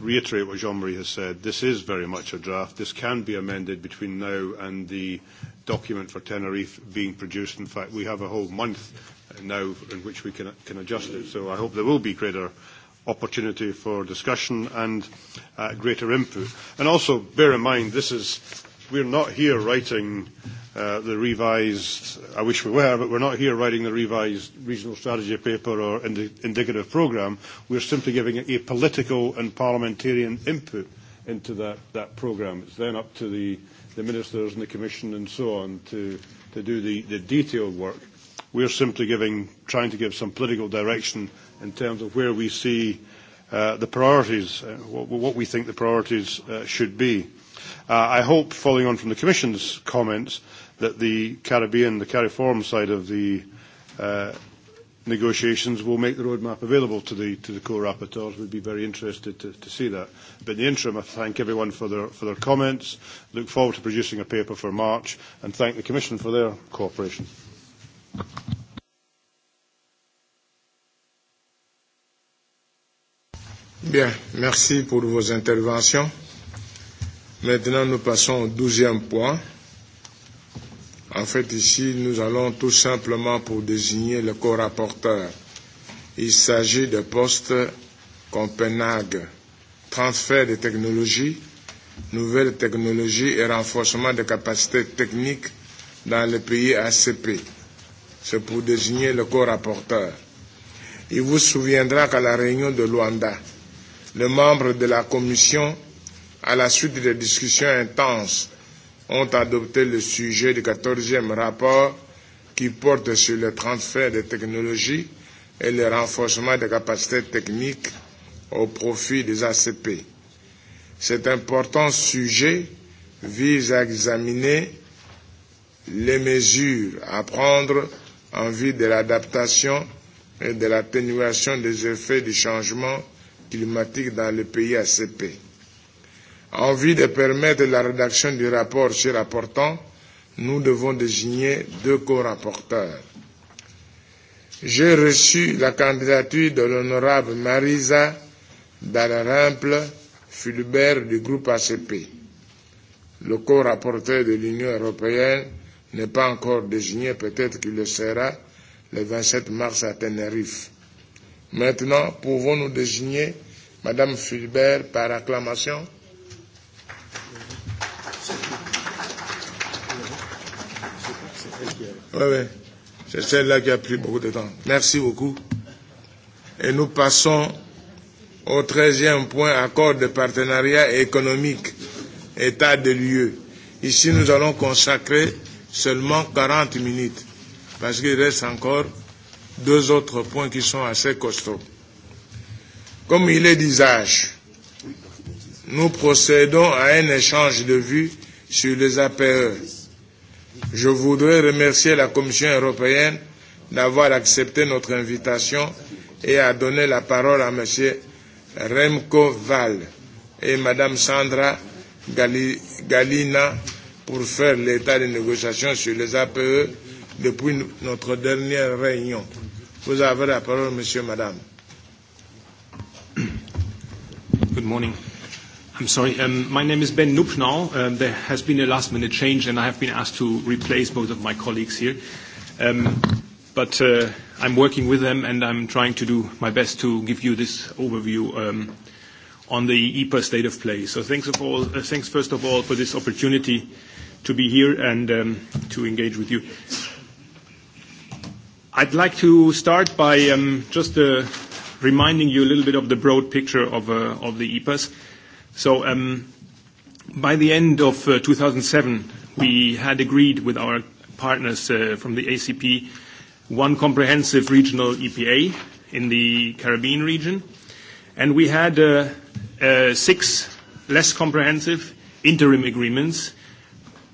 reiterate what Jean-Marie has said, this is very much a draft. This can be amended between now and the document for Tenerife being produced. In fact, we have a whole month now in which we can, can adjust it. So I hope there will be greater opportunity for discussion and uh, greater input. And also bear in mind, this is, we're not here writing uh, the revised, I wish we were, but we're not here writing the revised regional strategy paper or ind- indicative programme. We're simply giving a political and parliamentarian input into that, that programme. It's then up to the, the ministers and the commission and so on to, to do the, the detailed work. We're simply giving, trying to give some political direction in terms of where we see the priorities, what we think the priorities should be. I hope, following on from the Commission's comments, that the Caribbean, the CARIFORM side of the negotiations will make the roadmap available to the, co-rapporteurs. We'd be very interested to, see that. But in the interim, I thank everyone for their, for their comments, look forward to producing a paper for March, and thank the Commission for their cooperation. Bien, merci pour vos interventions. Maintenant, nous passons au douzième point. En fait, ici, nous allons tout simplement pour désigner le co-rapporteur. Il s'agit de poste Copenhague, transfert des technologies, nouvelles technologies et renforcement des capacités techniques dans les pays ACP. C'est pour désigner le co-rapporteur. Il vous souviendra qu'à la réunion de Luanda, les membres de la Commission, à la suite des discussions intenses, ont adopté le sujet du 14e rapport qui porte sur le transfert des technologies et le renforcement des capacités techniques au profit des ACP. Cet important sujet vise à examiner les mesures à prendre en vue de l'adaptation et de l'atténuation des effets du changement climatique dans le pays ACP. En vue de permettre la rédaction du rapport chez rapportant, nous devons désigner deux co-rapporteurs. J'ai reçu la candidature de l'honorable Marisa Dalarimple, Fulbert du groupe ACP. Le co-rapporteur de l'Union européenne n'est pas encore désigné, peut-être qu'il le sera le 27 mars à Tenerife. Maintenant, pouvons-nous désigner Madame Fulbert par acclamation Oui, oui. C'est celle-là qui a pris beaucoup de temps. Merci beaucoup. Et nous passons au treizième point, accord de partenariat économique, état de lieu. Ici, nous allons consacrer seulement 40 minutes, parce qu'il reste encore deux autres points qui sont assez costauds. Comme il est d'usage, nous procédons à un échange de vues sur les APE. Je voudrais remercier la Commission européenne d'avoir accepté notre invitation et à donner la parole à M. Remco Val et Mme Sandra Galina pour faire l'état des négociations sur les APE depuis notre dernière réunion. Vous avez la parole, monsieur, madame. Good morning. I'm sorry. Um, my name is Ben Nupnau. Um, there has been a last minute change and I have been asked to replace both of my colleagues here. Um, but uh, I'm working with them and I'm trying to do my best to give you this overview um, on the EPA state of play. So thanks, of all, uh, thanks first of all for this opportunity to be here and um, to engage with you. I'd like to start by just reminding you a little bit of the broad picture of, the EPAS. So by the end of 2007, we had agreed with our partners from the ACP one comprehensive regional EPA in the Caribbean region, and we had six less comprehensive interim agreements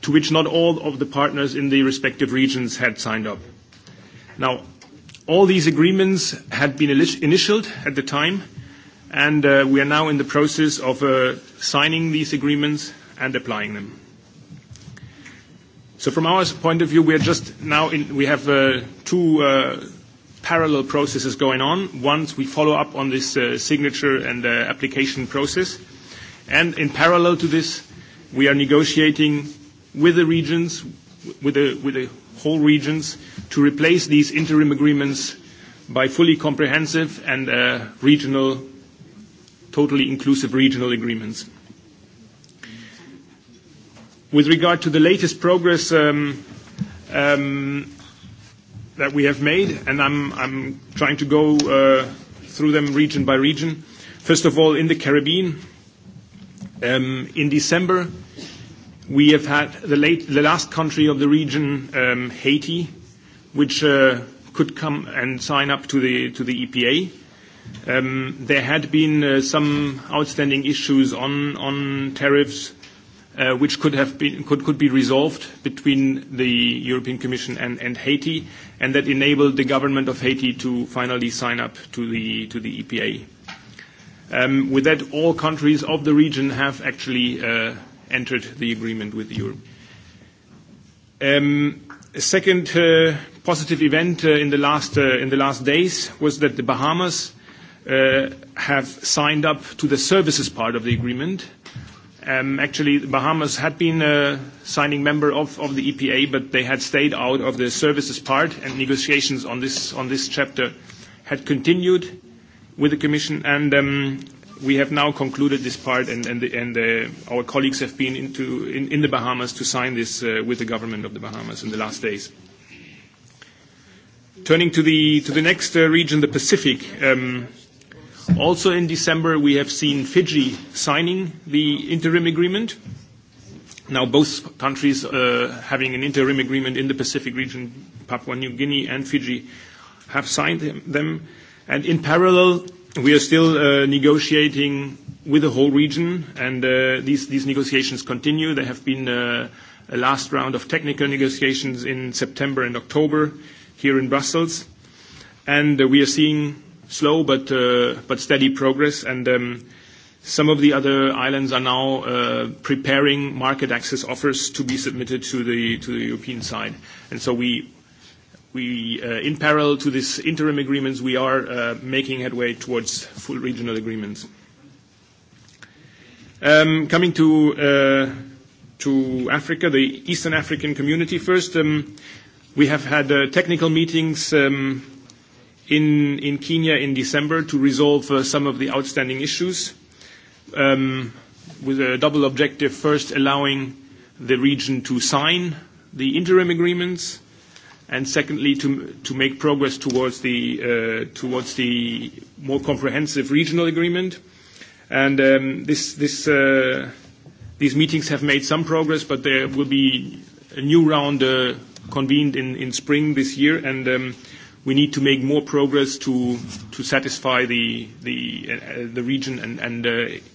to which not all of the partners in the respective regions had signed up. Now, all these agreements had been initialed at the time, and we are now in the process of uh, signing these agreements and applying them. So from our point of view, we are just now in, we have uh, two uh, parallel processes going on. Once we follow up on this uh, signature and uh, application process, and in parallel to this, we are negotiating with the regions, with the, with the whole regions, to replace these interim agreements by fully comprehensive and uh, regional, totally inclusive regional agreements. With regard to the latest progress um, um, that we have made, and I'm, I'm trying to go uh, through them region by region. First of all, in the Caribbean, um, in December, We have had the, late, the last country of the region, um, Haiti, which uh, could come and sign up to the, to the EPA. Um, there had been uh, some outstanding issues on, on tariffs which could have been could could be resolved between the European Commission and and Haiti, and that enabled the government of Haiti to finally sign up to the to the EPA. With that, all countries of the region have actually entered the agreement with Europe. A second positive event in the last uh in the last days was that the Bahamas uh have signed up to the services part of the agreement. Um Actually, the Bahamas had been a signing member of the EPA, but they had stayed out of the services part, and negotiations on this chapter had continued with the Commission. And we have now concluded this part, and, and, the, and the, our colleagues have been into, in, in the Bahamas to sign this uh, with the government of the Bahamas in the last days. Turning to the, to the next uh, region, the Pacific. Um, also in December, we have seen Fiji signing the interim agreement. Now, both countries uh, having an interim agreement in the Pacific region, Papua New Guinea and Fiji, have signed them. And in parallel, We are still negotiating with the whole region, and these negotiations continue. There have been a last round of technical negotiations in September and October here in Brussels. and We are seeing slow but steady progress. and Some of the other islands are now preparing market access offers to be submitted to the European side. and so We we, in parallel to these interim agreements, we are making headway towards full regional agreements. coming to, Africa, the Eastern African community first, we have had uh, technical meetings in, in Kenya in December to resolve some of the outstanding issues with a double objective, first allowing the region to sign the interim agreements, and secondly, to make progress towards the more comprehensive regional agreement. And These meetings have made some progress, but there will be a new round convened in spring this year, and we need to make more progress to satisfy the region and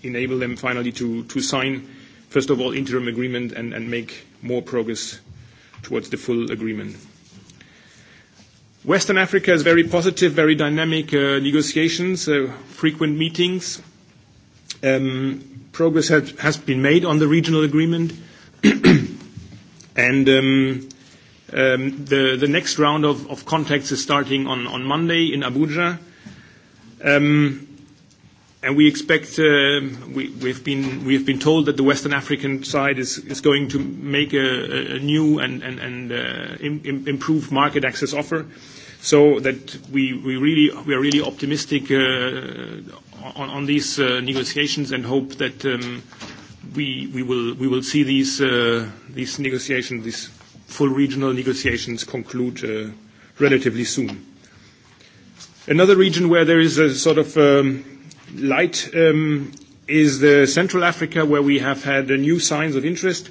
enable them finally to sign, first of all, interim agreement and make more progress towards the full agreement. Western Africa is very positive, very dynamic uh, negotiations, uh, frequent meetings. Um, progress has, has been made on the regional agreement. and um, um, the, the next round of, of contacts is starting on, on Monday in Abuja. Um, And we expect, uh, we, we've been, we have been told that the Western African side is, is going to make a, a new and, and, and uh, im, improved market access offer. So that we, we really, we are really optimistic uh, on, on these uh, negotiations and hope that um, we, we will, we will see these, uh, these negotiations, these full regional negotiations conclude uh, relatively soon. Another region where there is a sort of um, light is the Central Africa, where we have had new signs of interest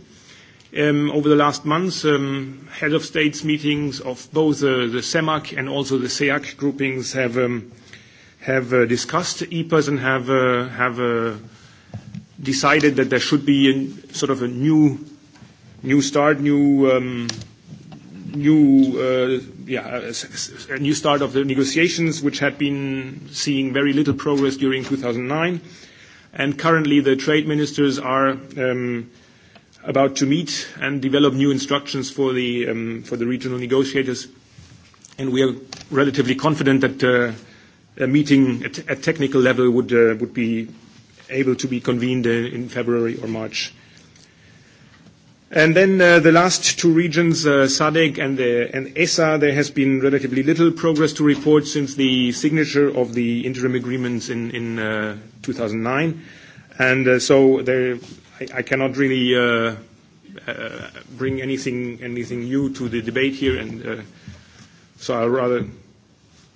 over the last months. Head of states meetings of both the CEMAC and also the SEAC groupings have discussed EPAs and have decided that there should be sort of a new start, new new yeah a new start of the negotiations, which had been seeing very little progress during 2009. And currently, the trade ministers are about to meet and develop new instructions for the for the regional negotiators. And we are relatively confident that a meeting at technical level would would be able to be convened in February or March And then uh The last two regions, uh SADC and uh and ESSA, there has been relatively little progress to report since the signature of the interim agreements in in uh 2009. And uh so there I I cannot really uh uh bring anything anything new to the debate here, and uh so I'll rather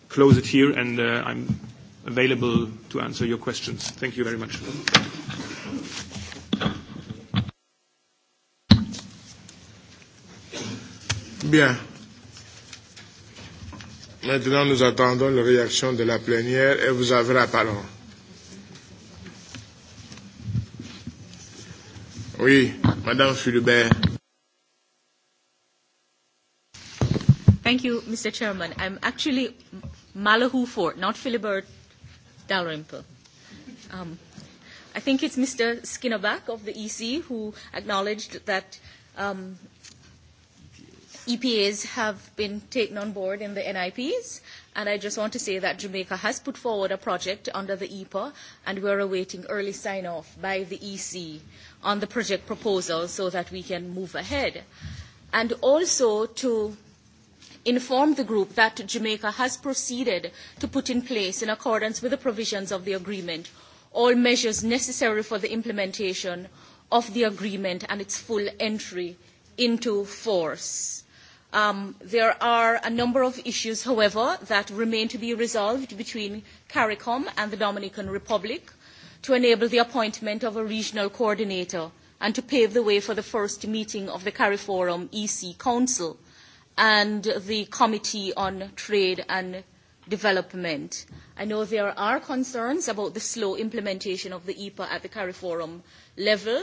close it here, and uh I'm available to answer your questions. Thank you very much. Bien. Maintenant, nous attendons la réaction de la plénière et vous avez la parole. Oui, Madame Fulbert. Thank you, Mr. Chairman. I'm actually Malahu Fort, not Philibert Dalrymple. Um, I think it's Mr. Skinnerback of the EC who acknowledged that um, EPAs have been taken on board in the NIPs, and I just want to say that Jamaica has put forward a project under the EPA, and we're awaiting early sign-off by the EC on the project proposal so that we can move ahead. And also to inform the group that Jamaica has proceeded to put in place, in accordance with the provisions of the agreement, all measures necessary for the implementation of the agreement and its full entry into force there are a number of issues, however, that remain to be resolved between CARICOM and the Dominican Republic to enable the appointment of a regional coordinator and to pave the way for the first meeting of the CARIFORUM EC Council and the Committee on Trade and Development. I know there are concerns about the slow implementation of the EPA at the CARIFORUM level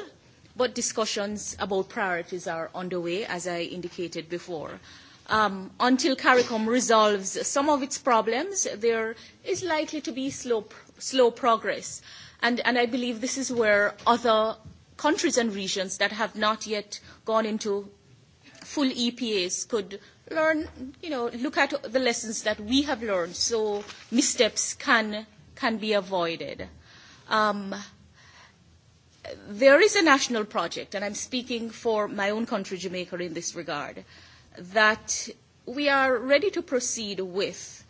but discussions about priorities are underway, as I indicated before. until CARICOM resolves some of its problems, there is likely to be slow, progress. And, I believe this is where other countries and regions that have not yet gone into full EPAs could learn, you know, look at the lessons that we have learned so missteps can, can be avoided. Um, there is a national project, and I'm speaking for my own country, Jamaica, in this regard, that we are ready to proceed with.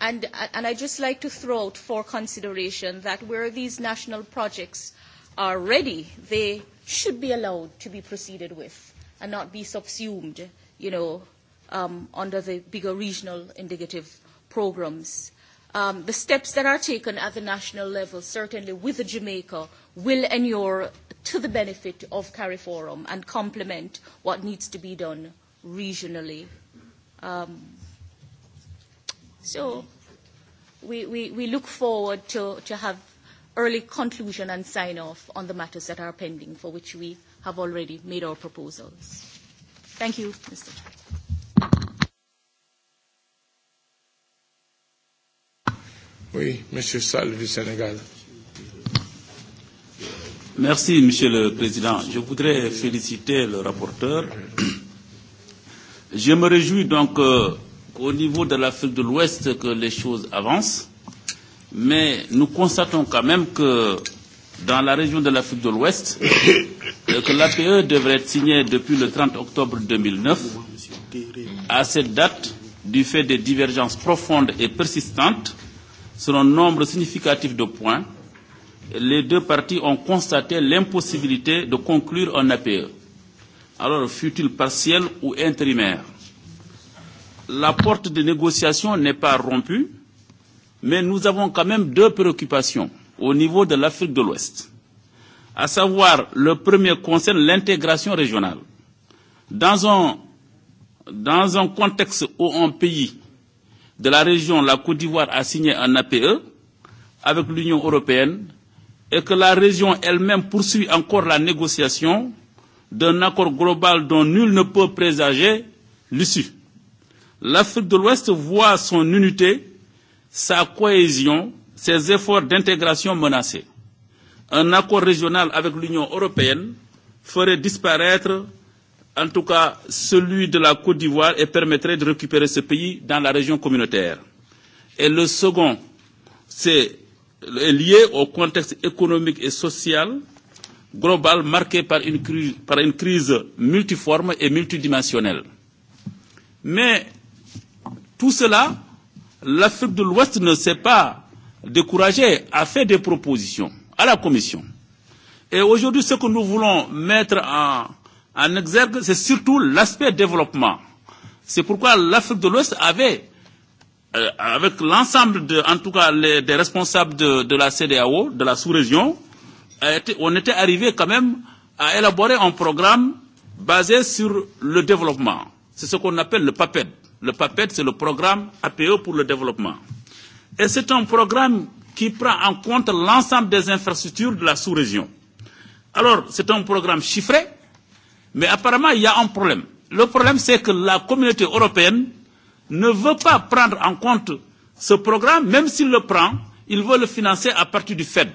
And, and I'd just like to throw out for consideration that where these national projects are ready, they should be allowed to be proceeded with and not be subsumed, you know, um, under the bigger regional indicative programs um, the steps that are taken at the national level, certainly with the Jamaica, will inure to the benefit of CARIFORUM and complement what needs to be done regionally. Um, so we, we, we look forward to, to have early conclusion and sign-off on the matters that are pending for which we have already made our proposals. Thank you, Mr. Chair. Oui, Monsieur Sall du Sénégal. Merci, Monsieur le Président. Je voudrais féliciter le rapporteur. Je me réjouis donc au niveau de l'Afrique de l'Ouest que les choses avancent, mais nous constatons quand même que dans la région de l'Afrique de l'Ouest, que l'APE devrait être signée depuis le 30 octobre 2009. À cette date, du fait des divergences profondes et persistantes, sur un nombre significatif de points, les deux parties ont constaté l'impossibilité de conclure un APE, alors fut-il partiel ou intérimaire. La porte de négociation n'est pas rompue, mais nous avons quand même deux préoccupations au niveau de l'Afrique de l'Ouest, à savoir le premier concerne l'intégration régionale. Dans un, dans un contexte où un pays de la région, la Côte d'Ivoire a signé un APE avec l'Union européenne et que la région elle-même poursuit encore la négociation d'un accord global dont nul ne peut présager l'issue. L'Afrique de l'Ouest voit son unité, sa cohésion, ses efforts d'intégration menacés. Un accord régional avec l'Union européenne ferait disparaître en tout cas celui de la Côte d'Ivoire et permettrait de récupérer ce pays dans la région communautaire. Et le second, c'est lié au contexte économique et social global marqué par une crise, par une crise multiforme et multidimensionnelle. Mais tout cela, l'Afrique de l'Ouest ne s'est pas découragée à faire des propositions à la Commission. Et aujourd'hui, ce que nous voulons mettre en, en exergue, c'est surtout l'aspect développement. C'est pourquoi l'Afrique de l'Ouest avait, euh, avec l'ensemble de, en tout cas, les, des responsables de, de la CDAO, de la sous-région, on était arrivé quand même à élaborer un programme basé sur le développement. C'est ce qu'on appelle le PAPED. Le PAPED, c'est le programme APE pour le développement. Et c'est un programme qui prend en compte l'ensemble des infrastructures de la sous-région. Alors, c'est un programme chiffré, Mais apparemment, il y a un problème. Le problème, c'est que la communauté européenne ne veut pas prendre en compte ce programme, même s'il le prend, il veut le financer à partir du FED.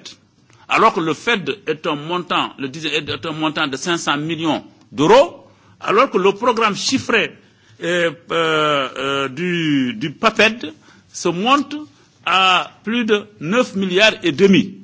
Alors que le FED est un montant, le, est un montant de 500 millions d'euros, alors que le programme chiffré euh, euh, du, du PAPED se monte à plus de 9 milliards et demi.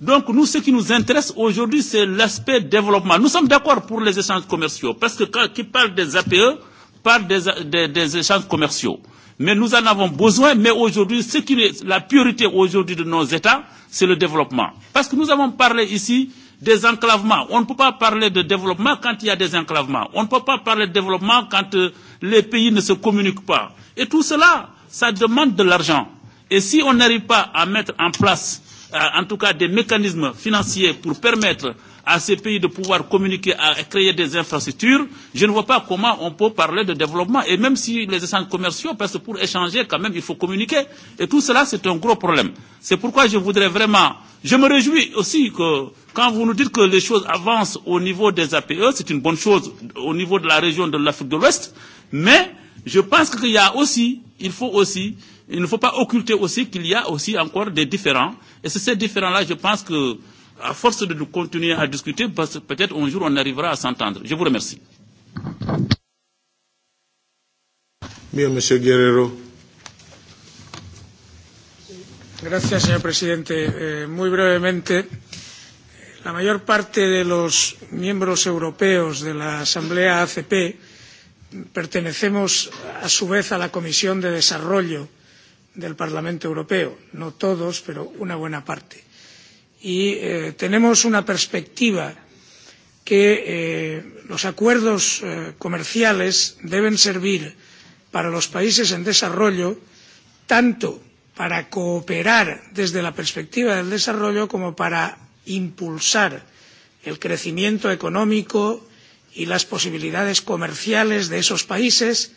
Donc nous, ce qui nous intéresse aujourd'hui, c'est l'aspect développement. Nous sommes d'accord pour les échanges commerciaux, parce que quand qui parle des APE parle des, des, des échanges commerciaux. Mais nous en avons besoin, mais aujourd'hui, ce qui est la priorité aujourd'hui de nos États, c'est le développement. Parce que nous avons parlé ici des enclavements. On ne peut pas parler de développement quand il y a des enclavements. On ne peut pas parler de développement quand les pays ne se communiquent pas. Et tout cela, ça demande de l'argent. Et si on n'arrive pas à mettre en place en tout cas des mécanismes financiers pour permettre à ces pays de pouvoir communiquer à, et créer des infrastructures, je ne vois pas comment on peut parler de développement. Et même si les échanges commerciaux, parce que pour échanger, quand même, il faut communiquer. Et tout cela, c'est un gros problème. C'est pourquoi je voudrais vraiment... Je me réjouis aussi que quand vous nous dites que les choses avancent au niveau des APE, c'est une bonne chose au niveau de la région de l'Afrique de l'Ouest, mais je pense qu'il y a aussi, il faut aussi Il ne faut pas occulter aussi qu'il y a aussi encore des différends. Et c'est ces différends-là, je pense que, à force de continuer à discuter, peut-être un jour on arrivera à s'entendre. Je vous remercie. Bien, Monsieur Guerrero. Merci, Monsieur le Président. muy brevemente, la mayor parte de los miembros europeos de la Asamblea ACP pertenecemos a su vez a la Comisión de Desarrollo del Parlamento Europeo, no todos, pero una buena parte. Y tenemos una perspectiva que los acuerdos comerciales deben servir para los países en desarrollo tanto para cooperar desde la perspectiva del desarrollo como para impulsar el crecimiento económico y las posibilidades comerciales de esos países,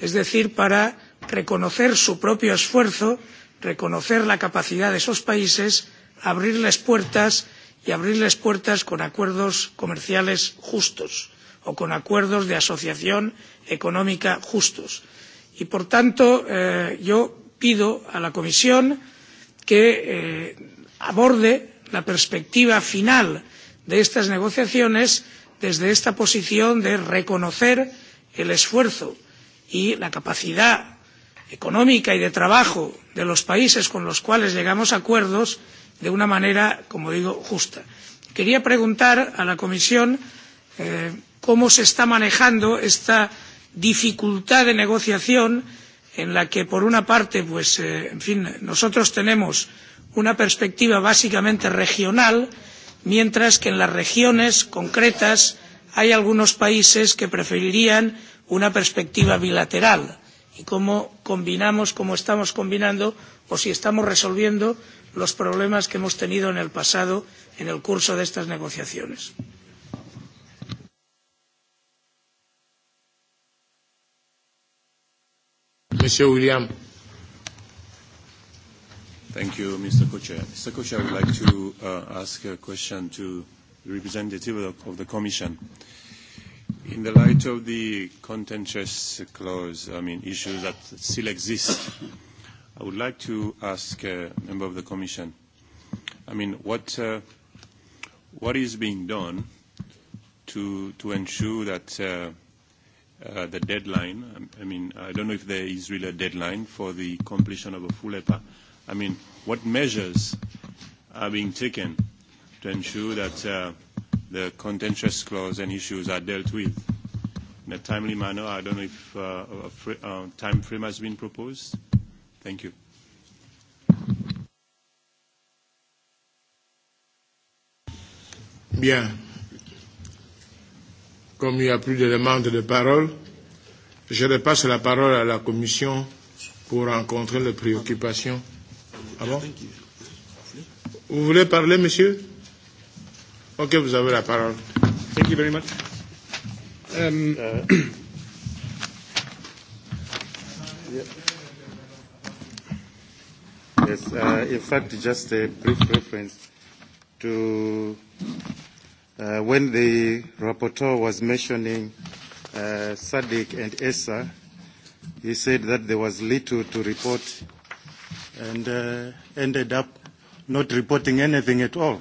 es decir, para reconocer su propio esfuerzo reconocer la capacidad de esos países abrirles puertas y abrirles puertas con acuerdos comerciales justos o con acuerdos de asociación económica justos. Y, por tanto, yo pido a la Comisión que aborde la perspectiva final de estas negociaciones desde esta posición de reconocer el esfuerzo y la capacidad económica y de trabajo de los países con los cuales llegamos a acuerdos de una manera, como digo, justa. Quería preguntar a la Comisión cómo se está manejando esta dificultad de negociación en la que, por una parte, nosotros tenemos una perspectiva básicamente regional, mientras que en las regiones concretas hay algunos países que preferirían una perspectiva bilateral y cómo combinamos, cómo estamos combinando o si estamos resolviendo los problemas que hemos tenido en el pasado en el curso de estas negociaciones. Monsieur William. Thank you, Mr. co Mr. co I would like to uh, ask a question to the representative of the Commission. Uh, In the light of the contentious clause, I mean, issues that still exist, I would like to ask a member of the Commission, I mean, what, uh, what is being done to, to ensure that uh, uh, the deadline, I mean, I don't know if there is really a deadline for the completion of a full EPA. I mean, what measures are being taken to ensure that uh the contentious clause and issues are dealt with in a timely manner. I don't know if uh, a fr- uh, time frame has been proposed. Thank you. Bien. Comme il n'y a plus de demande de parole, je repasse la parole à la Commission pour rencontrer les préoccupations. Ah bon Vous voulez parler, monsieur Ok, vous avez la parole. Thank you very much. Um, Yes, uh, in fact, just a brief reference to uh, when the rapporteur was mentioning uh, Sadiq and Esa, he said that there was little to report and uh, ended up not reporting anything at all.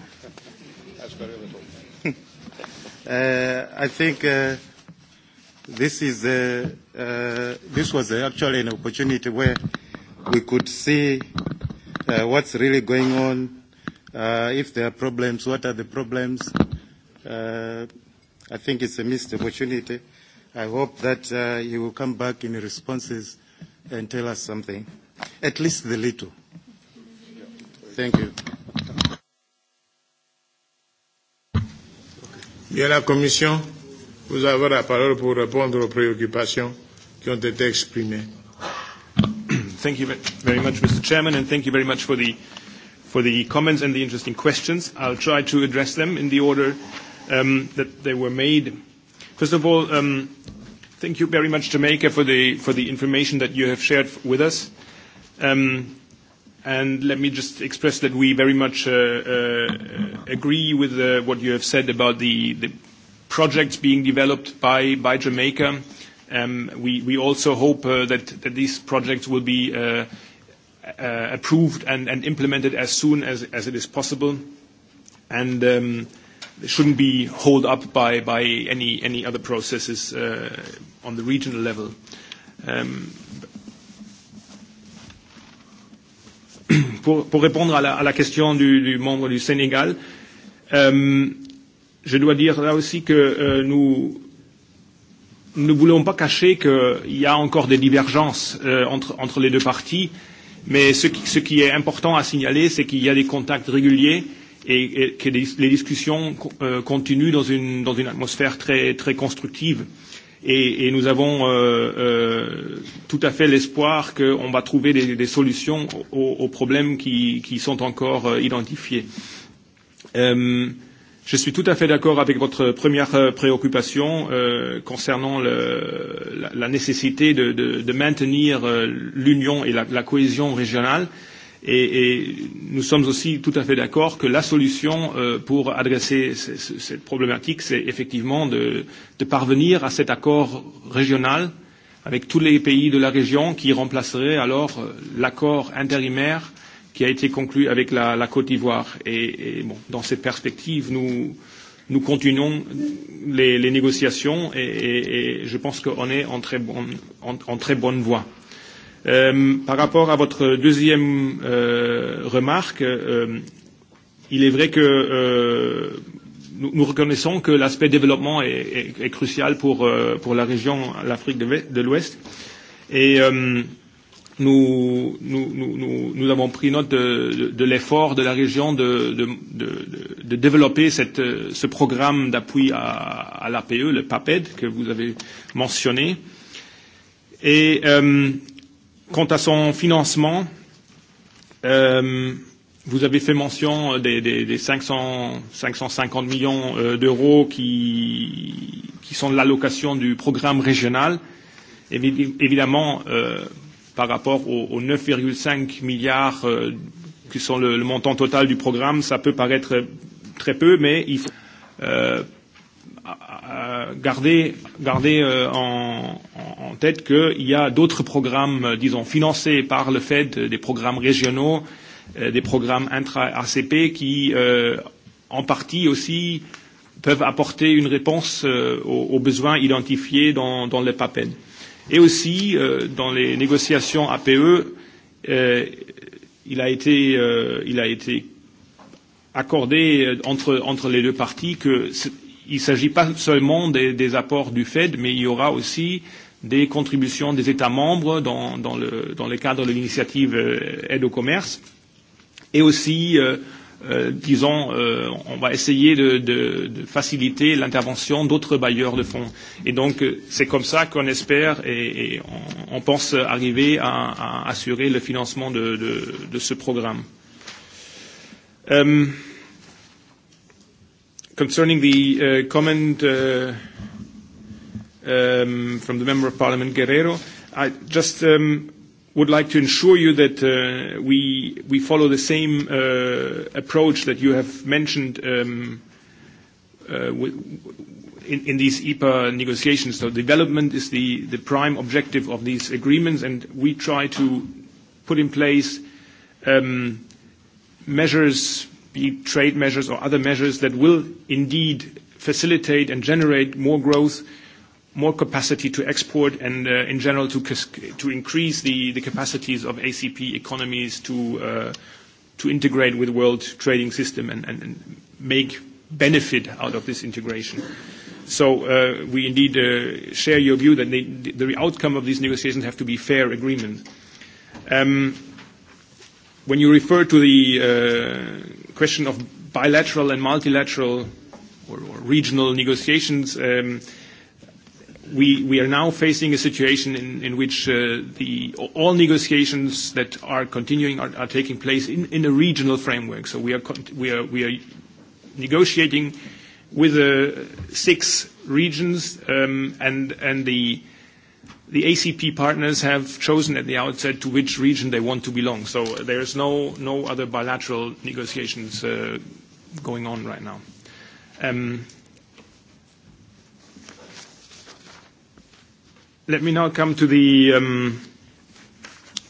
Uh, I think uh, this is uh, uh, this was actually an opportunity where we could see uh, what's really going on. Uh, if there are problems, what are the problems? Uh, I think it's a missed opportunity. I hope that uh, you will come back in responses and tell us something, at least the little. Thank you. Bien, la Commission, vous avez la parole pour répondre aux préoccupations qui ont été exprimées. Thank you very much, Mr. Chairman, and thank you very much for the, for the comments and the interesting questions. I'll try to address them in the order um, that they were made. First of all, um, thank you very much, Jamaica, for the, for the information that you have shared with us. Um, And let me just express that we very much uh, uh, agree with uh, what you have said about the, the projects being developed by, by Jamaica. Um, we, we also hope uh, that, that these projects will be uh, uh, approved and, and implemented as soon as, as it is possible. And um, shouldn't be held up by, by any, any other processes uh, on the regional level. Um, pour, pour répondre à la, à la question du, du membre du Sénégal, euh, je dois dire là aussi que euh, nous ne voulons pas cacher qu'il y a encore des divergences euh, entre, entre les deux parties, mais ce qui, ce qui est important à signaler, c'est qu'il y a des contacts réguliers et, et que les, les discussions euh, continuent dans une, dans une atmosphère très, très constructive. Euh, Et, et nous avons euh, euh, tout à fait l'espoir qu'on va trouver des, des solutions aux, aux problèmes qui, qui sont encore euh, identifiés. Euh, je suis tout à fait d'accord avec votre première préoccupation euh, concernant le, la, la nécessité de, de, de maintenir euh, l'union et la, la cohésion régionale. Euh, Et, et nous sommes aussi tout à fait d'accord que la solution euh, pour adresser cette problématique, c'est effectivement de, de parvenir à cet accord régional avec tous les pays de la région qui remplacerait alors l'accord intérimaire qui a été conclu avec la, la Côte d'Ivoire. Et, et bon, dans cette perspective, nous, nous continuons les, les négociations et, et, et je pense qu'on est en très, bon, en, en très bonne voie. Euh, par rapport à votre deuxième euh, remarque, euh, il est vrai que euh, nous, nous reconnaissons que l'aspect développement est, est, est crucial pour, euh, pour la région, l'Afrique de l'Ouest. Et euh, nous, nous, nous, nous, nous avons pris note de, de, de l'effort de la région de, de, de, de développer cette, ce programme d'appui à, à l'APE, le PAPED, que vous avez mentionné. Et euh, Quant à son financement, euh, vous avez fait mention des, des, des 500, 550 millions euh, d'euros qui, qui sont de l'allocation du programme régional. Évidemment, euh, par rapport aux, aux 9,5 milliards euh, qui sont le, le montant total du programme, ça peut paraître très peu, mais il faut, euh, euh, garder, garder euh, en, en tête qu'il y a d'autres programmes, disons, financés par le Fed, des programmes régionaux, euh, des programmes intra-ACP qui, euh, en partie aussi, peuvent apporter une réponse euh, aux, aux besoins identifiés dans, dans le PAPEN. Et aussi, euh, dans les négociations APE, euh, il a été, euh, il a été accordé entre, entre les deux parties que il ne s'agit pas seulement des, des apports du Fed, mais il y aura aussi des contributions des États membres dans, dans, le, dans le cadre de l'initiative aide au commerce, et aussi, euh, euh, disons, euh, on va essayer de, de, de faciliter l'intervention d'autres bailleurs de fonds. Et donc, c'est comme ça qu'on espère et, et on, on pense arriver à, à assurer le financement de, de, de ce programme. Euh, Concerning the uh, comment uh, um, from the Member of Parliament Guerrero, I just um, would like to ensure you that uh, we, we follow the same uh, approach that you have mentioned um, uh, in, in these EPA negotiations. So development is the, the prime objective of these agreements, and we try to put in place um, measures be trade measures or other measures that will indeed facilitate and generate more growth, more capacity to export, and in general to increase the capacities of ACP economies to integrate with world trading system and make benefit out of this integration. So we indeed share your view that the outcome of these negotiations have to be fair agreement. When you refer to the question of bilateral and multilateral or, or regional negotiations, um, we, we are now facing a situation in, in which uh, the, all negotiations that are continuing are, are taking place in, in a regional framework. So we are, we are, we are negotiating with uh, six regions um, and, and the the ACP partners have chosen at the outset to which region they want to belong. So there is no, no other bilateral negotiations uh, going on right now. Um, let me now come to the, um,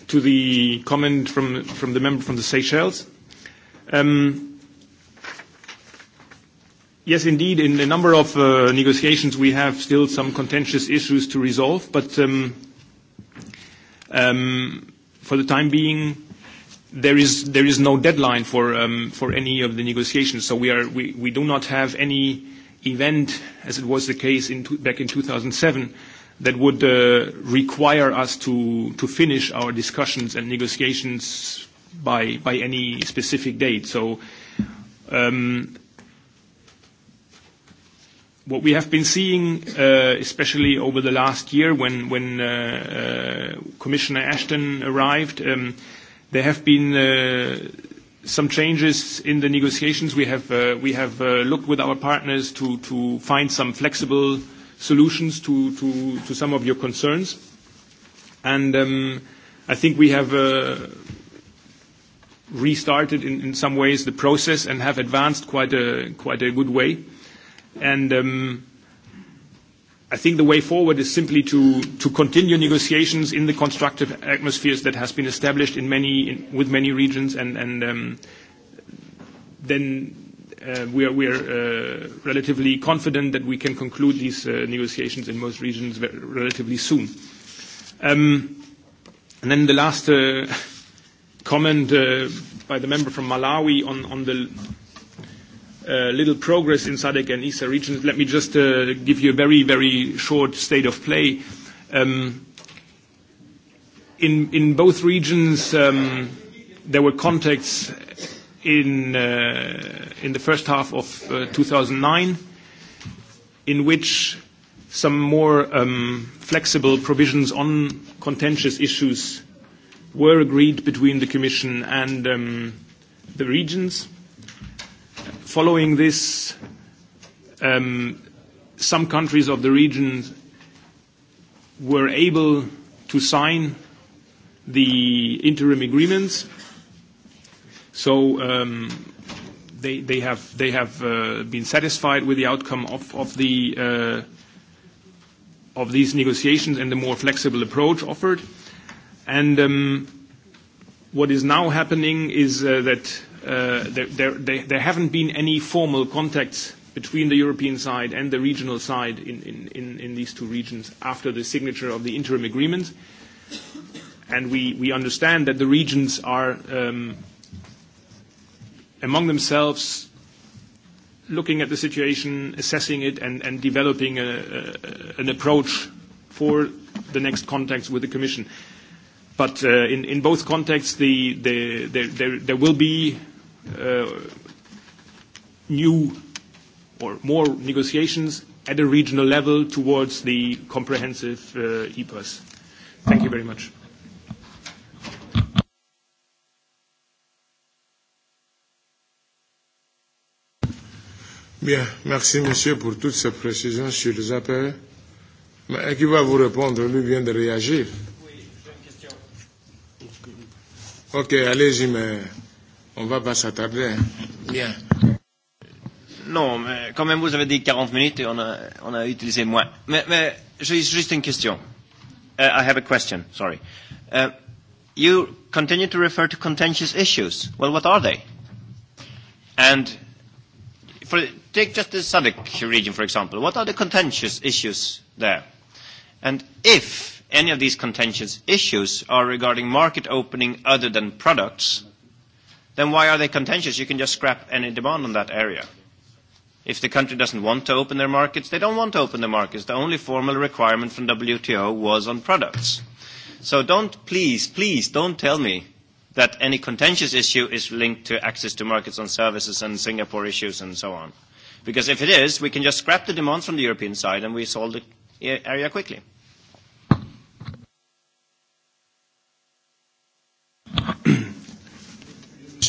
to the comment from, from the member from the Seychelles. Um, Yes, indeed. In a number of uh, negotiations, we have still some contentious issues to resolve, but um, um, for the time being, there is there is no deadline for um, for any of the negotiations. So we are we, we do not have any event, as it was the case in two, back in 2007, that would uh, require us to to finish our discussions and negotiations by by any specific date. So. Um, What we have been seeing, uh especially over the last year when when uh uh Commissioner Ashton arrived, um there have been uh some changes in the negotiations. We have uh we have uh looked with our partners to to find some flexible solutions to to to some of your concerns. And um I think we have uh restarted in in some ways the process and have advanced quite a quite a good way And um, I think the way forward is simply to, to continue negotiations in the constructive atmospheres that has been established in many, in, with many regions, and, and um, then uh, we are, we are uh, relatively confident that we can conclude these uh, negotiations in most regions relatively soon. Um, and then the last uh, comment uh, by the member from Malawi on, on the little progress in SADC and ESA regions. Let me just give you a very, very short state of play. in, in both regions, there were contacts in, the first half of 2009 in which some more flexible provisions on contentious issues were agreed between the Commission and the regions Following this, some countries of the region were able to sign the interim agreements. So they they have they have been satisfied with the outcome of of the of these negotiations and the more flexible approach offered. And what is now happening is that there haven't been any formal contacts between the European side and the regional side in these two regions after the signature of the interim agreement. And we understand that the regions are among themselves looking at the situation, assessing it, and developing an approach for the next contacts with the Commission. But in both contexts, there will be uh, new or more negotiations at a regional level towards the comprehensive uh, EPAS. Thank you very much. Bien, merci monsieur pour toutes ces précisions sur les APE. Mais qui va vous répondre Lui vient de réagir. Oui, j'ai une question. Ok, allez-y, mais on va pas s'attarder. Bien. Non, mais quand même, vous avez dit 40 minutes et on a, on a utilisé moins. Mais, mais j'ai juste une question. Uh, I have a question, sorry. Uh, you continue to refer to contentious issues. Well, what are they? And for, take just the SADC region, for example. What are the contentious issues there? And if any of these contentious issues are regarding market opening other than products, then why are they contentious? You can just scrap any demand on that area. If the country doesn't want to open their markets, they don't want to open their markets. The only formal requirement from WTO was on products. So don't, please, please, don't tell me that any contentious issue is linked to access to markets on services and Singapore issues and so on. Because if it is, we can just scrap the demand from the European side and we solve the area quickly.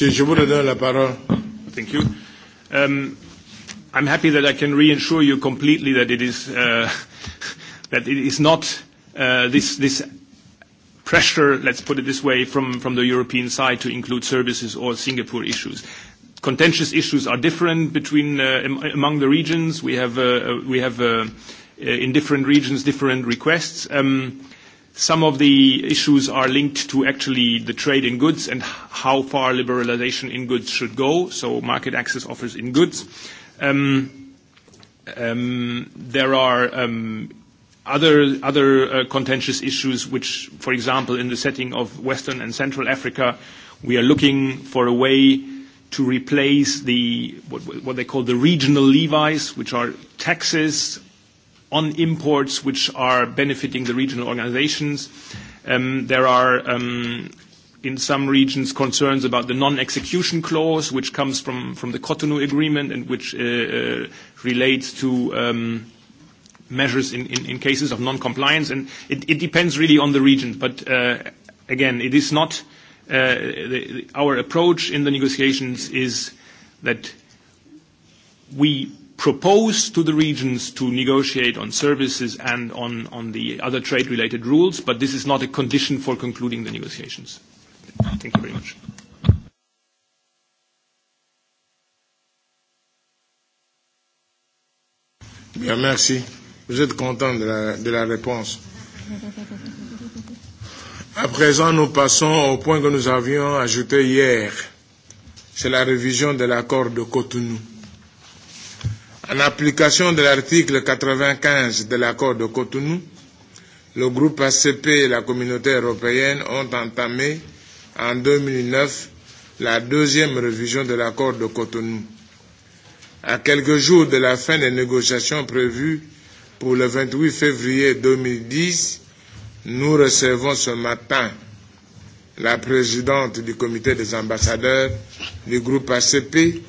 Je vous redonne la parole. Thank you. Um, I'm happy that I can reassure you completely that it is, uh, that it is not uh, this, this pressure, let's put it this way, from, from the European side to include services or Singapore issues. Contentious issues are different between, uh, among the regions. We have, uh, we have uh, in different regions different requests. Um, Some of the issues are linked to actually the trade in goods and how far liberalization in goods should go, so market access offers in goods. There are other other contentious issues which, for example, in the setting of Western and Central Africa, we are looking for a way to replace the what what they call the regional levies, which are taxes on imports which are benefiting the regional organizations. There are, in some regions, concerns about the non-execution clause, which comes from the Cotonou Agreement and which relates to measures in cases of non-compliance. And it depends really on the region. But again, it is not our approach in the negotiations is that we propose to the regions to negotiate on services and on, on the other trade-related rules, but this is not a condition for concluding the negotiations. Thank you very much. Bien, merci. Vous êtes content de la, de la réponse. À présent, nous passons au point que nous avions ajouté hier. C'est la révision de l'accord de Cotonou. En application de l'article 95 de l'accord de Cotonou, le groupe ACP et la communauté européenne ont entamé en 2009 la deuxième révision de l'accord de Cotonou. À quelques jours de la fin des négociations prévues pour le 28 février 2010, nous recevons ce matin la présidente du comité des ambassadeurs du groupe ACP,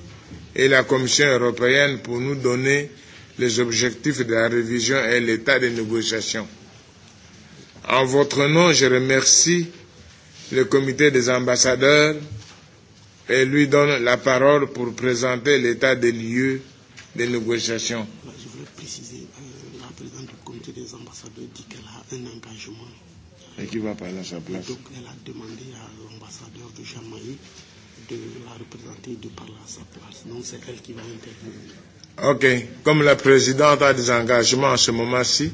et la Commission européenne pour nous donner les objectifs de la révision et l'état des négociations. En votre nom, je remercie le comité des ambassadeurs et lui donne la parole pour présenter l'état des lieux des négociations. Je voulais préciser, euh, la présidente du comité des ambassadeurs dit qu'elle a un engagement. Et qui va parler à sa place. Donc elle a demandé à l'ambassadeur de Jamaïque de la représenter de parler à sa place. Donc c'est elle qui va intervenir. Ok. Comme la présidente a des engagements en ce moment-ci,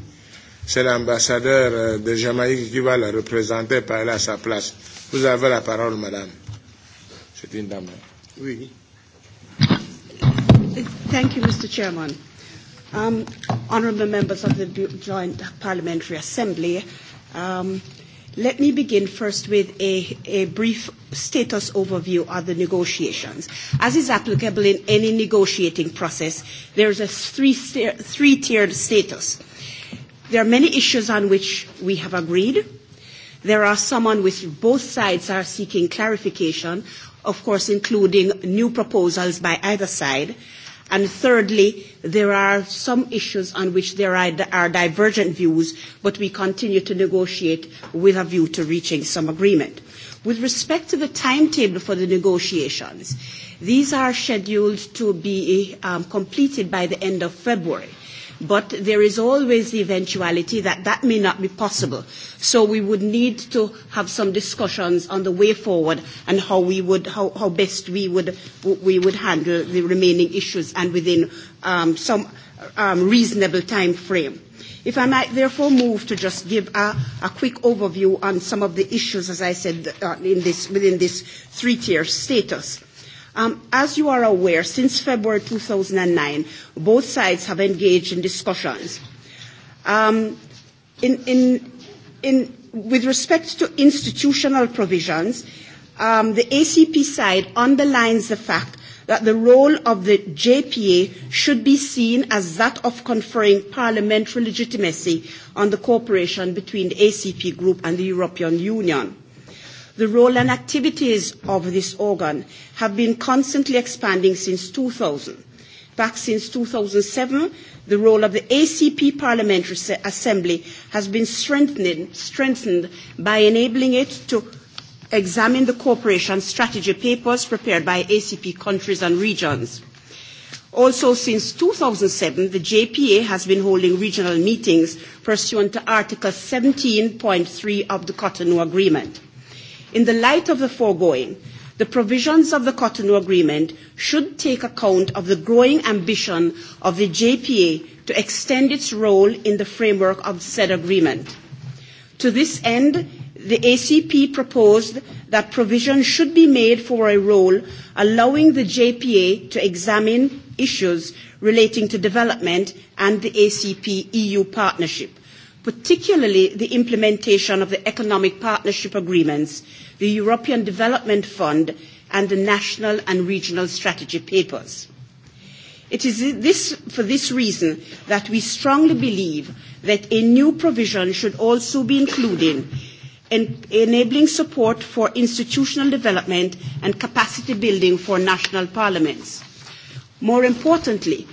c'est l'ambassadeur de Jamaïque qui va la représenter par là à sa place. Vous avez la parole, madame. C'est une dame. Oui. Thank you, Mr. Chairman. Um, honorable members of the Joint Parliamentary Assembly, um, Let me begin first with a, a brief status overview of the negotiations. As is applicable in any negotiating process, there is a three, three-tiered status. There are many issues on which we have agreed. There are some on which both sides are seeking clarification, of course, including new proposals by either side And thirdly, there are some issues on which there are, are divergent views, but we continue to negotiate with a view to reaching some agreement. With respect to the timetable for the negotiations, these are scheduled to be um, completed by the end of February but there is always the eventuality that that may not be possible. So we would need to have some discussions on the way forward and how we would, how, how best we would, we would handle the remaining issues and within um, some um, reasonable time frame. If I might therefore move to just give a, a quick overview on some of the issues, as I said, uh, in this, within this three-tier status as you are aware, since February 2009, both sides have engaged in discussions. Um, in, in, in, with respect to institutional provisions, um, the ACP side underlines the fact that the role of the JPA should be seen as that of conferring parliamentary legitimacy on the cooperation between the ACP group and the European Union. The role and activities of this organ have been constantly expanding since 2000. Back since 2007, the role of the ACP Parliamentary Assembly has been strengthened, strengthened by enabling it to examine the cooperation strategy papers prepared by ACP countries and regions. Also, since 2007, the JPA has been holding regional meetings pursuant to Article 17.3 of the Cotonou Agreement. In the light of the foregoing, the provisions of the Cotonou Agreement should take account of the growing ambition of the JPA to extend its role in the framework of said agreement. To this end, the ACP proposed that provision should be made for a role allowing the JPA to examine issues relating to development and the ACP EU partnership particularly the implementation of the economic partnership agreements, the European Development Fund, and the national and regional strategy papers. It is this, for this reason that we strongly believe that a new provision should also be included in enabling support for institutional development and capacity building for national parliaments. More importantly,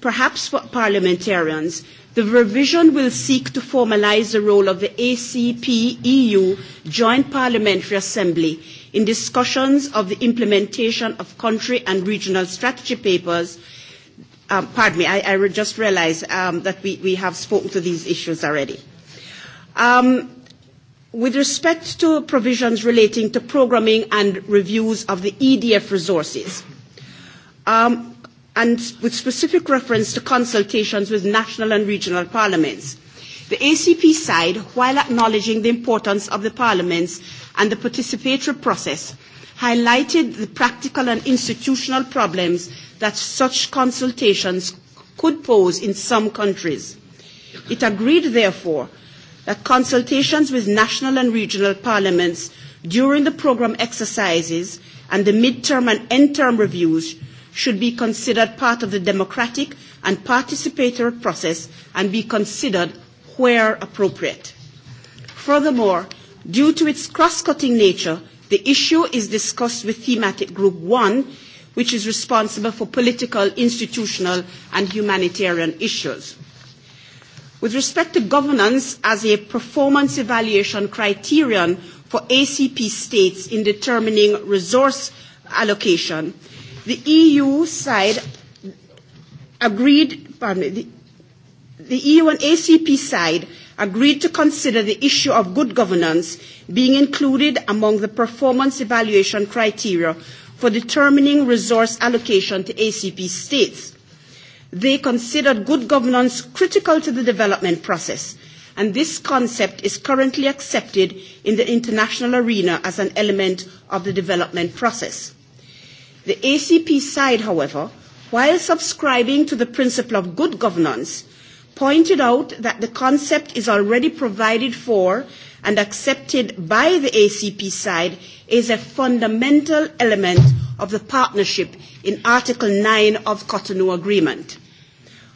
perhaps for parliamentarians, The revision will seek to formalise the role of the ACP EU Joint Parliamentary Assembly in discussions of the implementation of country and regional strategy papers. Um, pardon me, I, I just realised um, that we, we have spoken to these issues already. Um, with respect to provisions relating to programming and reviews of the EDF resources, um, and with specific reference to consultations with national and regional parliaments. The ACP side, while acknowledging the importance of the parliaments and the participatory process, highlighted the practical and institutional problems that such consultations could pose in some countries. It agreed, therefore, that consultations with national and regional parliaments during the programme exercises and the mid term and end-term reviews should be considered part of the democratic and participatory process and be considered where appropriate. Furthermore, due to its cross-cutting nature, the issue is discussed with thematic group one, which is responsible for political, institutional and humanitarian issues. With respect to governance as a performance evaluation criterion for ACP states in determining resource allocation, The EU side agreed, pardon me, the, the EU and ACP side agreed to consider the issue of good governance being included among the performance evaluation criteria for determining resource allocation to ACP states. They considered good governance critical to the development process, and this concept is currently accepted in the international arena as an element of the development process. The ACP side, however, while subscribing to the principle of good governance, pointed out that the concept is already provided for and accepted by the ACP side is a fundamental element of the partnership in Article 9 of the Cotonou Agreement.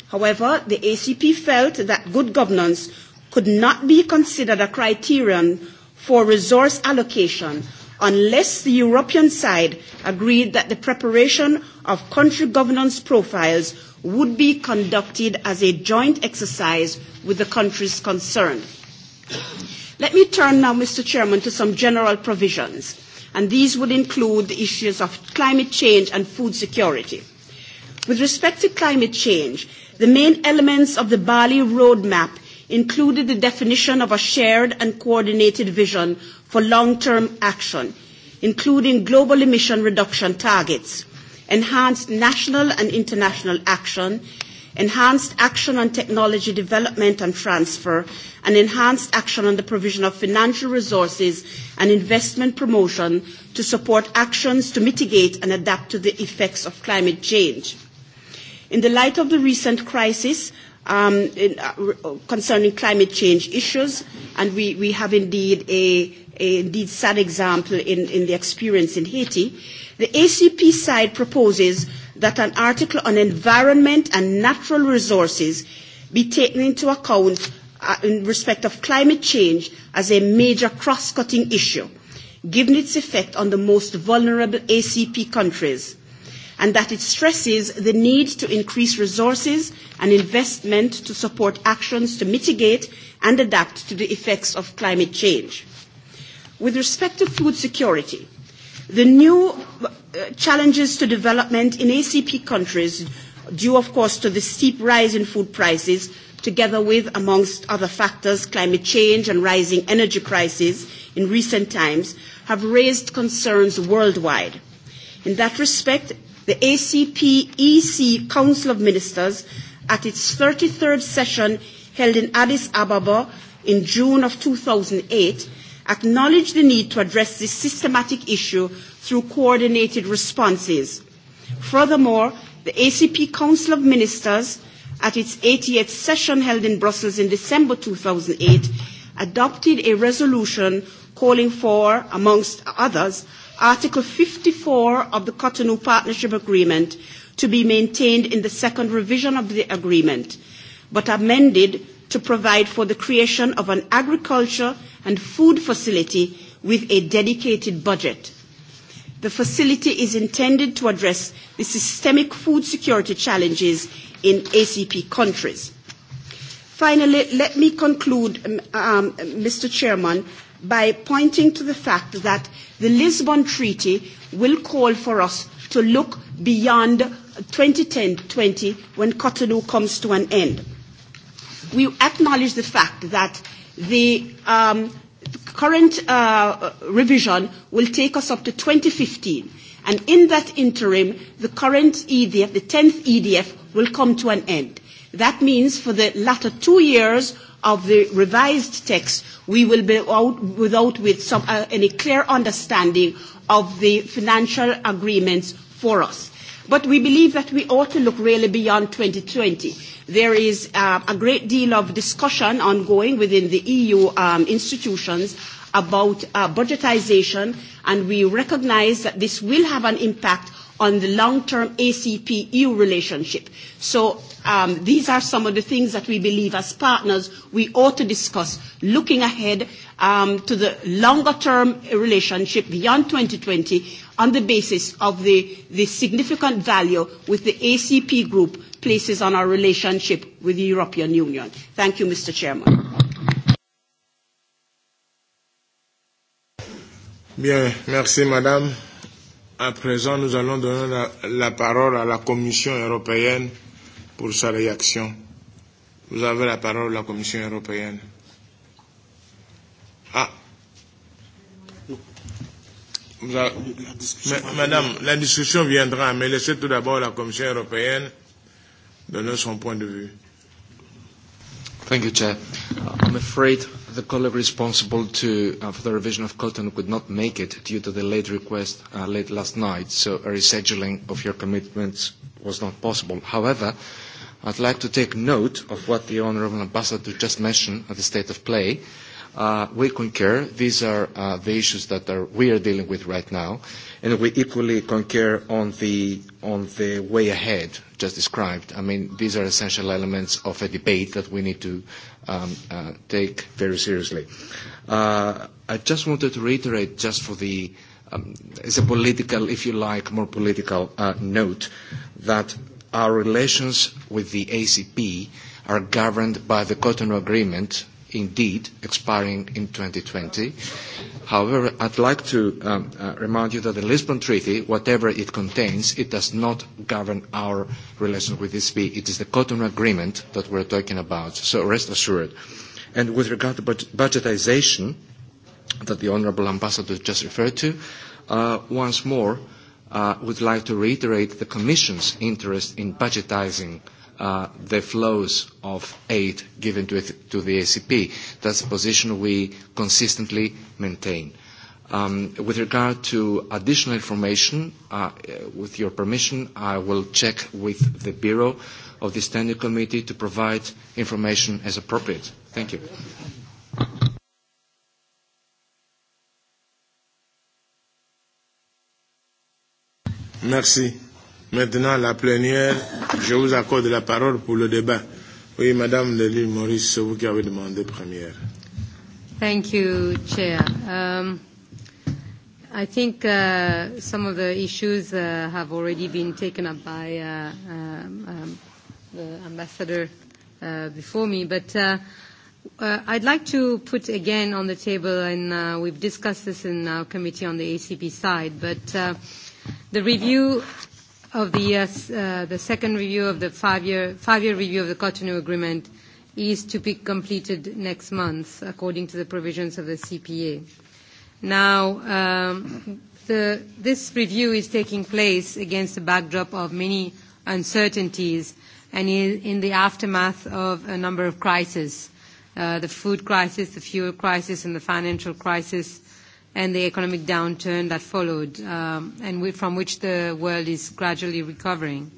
However, the ACP felt that good governance could not be considered a criterion for resource allocation unless the European side agreed that the preparation of country governance profiles would be conducted as a joint exercise with the countries concerned. Let me turn now, Mr. Chairman, to some general provisions, and these would include the issues of climate change and food security. With respect to climate change, the main elements of the Bali Roadmap included the definition of a shared and coordinated vision for long-term action, including global emission reduction targets, enhanced national and international action, enhanced action on technology development and transfer, and enhanced action on the provision of financial resources and investment promotion to support actions to mitigate and adapt to the effects of climate change. In the light of the recent crisis, um, in, uh, concerning climate change issues, and we, we have indeed a, a indeed sad example in, in the experience in Haiti. The ACP side proposes that an article on environment and natural resources be taken into account uh, in respect of climate change as a major cross-cutting issue, given its effect on the most vulnerable ACP countries and that it stresses the need to increase resources and investment to support actions to mitigate and adapt to the effects of climate change. With respect to food security, the new challenges to development in ACP countries due of course to the steep rise in food prices together with, amongst other factors, climate change and rising energy prices in recent times have raised concerns worldwide. In that respect, the ACP-EC Council of Ministers at its 33rd session held in Addis Ababa in June of 2008 acknowledged the need to address this systematic issue through coordinated responses. Furthermore, the ACP Council of Ministers at its 80 th session held in Brussels in December 2008 adopted a resolution calling for, amongst others, Article 54 of the Cotonou Partnership Agreement to be maintained in the second revision of the agreement, but amended to provide for the creation of an agriculture and food facility with a dedicated budget. The facility is intended to address the systemic food security challenges in ACP countries. Finally, let me conclude, Mr. Chairman, by pointing to the fact that the Lisbon Treaty will call for us to look beyond 2010-20 when Cotonou comes to an end. We acknowledge the fact that the um, current uh, revision will take us up to 2015. And in that interim, the current EDF, the 10th EDF, will come to an end. That means for the latter two years of the revised text, we will be out, without with some, uh, any clear understanding of the financial agreements for us. But we believe that we ought to look really beyond 2020. There is uh, a great deal of discussion ongoing within the EU um, institutions about uh, budgetization, and we recognize that this will have an impact on the long-term ACP-EU relationship. So um, these are some of the things that we believe as partners we ought to discuss looking ahead um, to the longer term relationship beyond 2020 on the basis of the, the significant value with the ACP group places on our relationship with the European Union. Thank you, Mr. Chairman. Bien, merci Madame. À présent, nous allons donner la, la parole à la Commission européenne pour sa réaction. Vous avez la parole, la Commission européenne. Ah. Vous avez... la mais, Madame, la discussion viendra, mais laissez tout d'abord la Commission européenne donner son point de vue. Thank you, Chair. I'm afraid the colleague responsible to, uh, for the revision of Cotton could not make it due to the late request uh, late last night, so a rescheduling of your commitments was not possible. However, uh, I'd like to take note of what the Honourable Ambassador just mentioned at the state of play. Uh, we concur. These are uh, the issues that are, we are dealing with right now. And we equally concur on the, on the way ahead just described. I mean, these are essential elements of a debate that we need to um, uh, take very seriously. Uh, I just wanted to reiterate, just for the, um, as a political, if you like, more political uh, note, that our relations with the ACP are governed by the Cotonou Agreement, indeed expiring in 2020. However, I'd like to um, uh, remind you that the Lisbon Treaty, whatever it contains, it does not govern our relations with the ECB. It is the Cotonou Agreement that we're talking about, so rest assured. And with regard to budgetisation budgetization that the Honourable Ambassador just referred to, uh, once more, would like to reiterate the Commission's interest in budgetising the flows of aid given to, the ACP. That's a position we consistently maintain. with regard to additional information, with your permission, I will check with the Bureau of the Standing Committee to provide information as appropriate. Thank you. Merci. Maintenant, la plénière, je vous accorde la parole pour le débat. Oui, Madame Lely Maurice, c'est vous qui avez demandé première. Thank you, Chair. Um, I think uh, some of the issues uh, have already been taken up by uh, um, the ambassador uh, before me, but uh, uh, I'd like to put again on the table, and uh, we've discussed this in our committee on the ACP side, but uh, The review of the, uh, the second review of the five-year, five-year review of the Cotonou Agreement is to be completed next month, according to the provisions of the CPA. Now, um, the, this review is taking place against the backdrop of many uncertainties and in, the aftermath of a number of crises, uh, the food crisis, the fuel crisis, and the financial crisis, and the economic downturn that followed, um, and we, from which the world is gradually recovering.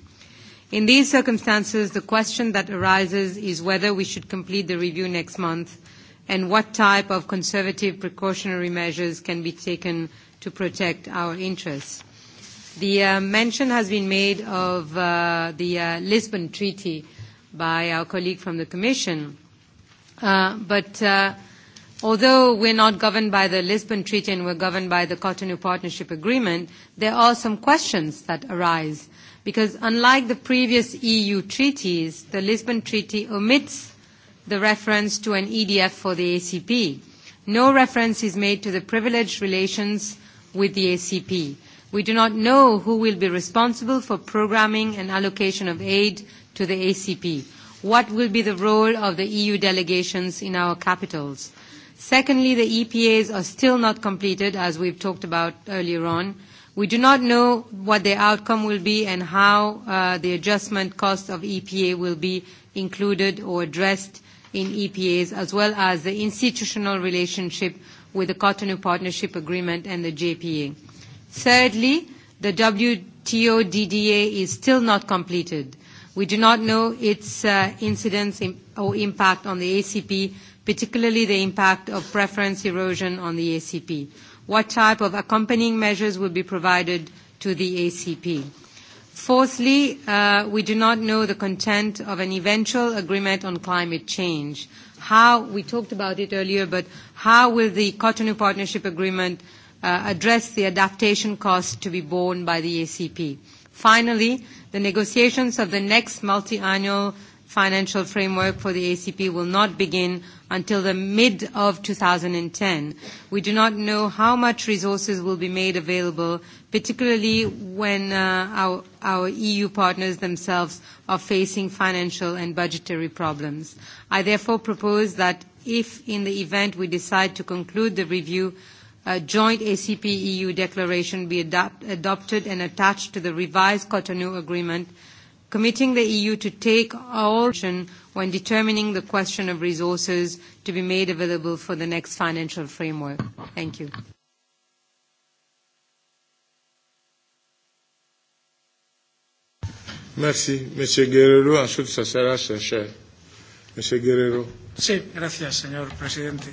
In these circumstances, the question that arises is whether we should complete the review next month and what type of conservative precautionary measures can be taken to protect our interests. The uh, mention has been made of uh, the uh, Lisbon Treaty by our colleague from the Commission, uh, but although we're not governed by the Lisbon Treaty and we're governed by the Cotonou Partnership Agreement, there are some questions that arise. Because unlike the previous EU treaties, the Lisbon Treaty omits the reference to an EDF for the ACP. No reference is made to the privileged relations with the ACP. We do not know who will be responsible for programming and allocation of aid to the ACP. What will be the role of the EU delegations in our capitals? Secondly, the EPAs are still not completed, as we've talked about earlier on. We do not know what their outcome will be and how uh, the adjustment cost of EPA will be included or addressed in EPAs, as well as the institutional relationship with the Cotonou Partnership Agreement and the JPA. Thirdly, the WTO DDA is still not completed. We do not know its uh, incidence or impact on the ACP particularly the impact of preference erosion on the ACP? What type of accompanying measures will be provided to the ACP? Fourthly, we do not know the content of an eventual agreement on climate change. How, we talked about it earlier, but how will the Cotonou Partnership Agreement address the adaptation costs to be borne by the ACP? Finally, the negotiations of the next multi-annual financial framework for the ACP will not begin until the mid of 2010. We do not know how much resources will be made available, particularly when uh, our, our EU partners themselves are facing financial and budgetary problems. I therefore propose that if in the event we decide to conclude the review, a joint ACP-EU declaration be adopt, adopted and attached to the revised Cotonou Agreement – committing the EU to take all action when determining the question of resources to be made available for the next financial framework. Thank you. Merci, Monsieur Guerrero. Ensuite, ça sera cher. Monsieur Guerrero. Sí, gracias, señor presidente.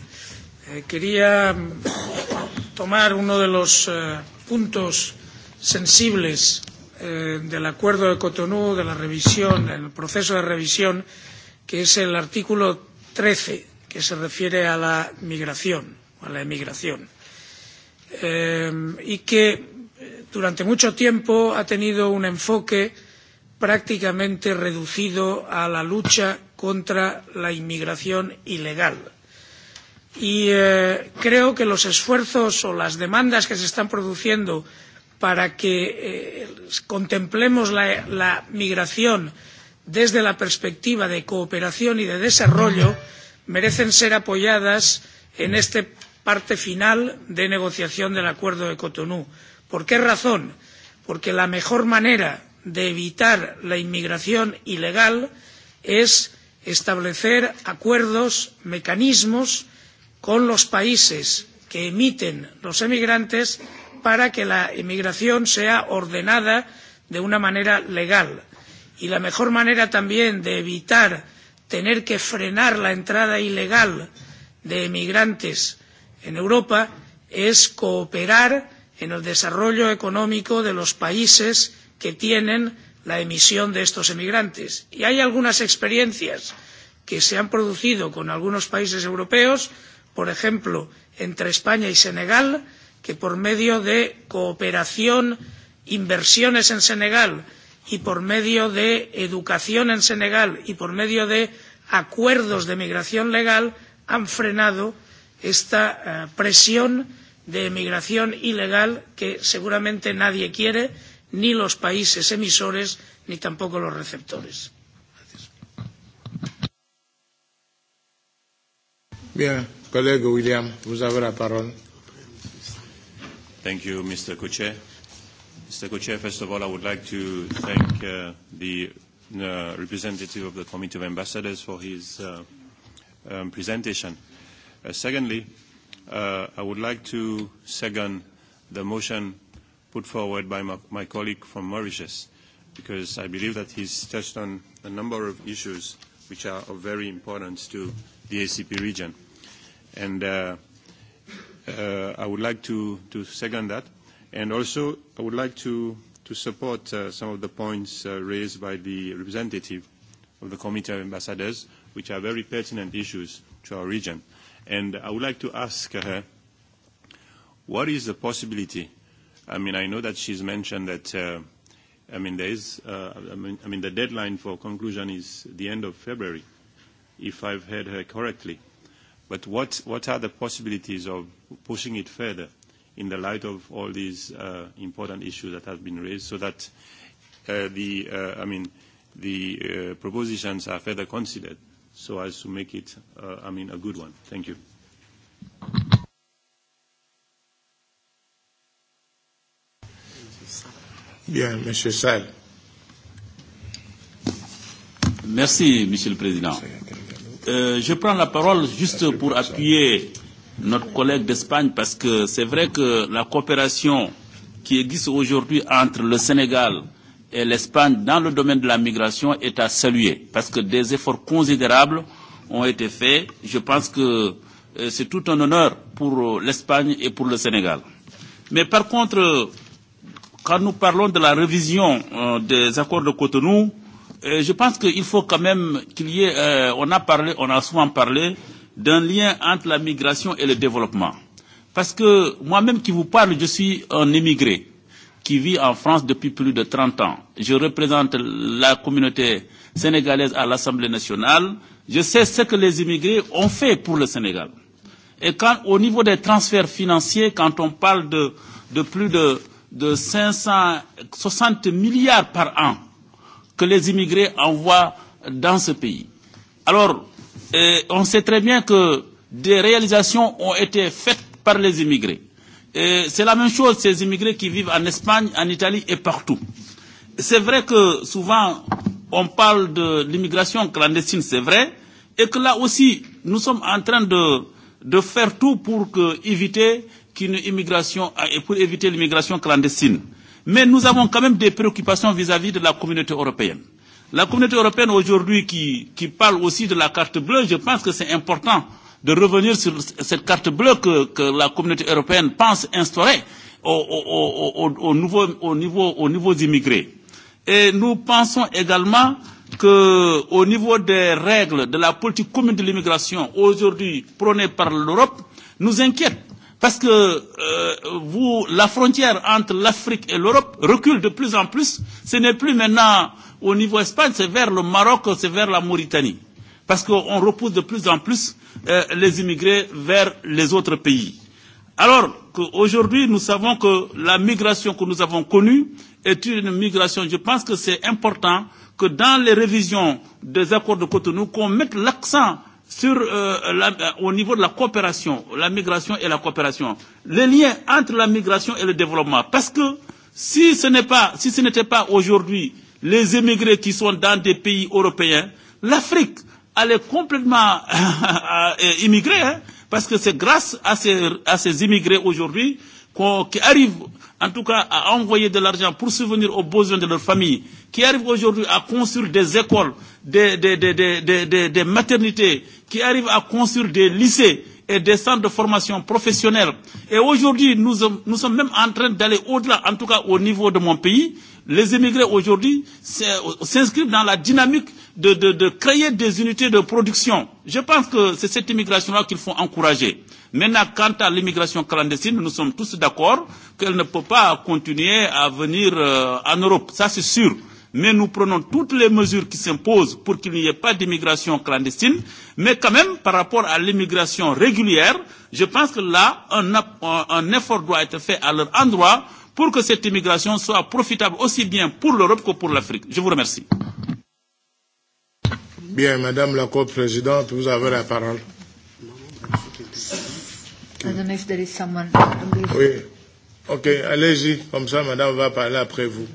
Eh, quería tomar uno de los eh, puntos sensibles del acuerdo de Cotonú, de la revisión, del proceso de revisión, que es el artículo trece, que se refiere a la migración, a la emigración, y que durante mucho tiempo ha tenido un enfoque prácticamente reducido a la lucha contra la inmigración ilegal. Y creo que los esfuerzos o las demandas que se están produciendo para que contemplemos la, migración desde la perspectiva de cooperación y de desarrollo merecen ser apoyadas en esta parte final de negociación del acuerdo de Cotonú. ¿Por qué razón? Porque la mejor manera de evitar la inmigración ilegal es establecer acuerdos, mecanismos con los países que emiten los emigrantes para que la emigración sea ordenada de una manera legal. Y la mejor manera también de evitar tener que frenar la entrada ilegal de emigrantes en Europa es cooperar en el desarrollo económico de los países que tienen la emisión de estos emigrantes. Y hay algunas experiencias que se han producido con algunos países europeos, por ejemplo, entre España y Senegal, que por medio de cooperación, inversiones en Senegal y por medio de educación en Senegal y por medio de acuerdos de migración legal han frenado esta presión de migración ilegal que seguramente nadie quiere, ni los países emisores ni tampoco los receptores. Bien, colega William, vous avez la Thank you, Mr. co Mr. co first of all, I would like to thank uh, the uh, representative of the Committee of Ambassadors for his uh, um, presentation. Uh, secondly, uh, I would like to second the motion put forward by my, my colleague from Mauritius, because I believe that he's touched on a number of issues which are of very importance to the ACP region. And uh, Uh, I would like to, to second that. And also, I would like to, to support uh, some of the points uh, raised by the representative of the Committee of Ambassadors, which are very pertinent issues to our region. And I would like to ask her, what is the possibility? I mean, I know that she's mentioned that, uh, I mean, there is, uh, I, mean, I mean, the deadline for conclusion is the end of February, if I've heard her correctly. But what, what are the possibilities of pushing it further in the light of all these uh, important issues that have been raised so that uh, the, uh, I mean, the uh, propositions are further considered so as to make it, uh, I mean, a good one? Thank you. Bien, Monsieur Sall. Merci, Monsieur le Président je prends la parole juste pour appuyer notre collègue d'Espagne parce que c'est vrai que la coopération qui existe aujourd'hui entre le Sénégal et l'Espagne dans le domaine de la migration est à saluer parce que des efforts considérables ont été faits. Je pense que c'est tout un honneur pour l'Espagne et pour le Sénégal. Mais par contre, quand nous parlons de la révision des accords de Cotonou, euh, euh, je pense qu'il faut quand même qu'il y ait, euh, on a parlé, on a souvent parlé d'un lien entre la migration et le développement. Parce que moi-même qui vous parle, je suis un émigré qui vit en France depuis plus de 30 ans. Je représente la communauté sénégalaise à l'Assemblée nationale. Je sais ce que les immigrés ont fait pour le Sénégal. Et quand, au niveau des transferts financiers, quand on parle de, de plus de, de 560 milliards par an, que les immigrés envoient dans ce pays. Alors, euh, on sait très bien que des réalisations ont été faites par les immigrés. C'est la même chose ces immigrés qui vivent en Espagne, en Italie et partout. C'est vrai que souvent on parle de l'immigration clandestine, c'est vrai, et que là aussi nous sommes en train de, de faire tout pour que, éviter qu'une immigration, pour éviter l'immigration clandestine. Euh, Mais nous avons quand même des préoccupations vis-à-vis -vis de la communauté européenne. La communauté européenne aujourd'hui qui, qui parle aussi de la carte bleue, je pense que c'est important de revenir sur cette carte bleue que, que la communauté européenne pense instaurer au au, au, nouveau, au, niveau, au niveau des immigrés. Et nous pensons également qu'au niveau des règles de la politique commune de l'immigration aujourd'hui prônée par l'Europe, nous inquiète Parce que euh, vous, la frontière entre l'Afrique et l'Europe recule de plus en plus. Ce n'est plus maintenant au niveau Espagne, c'est vers le Maroc, c'est vers la Mauritanie. Parce qu'on repousse de plus en plus euh, les immigrés vers les autres pays. Alors qu'aujourd'hui, nous savons que la migration que nous avons connue est une migration. Je pense que c'est important que dans les révisions des accords de Cotonou, qu'on mette l'accent sur, euh, la, au niveau de la coopération, la migration et la coopération, le lien entre la migration et le développement. Parce que si ce n'est pas, si ce n'était pas aujourd'hui les émigrés qui sont dans des pays européens, l'Afrique allait complètement immigrer, hein, parce que c'est grâce à ces, à ces immigrés aujourd'hui qui arrivent en tout cas à envoyer de l'argent pour subvenir aux besoins de leur famille, qui arrivent aujourd'hui à construire des écoles, des, des, des, des, des, des, des maternités, qui arrivent à construire des lycées et des centres de formation professionnelle. Et aujourd'hui, nous, nous sommes même en train d'aller au-delà, en tout cas au niveau de mon pays, Les immigrés aujourd'hui s'inscrivent dans la dynamique de, de, de créer des unités de production. Je pense que c'est cette immigration-là qu'il faut encourager. Maintenant, quant à l'immigration clandestine, nous sommes tous d'accord qu'elle ne peut pas continuer à venir euh, en Europe, ça c'est sûr. Mais nous prenons toutes les mesures qui s'imposent pour qu'il n'y ait pas d'immigration clandestine. Mais quand même, par rapport à l'immigration régulière, je pense que là, un, un effort doit être fait à leur endroit pour que cette immigration soit profitable aussi bien pour l'Europe que pour l'Afrique. Je vous remercie. Bien, Madame la Co-Présidente, vous avez la parole. Oui. Ok, allez-y, comme ça, Madame va parler après vous.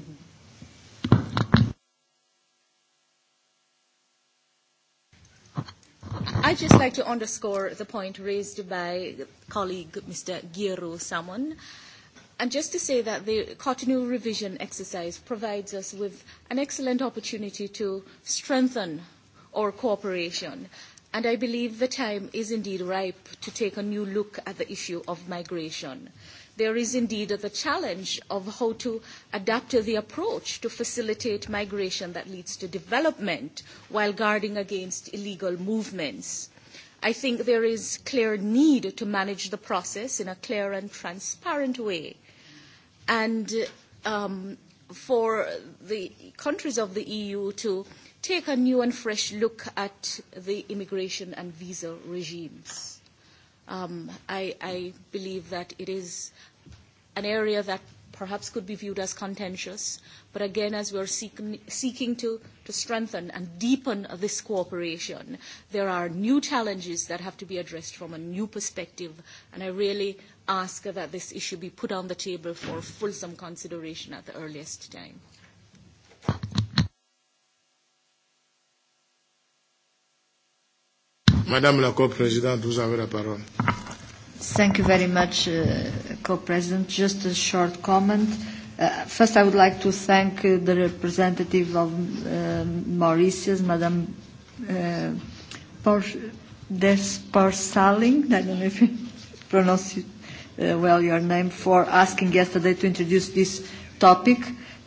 I'd just like to underscore the point raised by the colleague Mr. Giro Samon. Uh, And just to say that the Cotonou revision exercise provides us with an excellent opportunity to strengthen our cooperation. And I believe the time is indeed ripe to take a new look at the issue of migration. There is indeed the challenge of how to adapt the approach to facilitate migration that leads to development while guarding against illegal movements I think there is clear need to manage the process in a clear and transparent way. And for the countries of the EU to take a new and fresh look at the immigration and visa regimes. I, I believe that it is an area that perhaps could be viewed as contentious. But again, as we are seeking to, strengthen and deepen this cooperation, there are new challenges that have to be addressed from a new perspective. And I really ask that this issue be put on the table for fulsome consideration at the earliest time. Madame la vous avez la parole. Thank you very much, uh, Co-President. Just a short comment. Uh, first, I would like to thank uh, the representative of uh, Mauritius, Madame uh, Desparsaling, I don't know if you pronounce it uh, well your name, for asking yesterday to introduce this topic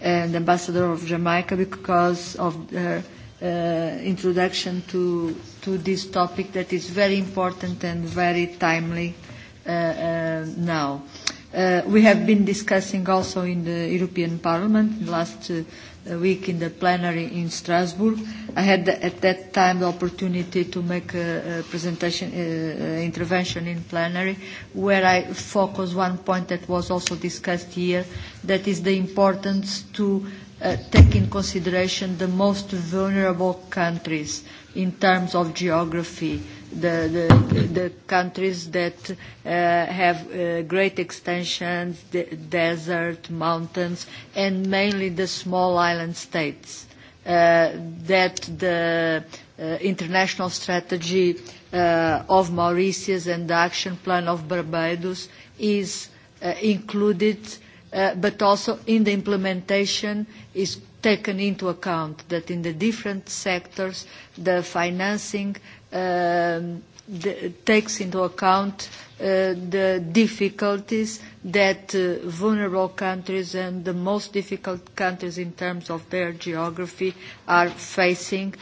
and Ambassador of Jamaica because of her uh, introduction to, to this topic that is very important and very timely uh, now. Uh, we have been discussing also in the European Parliament last uh, week in the plenary in Strasbourg. I had at that time the opportunity to make a, a presentation, uh, intervention in plenary, where I focus one point that was also discussed here, that is the importance to uh, take in consideration the most vulnerable countries in terms of geography, the, the, the countries that uh, have uh, great extensions, the desert, mountains, and mainly the small island states uh, that the uh, international strategy uh, of Mauritius and the action plan of Barbados is uh, included, uh, but also in the implementation is taken into account that in the different sectors the financing uh, takes into account the difficulties that vulnerable countries and the most difficult countries in terms of their geography are facing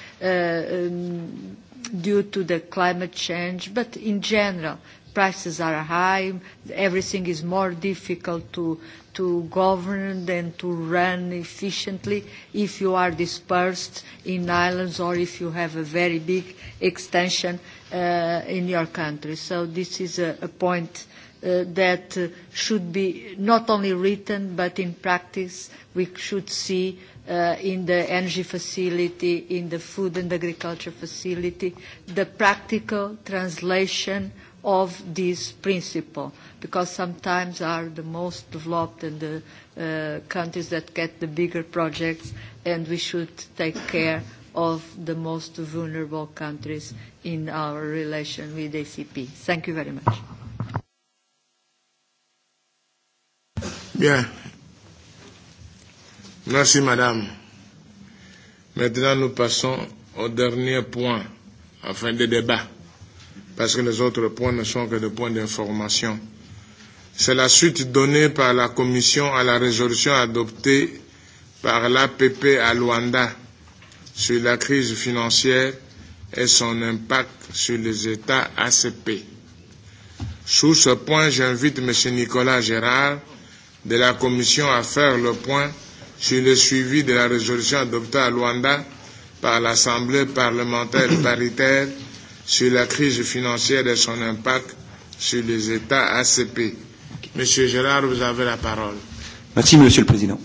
due to the climate change, but in general, prices are high, everything is more difficult to to govern and to run efficiently if you are dispersed in islands or if you have a very big extension uh, in your country. So this is a, a point uh, that uh, should be not only written but in practice we should see uh, in the energy facility, in the food and agriculture facility, the practical translation uh, of this principle, because sometimes are the most developed and the uh, countries that get the bigger projects, and we should take care of the most vulnerable countries in our relation with ACP. Thank you very much. Bien. Merci, madame. Maintenant, nous passons au dernier point, à fin de débat parce que les autres points ne sont que des points d'information. C'est la suite donnée par la Commission à la résolution adoptée par l'APP à Luanda sur la crise financière et son impact sur les États ACP. Sous ce point, j'invite M. Nicolas Gérard de la Commission à faire le point sur le suivi de la résolution adoptée à Luanda par l'Assemblée parlementaire paritaire sur la crise financière et son impact sur les États ACP. Monsieur Gérard, vous avez la parole. Merci, Monsieur le Président.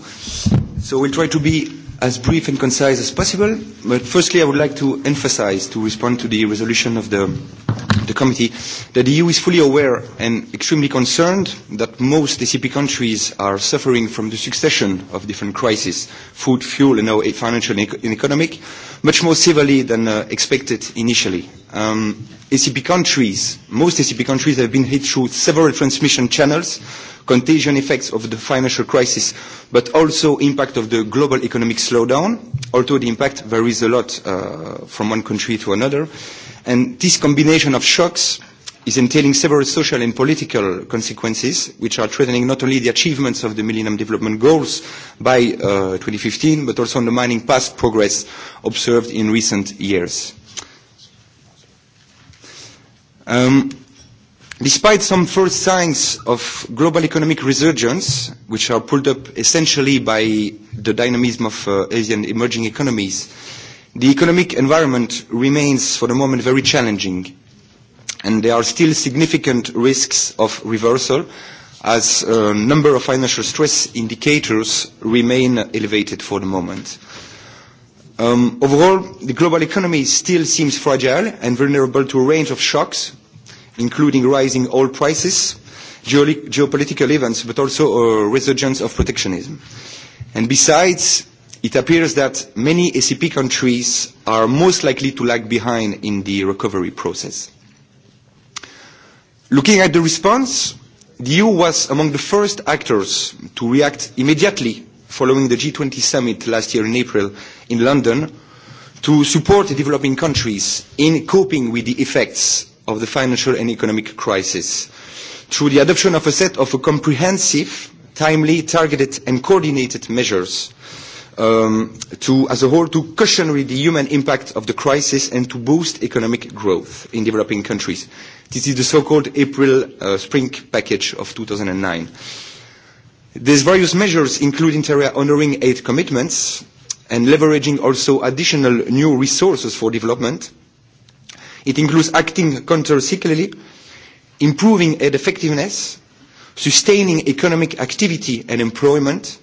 So we'll try to be as brief and concise as possible. But firstly, I would like to emphasize, to respond to the resolution of the, the committee, that the EU is fully aware and extremely concerned that most ACP countries are suffering from the succession of different crises, food, fuel, and now financial and economic, much more severely than uh, expected initially. Um, ACP countries, most ACP countries have been hit through several transmission channels, contagion effects of the financial crisis, but also impact of the global economic slowdown, although the impact varies a lot uh, from one country to another. And this combination of shocks is entailing several social and political consequences, which are threatening not only the achievements of the Millennium Development Goals by uh, 2015, but also undermining past progress observed in recent years. Um, despite some first signs of global economic resurgence, which are pulled up essentially by the dynamism of uh, Asian emerging economies, the economic environment remains for the moment very challenging and there are still significant risks of reversal as a number of financial stress indicators remain elevated for the moment. Um, overall, the global economy still seems fragile and vulnerable to a range of shocks, including rising oil prices, geopolitical events, but also a resurgence of protectionism. And besides, it appears that many ACP countries are most likely to lag behind in the recovery process. Looking at the response, the EU was among the first actors to react immediately following the G20 summit last year in April in London to support developing countries in coping with the effects of the financial and economic crisis through the adoption of a set of comprehensive, timely, targeted and coordinated measures to, as a whole, to cushion the human impact of the crisis and to boost economic growth in developing countries. This is the so-called April Spring Package of 2009. These various measures include inter honouring aid commitments and leveraging also additional new resources for development, It includes acting countercyclically, improving aid effectiveness, sustaining economic activity and employment,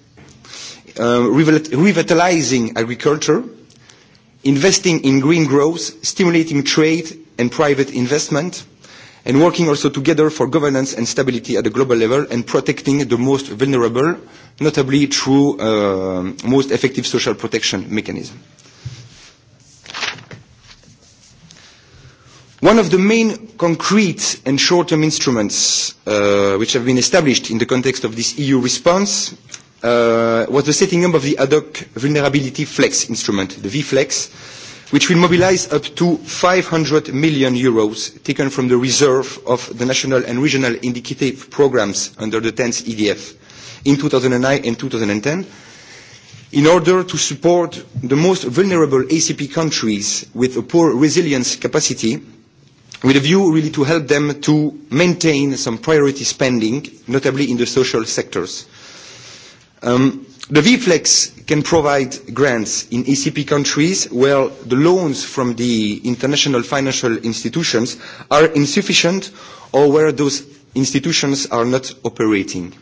uh, revitalizing agriculture, investing in green growth, stimulating trade and private investment, and working also together for governance and stability at the global level and protecting the most vulnerable, notably through uh, most effective social protection mechanism. One of the main concrete and short-term instruments which have been established in the context of this EU response was the setting up of the ad hoc vulnerability flex instrument, the VFlex, which will mobilise up to EUR five hundred million taken from the reserve of the national and regional indicative programmes under the 10th EDF in two thousand nine and ten in order to support the most vulnerable ACP countries with a poor resilience capacity with a view really to help them to maintain some priority spending, notably in the social sectors. Um, the VFLEX can provide grants in ECP countries where the loans from the international financial institutions are insufficient or where those institutions are not operating.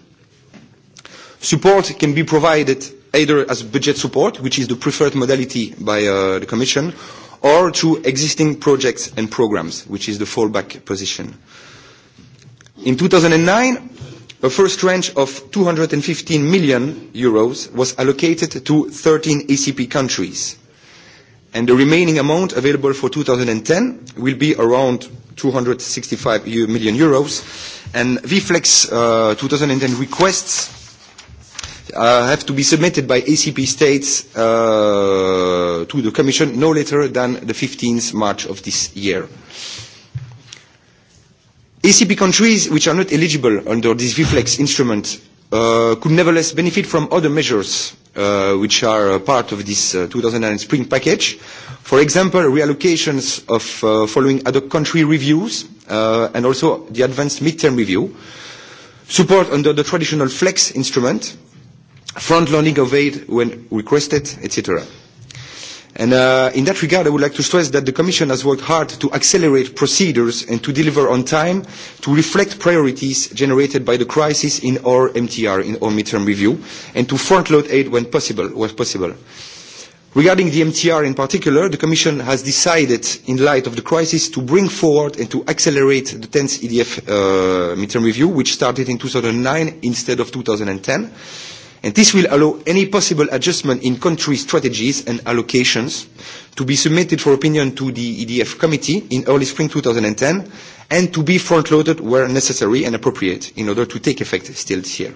Support can be provided either as budget support, which is the preferred modality by uh, the Commission, or to existing projects and programs, which is the fallback position. In 2009, a first tranche of 215 million euros was allocated to 13 ACP countries, and the remaining amount available for 2010 will be around 265 million euros, and VFLEX 2010 requests uh, have to be submitted by ACP states uh, to the Commission no later than the 15th March of this year. ACP countries which are not eligible under this reflex instrument uh, could nevertheless benefit from other measures uh, which are uh, part of this uh, 2009 spring package. For example, reallocations of uh, following ad hoc country reviews uh, and also the advanced midterm review, support under the traditional flex instrument, front-loading of aid when requested, etc. And uh, in that regard, I would like to stress that the Commission has worked hard to accelerate procedures and to deliver on time to reflect priorities generated by the crisis in our MTR, in our midterm review, and to front-load aid when possible, when possible. Regarding the MTR in particular, the Commission has decided, in light of the crisis, to bring forward and to accelerate the 10th EDF uh, midterm review, which started in 2009 instead of 2010 And this will allow any possible adjustment in country strategies and allocations to be submitted for opinion to the EDF committee in early spring 2010 and to be front-loaded where necessary and appropriate in order to take effect still this year.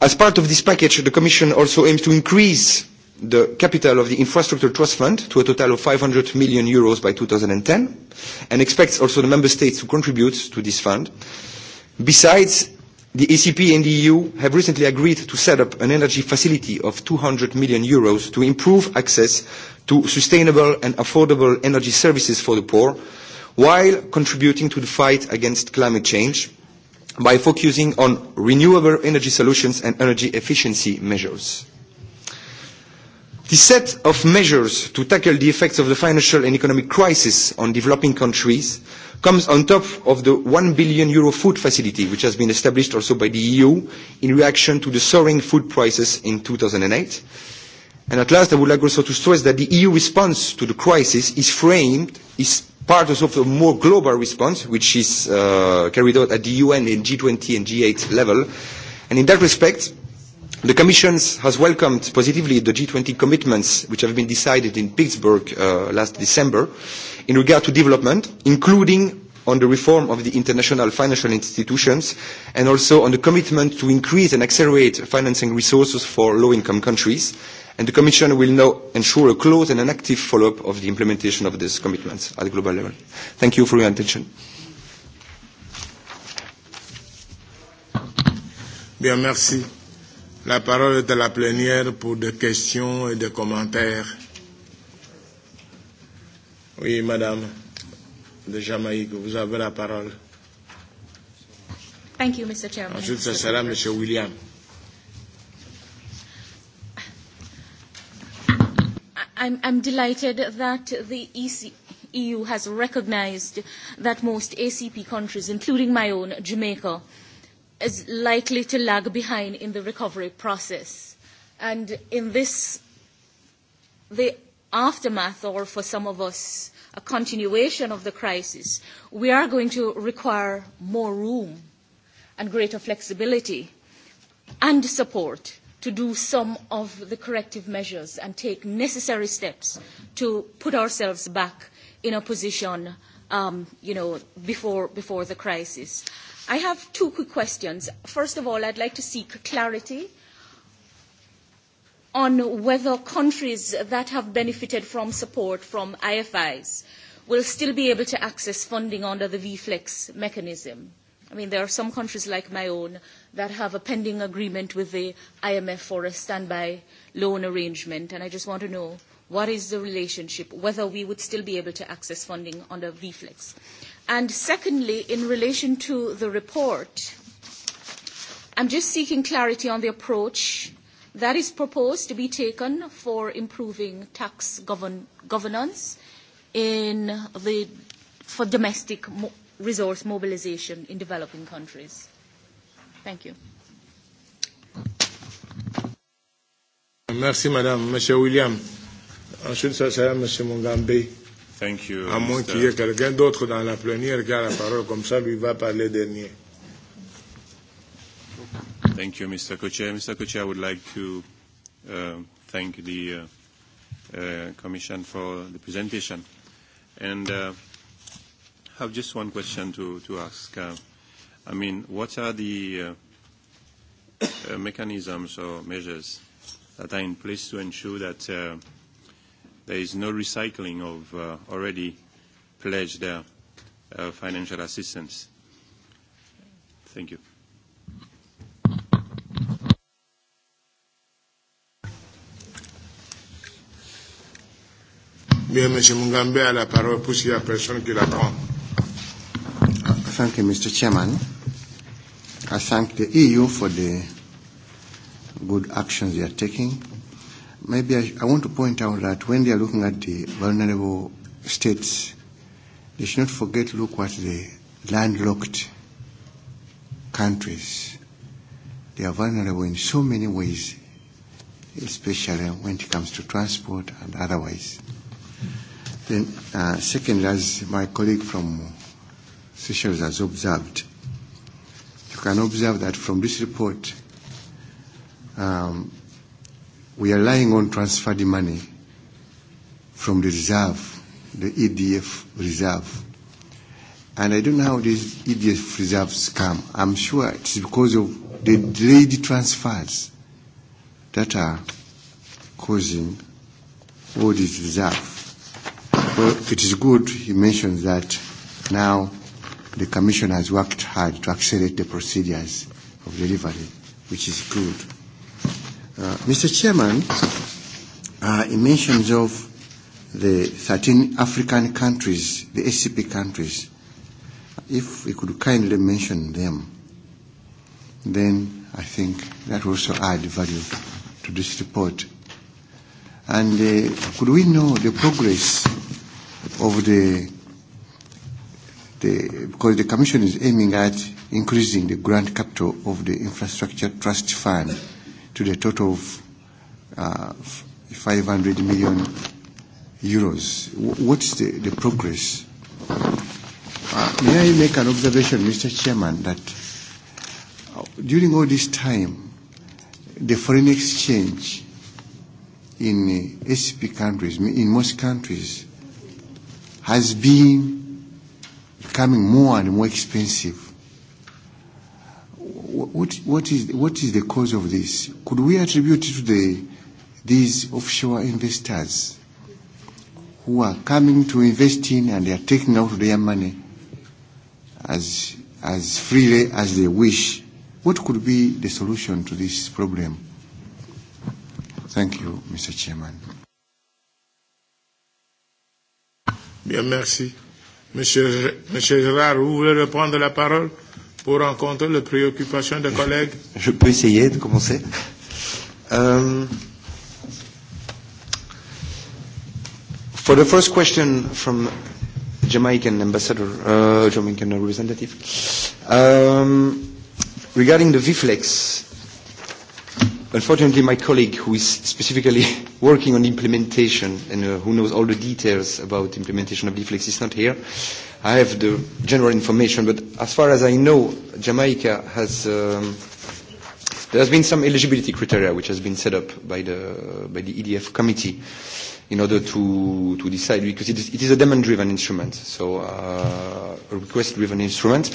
As part of this package, the Commission also aims to increase the capital of the Infrastructure Trust Fund to a total of 500 million euros by 2010 and expects also the Member States to contribute to this fund. Besides The ECP and the EU have recently agreed to set up an energy facility of EUR two hundred million to improve access to sustainable and affordable energy services for the poor, while contributing to the fight against climate change by focusing on renewable energy solutions and energy efficiency measures. The set of measures to tackle the effects of the financial and economic crisis on developing countries comes on top of the 1 billion euro food facility, which has been established also by the EU in reaction to the soaring food prices in 2008. And at last, I would like also to stress that the EU response to the crisis is framed, is part also of a more global response, which is carried out at the UN and G20 and G8 level. And in that respect, The Commission has welcomed positively the g twenty commitments which have been decided in Pittsburgh last December in regard to development, including on the reform of the international financial institutions and also on the commitment to increase and accelerate financing resources for low-income countries. And the Commission will now ensure a close and an active follow-up of the implementation of these commitments at global level. Thank you for your attention. Bien, merci. La parole est à la plénière pour des questions et des commentaires. Oui, madame de Jamaïque, vous avez la parole. Thank you, Mr. Chairman. Ensuite, ce sera M. William. I'm, I'm delighted that the EC, EU has recognized that most ACP countries, including my own, Jamaica, is likely to lag behind in the recovery process. And in this, the aftermath, or for some of us, a continuation of the crisis, we are going to require more room and greater flexibility and support to do some of the corrective measures and take necessary steps to put ourselves back in a position, um, you know, before, before the crisis. I have two quick questions. First of all, I'd like to seek clarity on whether countries that have benefited from support from IFIs will still be able to access funding under the VFLEX mechanism. I mean, there are some countries like my own that have a pending agreement with the IMF for a standby loan arrangement, and I just want to know what is the relationship, whether we would still be able to access funding under VFLEX. And secondly, in relation to the report, I'm just seeking clarity on the approach that is proposed to be taken for improving tax governance in the, for domestic mo resource mobilization in developing countries. Thank you. Merci, Madame. Monsieur William. Ensuite, ça sera Monsieur Thank you, à moins qu'il y ait quelqu'un d'autre dans la plénière qui a la parole, comme ça lui va parler dernier. Thank you, Mr. co Mr. co I would like to uh, thank the uh, uh, Commission for the presentation. And uh, I have just one question to, to ask. Uh, I mean, what are the uh, uh, mechanisms or measures that are in place to ensure that uh, there is no recycling of uh, already pledged uh, uh, financial assistance. Thank you. Bien, a la parole pour personne qui la prend. Thank you, Mr. Chairman. I thank the EU for the good actions they are taking maybe I, I want to point out that when they are looking at the vulnerable states, they should not forget to look at the landlocked countries. They are vulnerable in so many ways, especially when it comes to transport and otherwise. Then, uh, second, as my colleague from Seychelles has observed, you can observe that from this report, um, we are relying on transferred money from the reserve, the EDF reserve. And I don't know how these EDF reserves come. I'm sure it's because of the delayed transfers that are causing all this reserve. Well, it is good he mentions that now the Commission has worked hard to accelerate the procedures of delivery, which is good. Mr. Chairman, uh, in mentions of the 13 African countries, the SCP countries, if we could kindly mention them, then I think that will also add value to this report. And uh, could we know the progress of the, the, because the Commission is aiming at increasing the grant capital of the Infrastructure Trust Fund to the total of uh, 500 million euros. What's the, the progress? Uh, may I make an observation, Mr. Chairman, that during all this time, the foreign exchange in SCP countries, in most countries, has been becoming more and more expensive what, what, is, what is the cause of this? Could we attribute it to the, these offshore investors who are coming to invest in and they are taking out their money as, as freely as they wish? What could be the solution to this problem? Thank you, Mr. Chairman. Bien, merci. Monsieur, Monsieur Gérard, vous voulez reprendre la parole pour rencontrer les préoccupations des collègues Je peux essayer de commencer. Um, for the first question from Jamaican ambassador, uh, Jamaican representative, um, regarding the VFLEX, Unfortunately, my colleague, who is specifically working on implementation and uh, who knows all the details about implementation of DFLEX, is not here. I have the general information, but as far as I know, Jamaica has um, there has been some eligibility criteria which has been set up by the by the EDF committee in order to to decide because it is, it is a demand-driven instrument, so uh, a request-driven instrument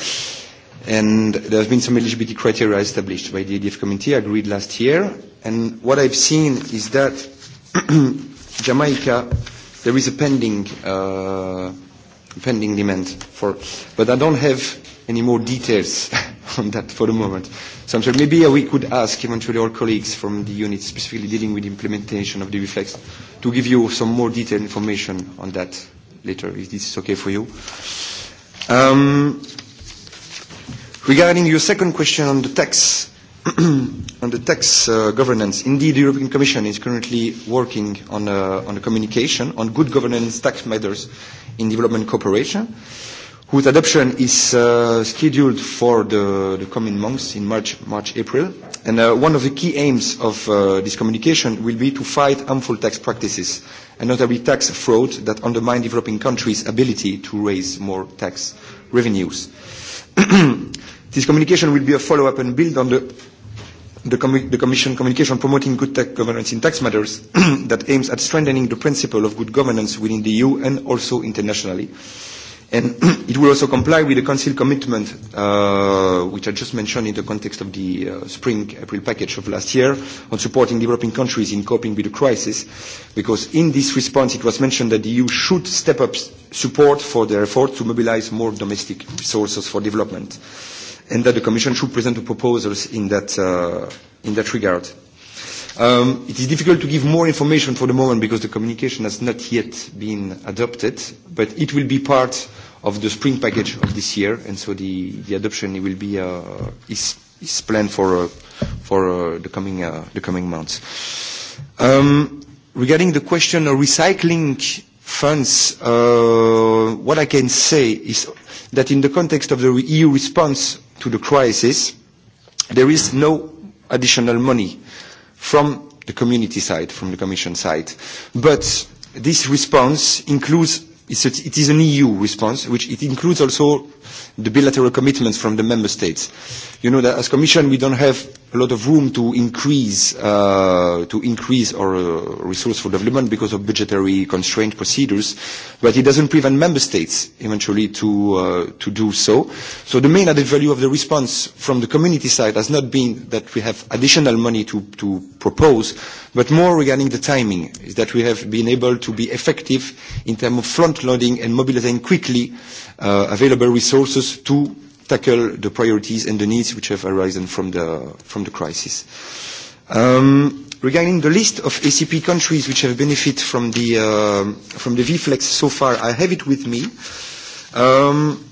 And there have been some eligibility criteria established by the ADF committee, agreed last year. And what I've seen is that Jamaica, there is a pending, uh, pending demand for, but I don't have any more details on that for the moment. So I'm sorry, maybe we could ask eventually our colleagues from the unit specifically dealing with implementation of the reflex to give you some more detailed information on that later, if this is okay for you. Um, Regarding your second question on the tax, on the tax uh, governance, indeed, the European Commission is currently working on a, on a communication on good governance tax matters in development cooperation, whose adoption is uh, scheduled for the, the coming months in March, March, April. And uh, one of the key aims of uh, this communication will be to fight harmful tax practices, and notably tax fraud that undermine developing countries' ability to raise more tax revenues this communication will be a follow-up and build on the, the, com- the Commission communication promoting good tax governance in tax matters that aims at strengthening the principle of good governance within the EU and also internationally. Uh, And it will also comply with the Council commitment, uh, which I just mentioned in the context of the uh, Spring-April package of last year, on supporting developing countries in coping with the crisis, because in this response it was mentioned that the EU should step up support for their effort to mobilize more domestic resources for development, and that the Commission should present proposals in that, uh, in that regard. Um, it is difficult to give more information for the moment because the communication has not yet been adopted, but it will be part of the spring package of this year, and so the, the adoption will be uh, is, is planned for uh, for uh, the coming uh, the coming months. Um, regarding the question of recycling funds, uh, what I can say is that in the context of the EU response to the crisis, there is no additional money from the community side, from the Commission side. But this response includes, it's a, it is an EU response, which it includes also the bilateral commitments from the Member States. You know that as Commission we don't have a lot of room to increase uh, to increase our uh, resource for development because of budgetary constraint procedures, but it doesn't prevent member states eventually to uh, to do so. So the main added value of the response from the community side has not been that we have additional money to to propose, but more regarding the timing is that we have been able to be effective in terms of front loading and mobilising quickly uh, available resources to tackle the priorities and the needs which have arisen from the, from the crisis. Um, regarding the list of ACP countries which have benefited from the, uh, from the VFlex so far, I have it with me. Um,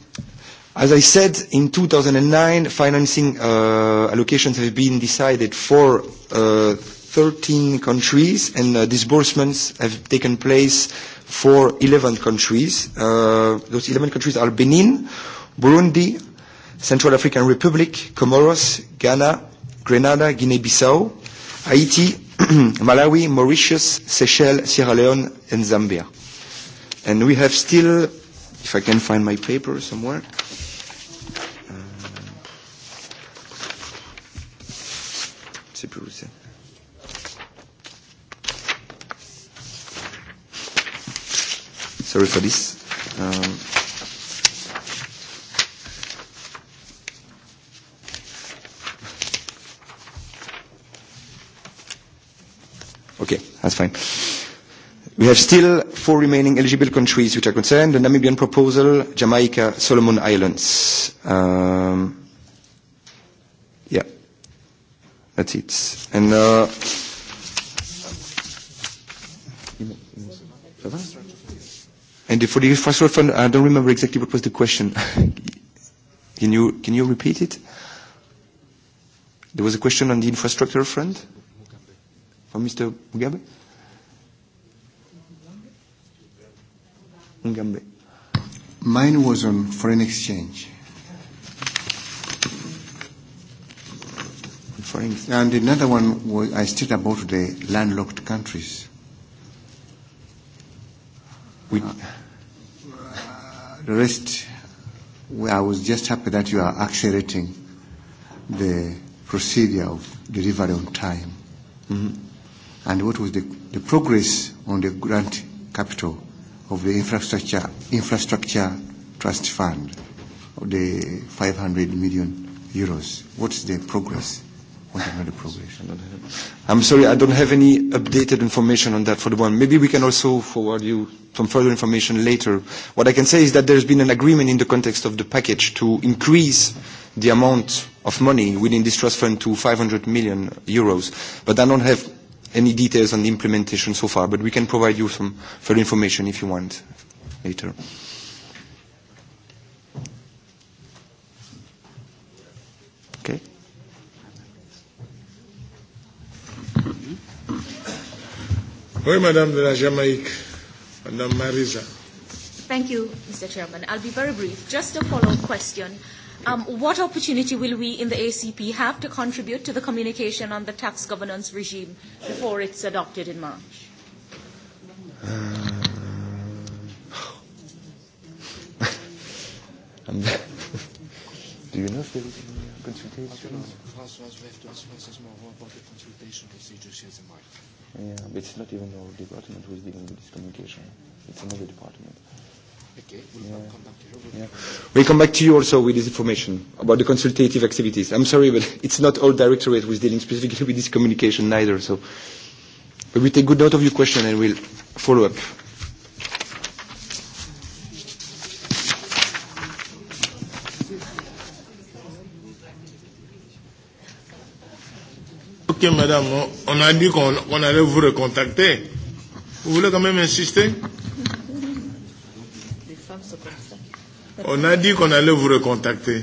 As I said, in 2009, financing uh, allocations have been decided for uh, 13 countries, and uh, disbursements have taken place for 11 countries. Uh, those 11 countries are Benin, Burundi, Central African Republic, Comoros, Ghana, Grenada, Guinea-Bissau, Haiti, Malawi, Mauritius, Seychelles, Sierra Leone, and Zambia. And we have still, if I can find my paper somewhere, Sorry for this. Um, Okay, that's fine. We have still four remaining eligible countries which are concerned, the Namibian proposal, Jamaica, Solomon Islands. Um, yeah, that's it. And uh, and for the infrastructure fund, I don't remember exactly what was the question. can you can you repeat it? There was a question on the infrastructure fund from Mr. Mugabe? Mugabe. Mine was on foreign exchange. and another one was, I stated about the landlocked countries. We, uh, the rest, well, I was just happy that you are accelerating the procedure of delivery on time. Mm-hmm and what was the, the progress on the grant capital of the infrastructure, infrastructure trust fund of the 500 million euros. What's the progress? What is the progress? I'm sorry, I don't have any updated information on that for the one. Maybe we can also forward you some further information later. What I can say is that there's been an agreement in the context of the package to increase the amount of money within this trust fund to 500 million euros. But I don't have any details on the implementation so far, but we can provide you some further information if you want later. Oui, Madame de la Jamaïque, Madame Marisa. Thank you, Mr. Chairman. I'll be very brief. Just a follow-up question Um, what opportunity will we in the ACP have to contribute to the communication on the tax governance regime before it's adopted in March? Do you know if there is a consultation? have to ask message more about the consultation procedure she has in mind. Yeah, but it's not even our department who is dealing with this communication. It's another department. We yeah. come back to you. We'll come back to you also with this information about the consultative activities. I'm sorry, but it's not all directorate is dealing specifically with this communication neither. So but we take good note of your question and we'll follow up. Ok, madame, on a dit qu'on allait vous recontacter. Vous voulez quand même insister On a dit qu'on allait vous recontacter.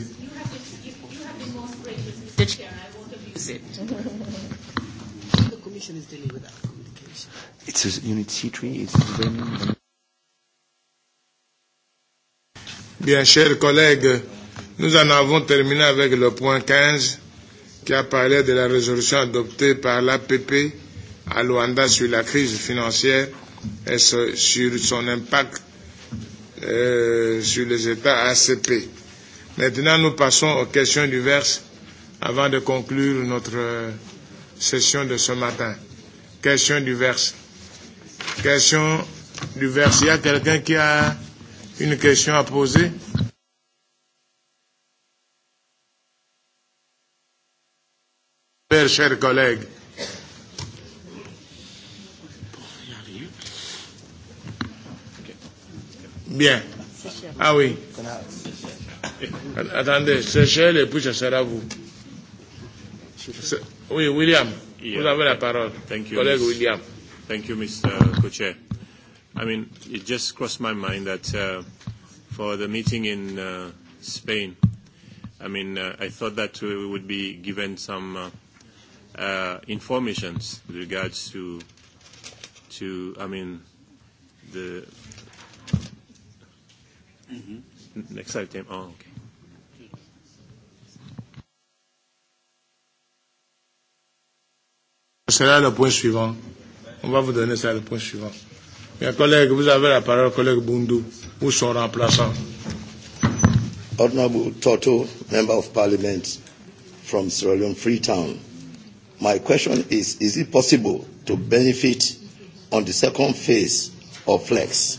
Bien, chers collègues, nous en avons terminé avec le point 15 qui a parlé de la résolution adoptée par l'APP à Luanda sur la crise financière et sur son impact sur les États ACP. Maintenant, nous passons aux questions diverses avant de conclure notre session de ce matin. Questions diverses. Questions diverses. Il y a quelqu'un qui a une question à poser Chers collègues, Bien. Ah oui. Attendez, Seychelles et puis ce sera vous. Oui, William, yeah. vous avez la parole. Thank you, Collègue Ms. William. Thank you, Mr. Co-Chair. I mean, it just crossed my mind that uh, for the meeting in uh, Spain, I mean, uh, I thought that we would be given some uh, uh, informations with regards to, to I mean, the Next item. Oh, okay. C'est là le point suivant. On va vous donner ça le point suivant. Mes collègues, vous avez la parole, collègue Bundu, ou son remplaçant. Honorable Toto, Member of Parliament from Sierra Leone Freetown. My question is, is it possible to benefit on the second phase of FLEX?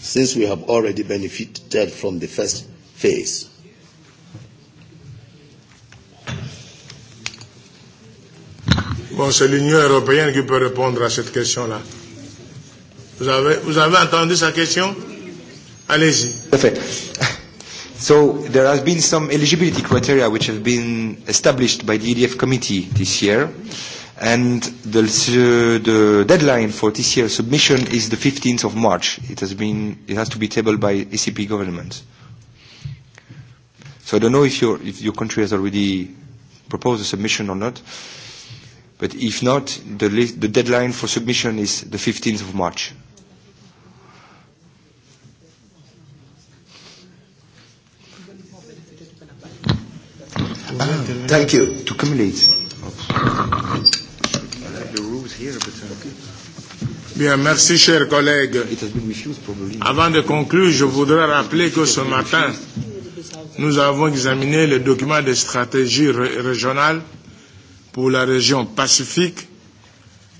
since we have already benefited from the first phase. Bon, c'est l'Union européenne qui peut répondre à cette question-là. Vous avez, vous avez entendu sa question Allez-y. So there has been some eligibility criteria which have been established by the EDF committee this year. Uh, and the, the deadline for this year's submission is the 15th of March. It has been, it has to be tabled by ECP government. So I don't know if your, if your country has already proposed a submission or not, but if not, the, list, the deadline for submission is the 15th of March. Ah, thank you. To Oops. Bien, merci chers collègues. Avant de conclure, je voudrais rappeler que ce matin, nous avons examiné le document de stratégie régionale pour la région Pacifique,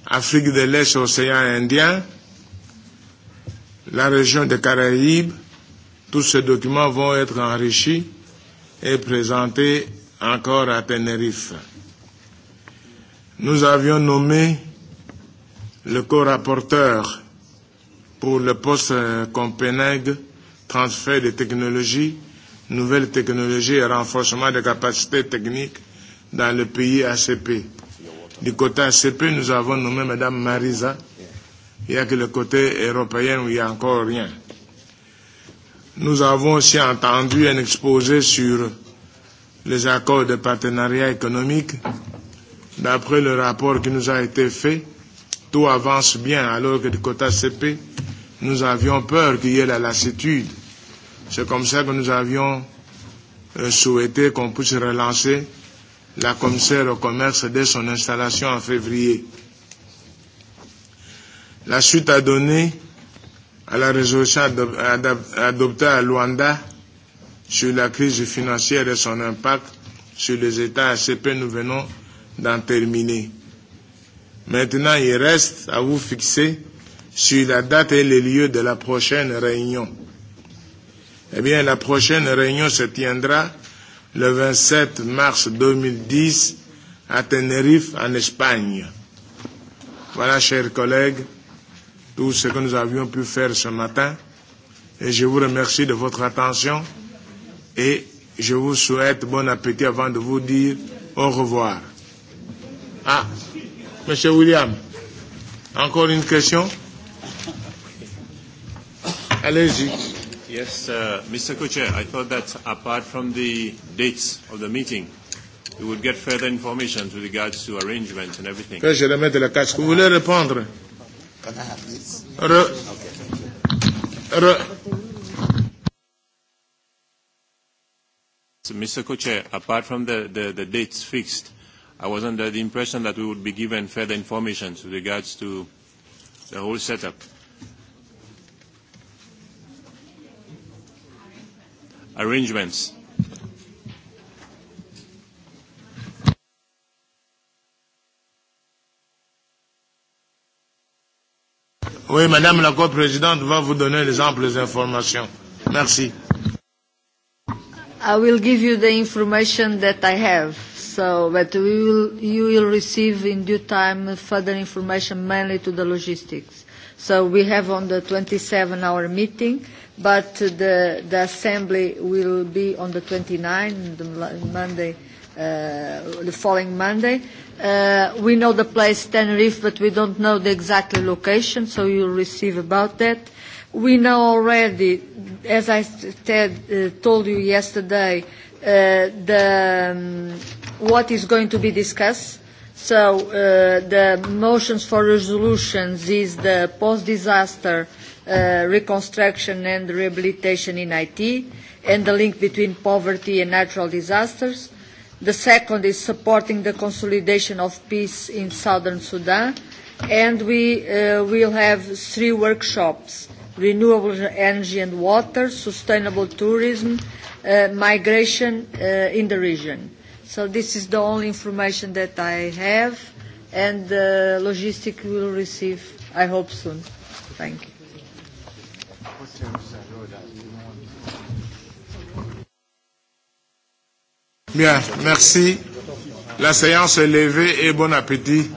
Afrique de l'Est, Océan Indien, la région des Caraïbes. Tous ces documents vont être enrichis et présentés encore à Tenerife. Nous avions nommé le co-rapporteur pour le poste Copenhague, transfert des technologies, nouvelles technologies et renforcement des capacités techniques dans le pays ACP. Du côté ACP, nous avons nommé Mme Marisa. Il n'y a que le côté européen où il n'y a encore rien. Nous avons aussi entendu un exposé sur les accords de partenariat économique. D'après le rapport qui nous a été fait, Tout avance bien, alors que du côté CP, nous avions peur qu'il y ait la lassitude. C'est comme ça que nous avions euh, souhaité qu'on puisse relancer la commissaire au commerce dès son installation en février. La suite a donné à la résolution adoptée à Luanda sur la crise financière et son impact sur les États ACP, nous venons d'en terminer. Maintenant, il reste à vous fixer sur la date et le lieu de la prochaine réunion. Eh bien, la prochaine réunion se tiendra le 27 mars 2010 à Tenerife, en Espagne. Voilà, chers collègues, tout ce que nous avions pu faire ce matin. Et je vous remercie de votre attention et je vous souhaite bon appétit avant de vous dire au revoir. Ah. Monsieur William, encore une question Allez-y. Yes, uh, Mr. co I thought that apart from the dates of the meeting, we would get further information with regards to arrangements and everything. Je vais mettre la casque. Vous voulez répondre Re... Re... So, Mr. co apart from the, the, the dates fixed, I was under the impression that we would be given further information with regards to the whole setup. Arrangements. Oui, Madame la Co Présidente, va vous donner les amples informations. Merci. I will give you the information that I have, so that we will, you will receive in due time further information mainly to the logistics. So we have on the 27 hour meeting, but the, the assembly will be on the 29, the Monday, uh, the following Monday. Uh, we know the place Tenerife, but we don't know the exact location, so you'll receive about that We know already, as I said, told you yesterday, the, what is going to be discussed. So the motions for resolutions is the post-disaster reconstruction and rehabilitation in IT and the link between poverty and natural disasters. The second is supporting the consolidation of peace in southern Sudan. And we will have three workshops renewable energy and water, sustainable tourism, uh, migration uh, in the region. So this is the only information that I have, and uh, logistic will receive, I hope, soon. Thank you. Bien, merci. La séance est levée et bon appétit.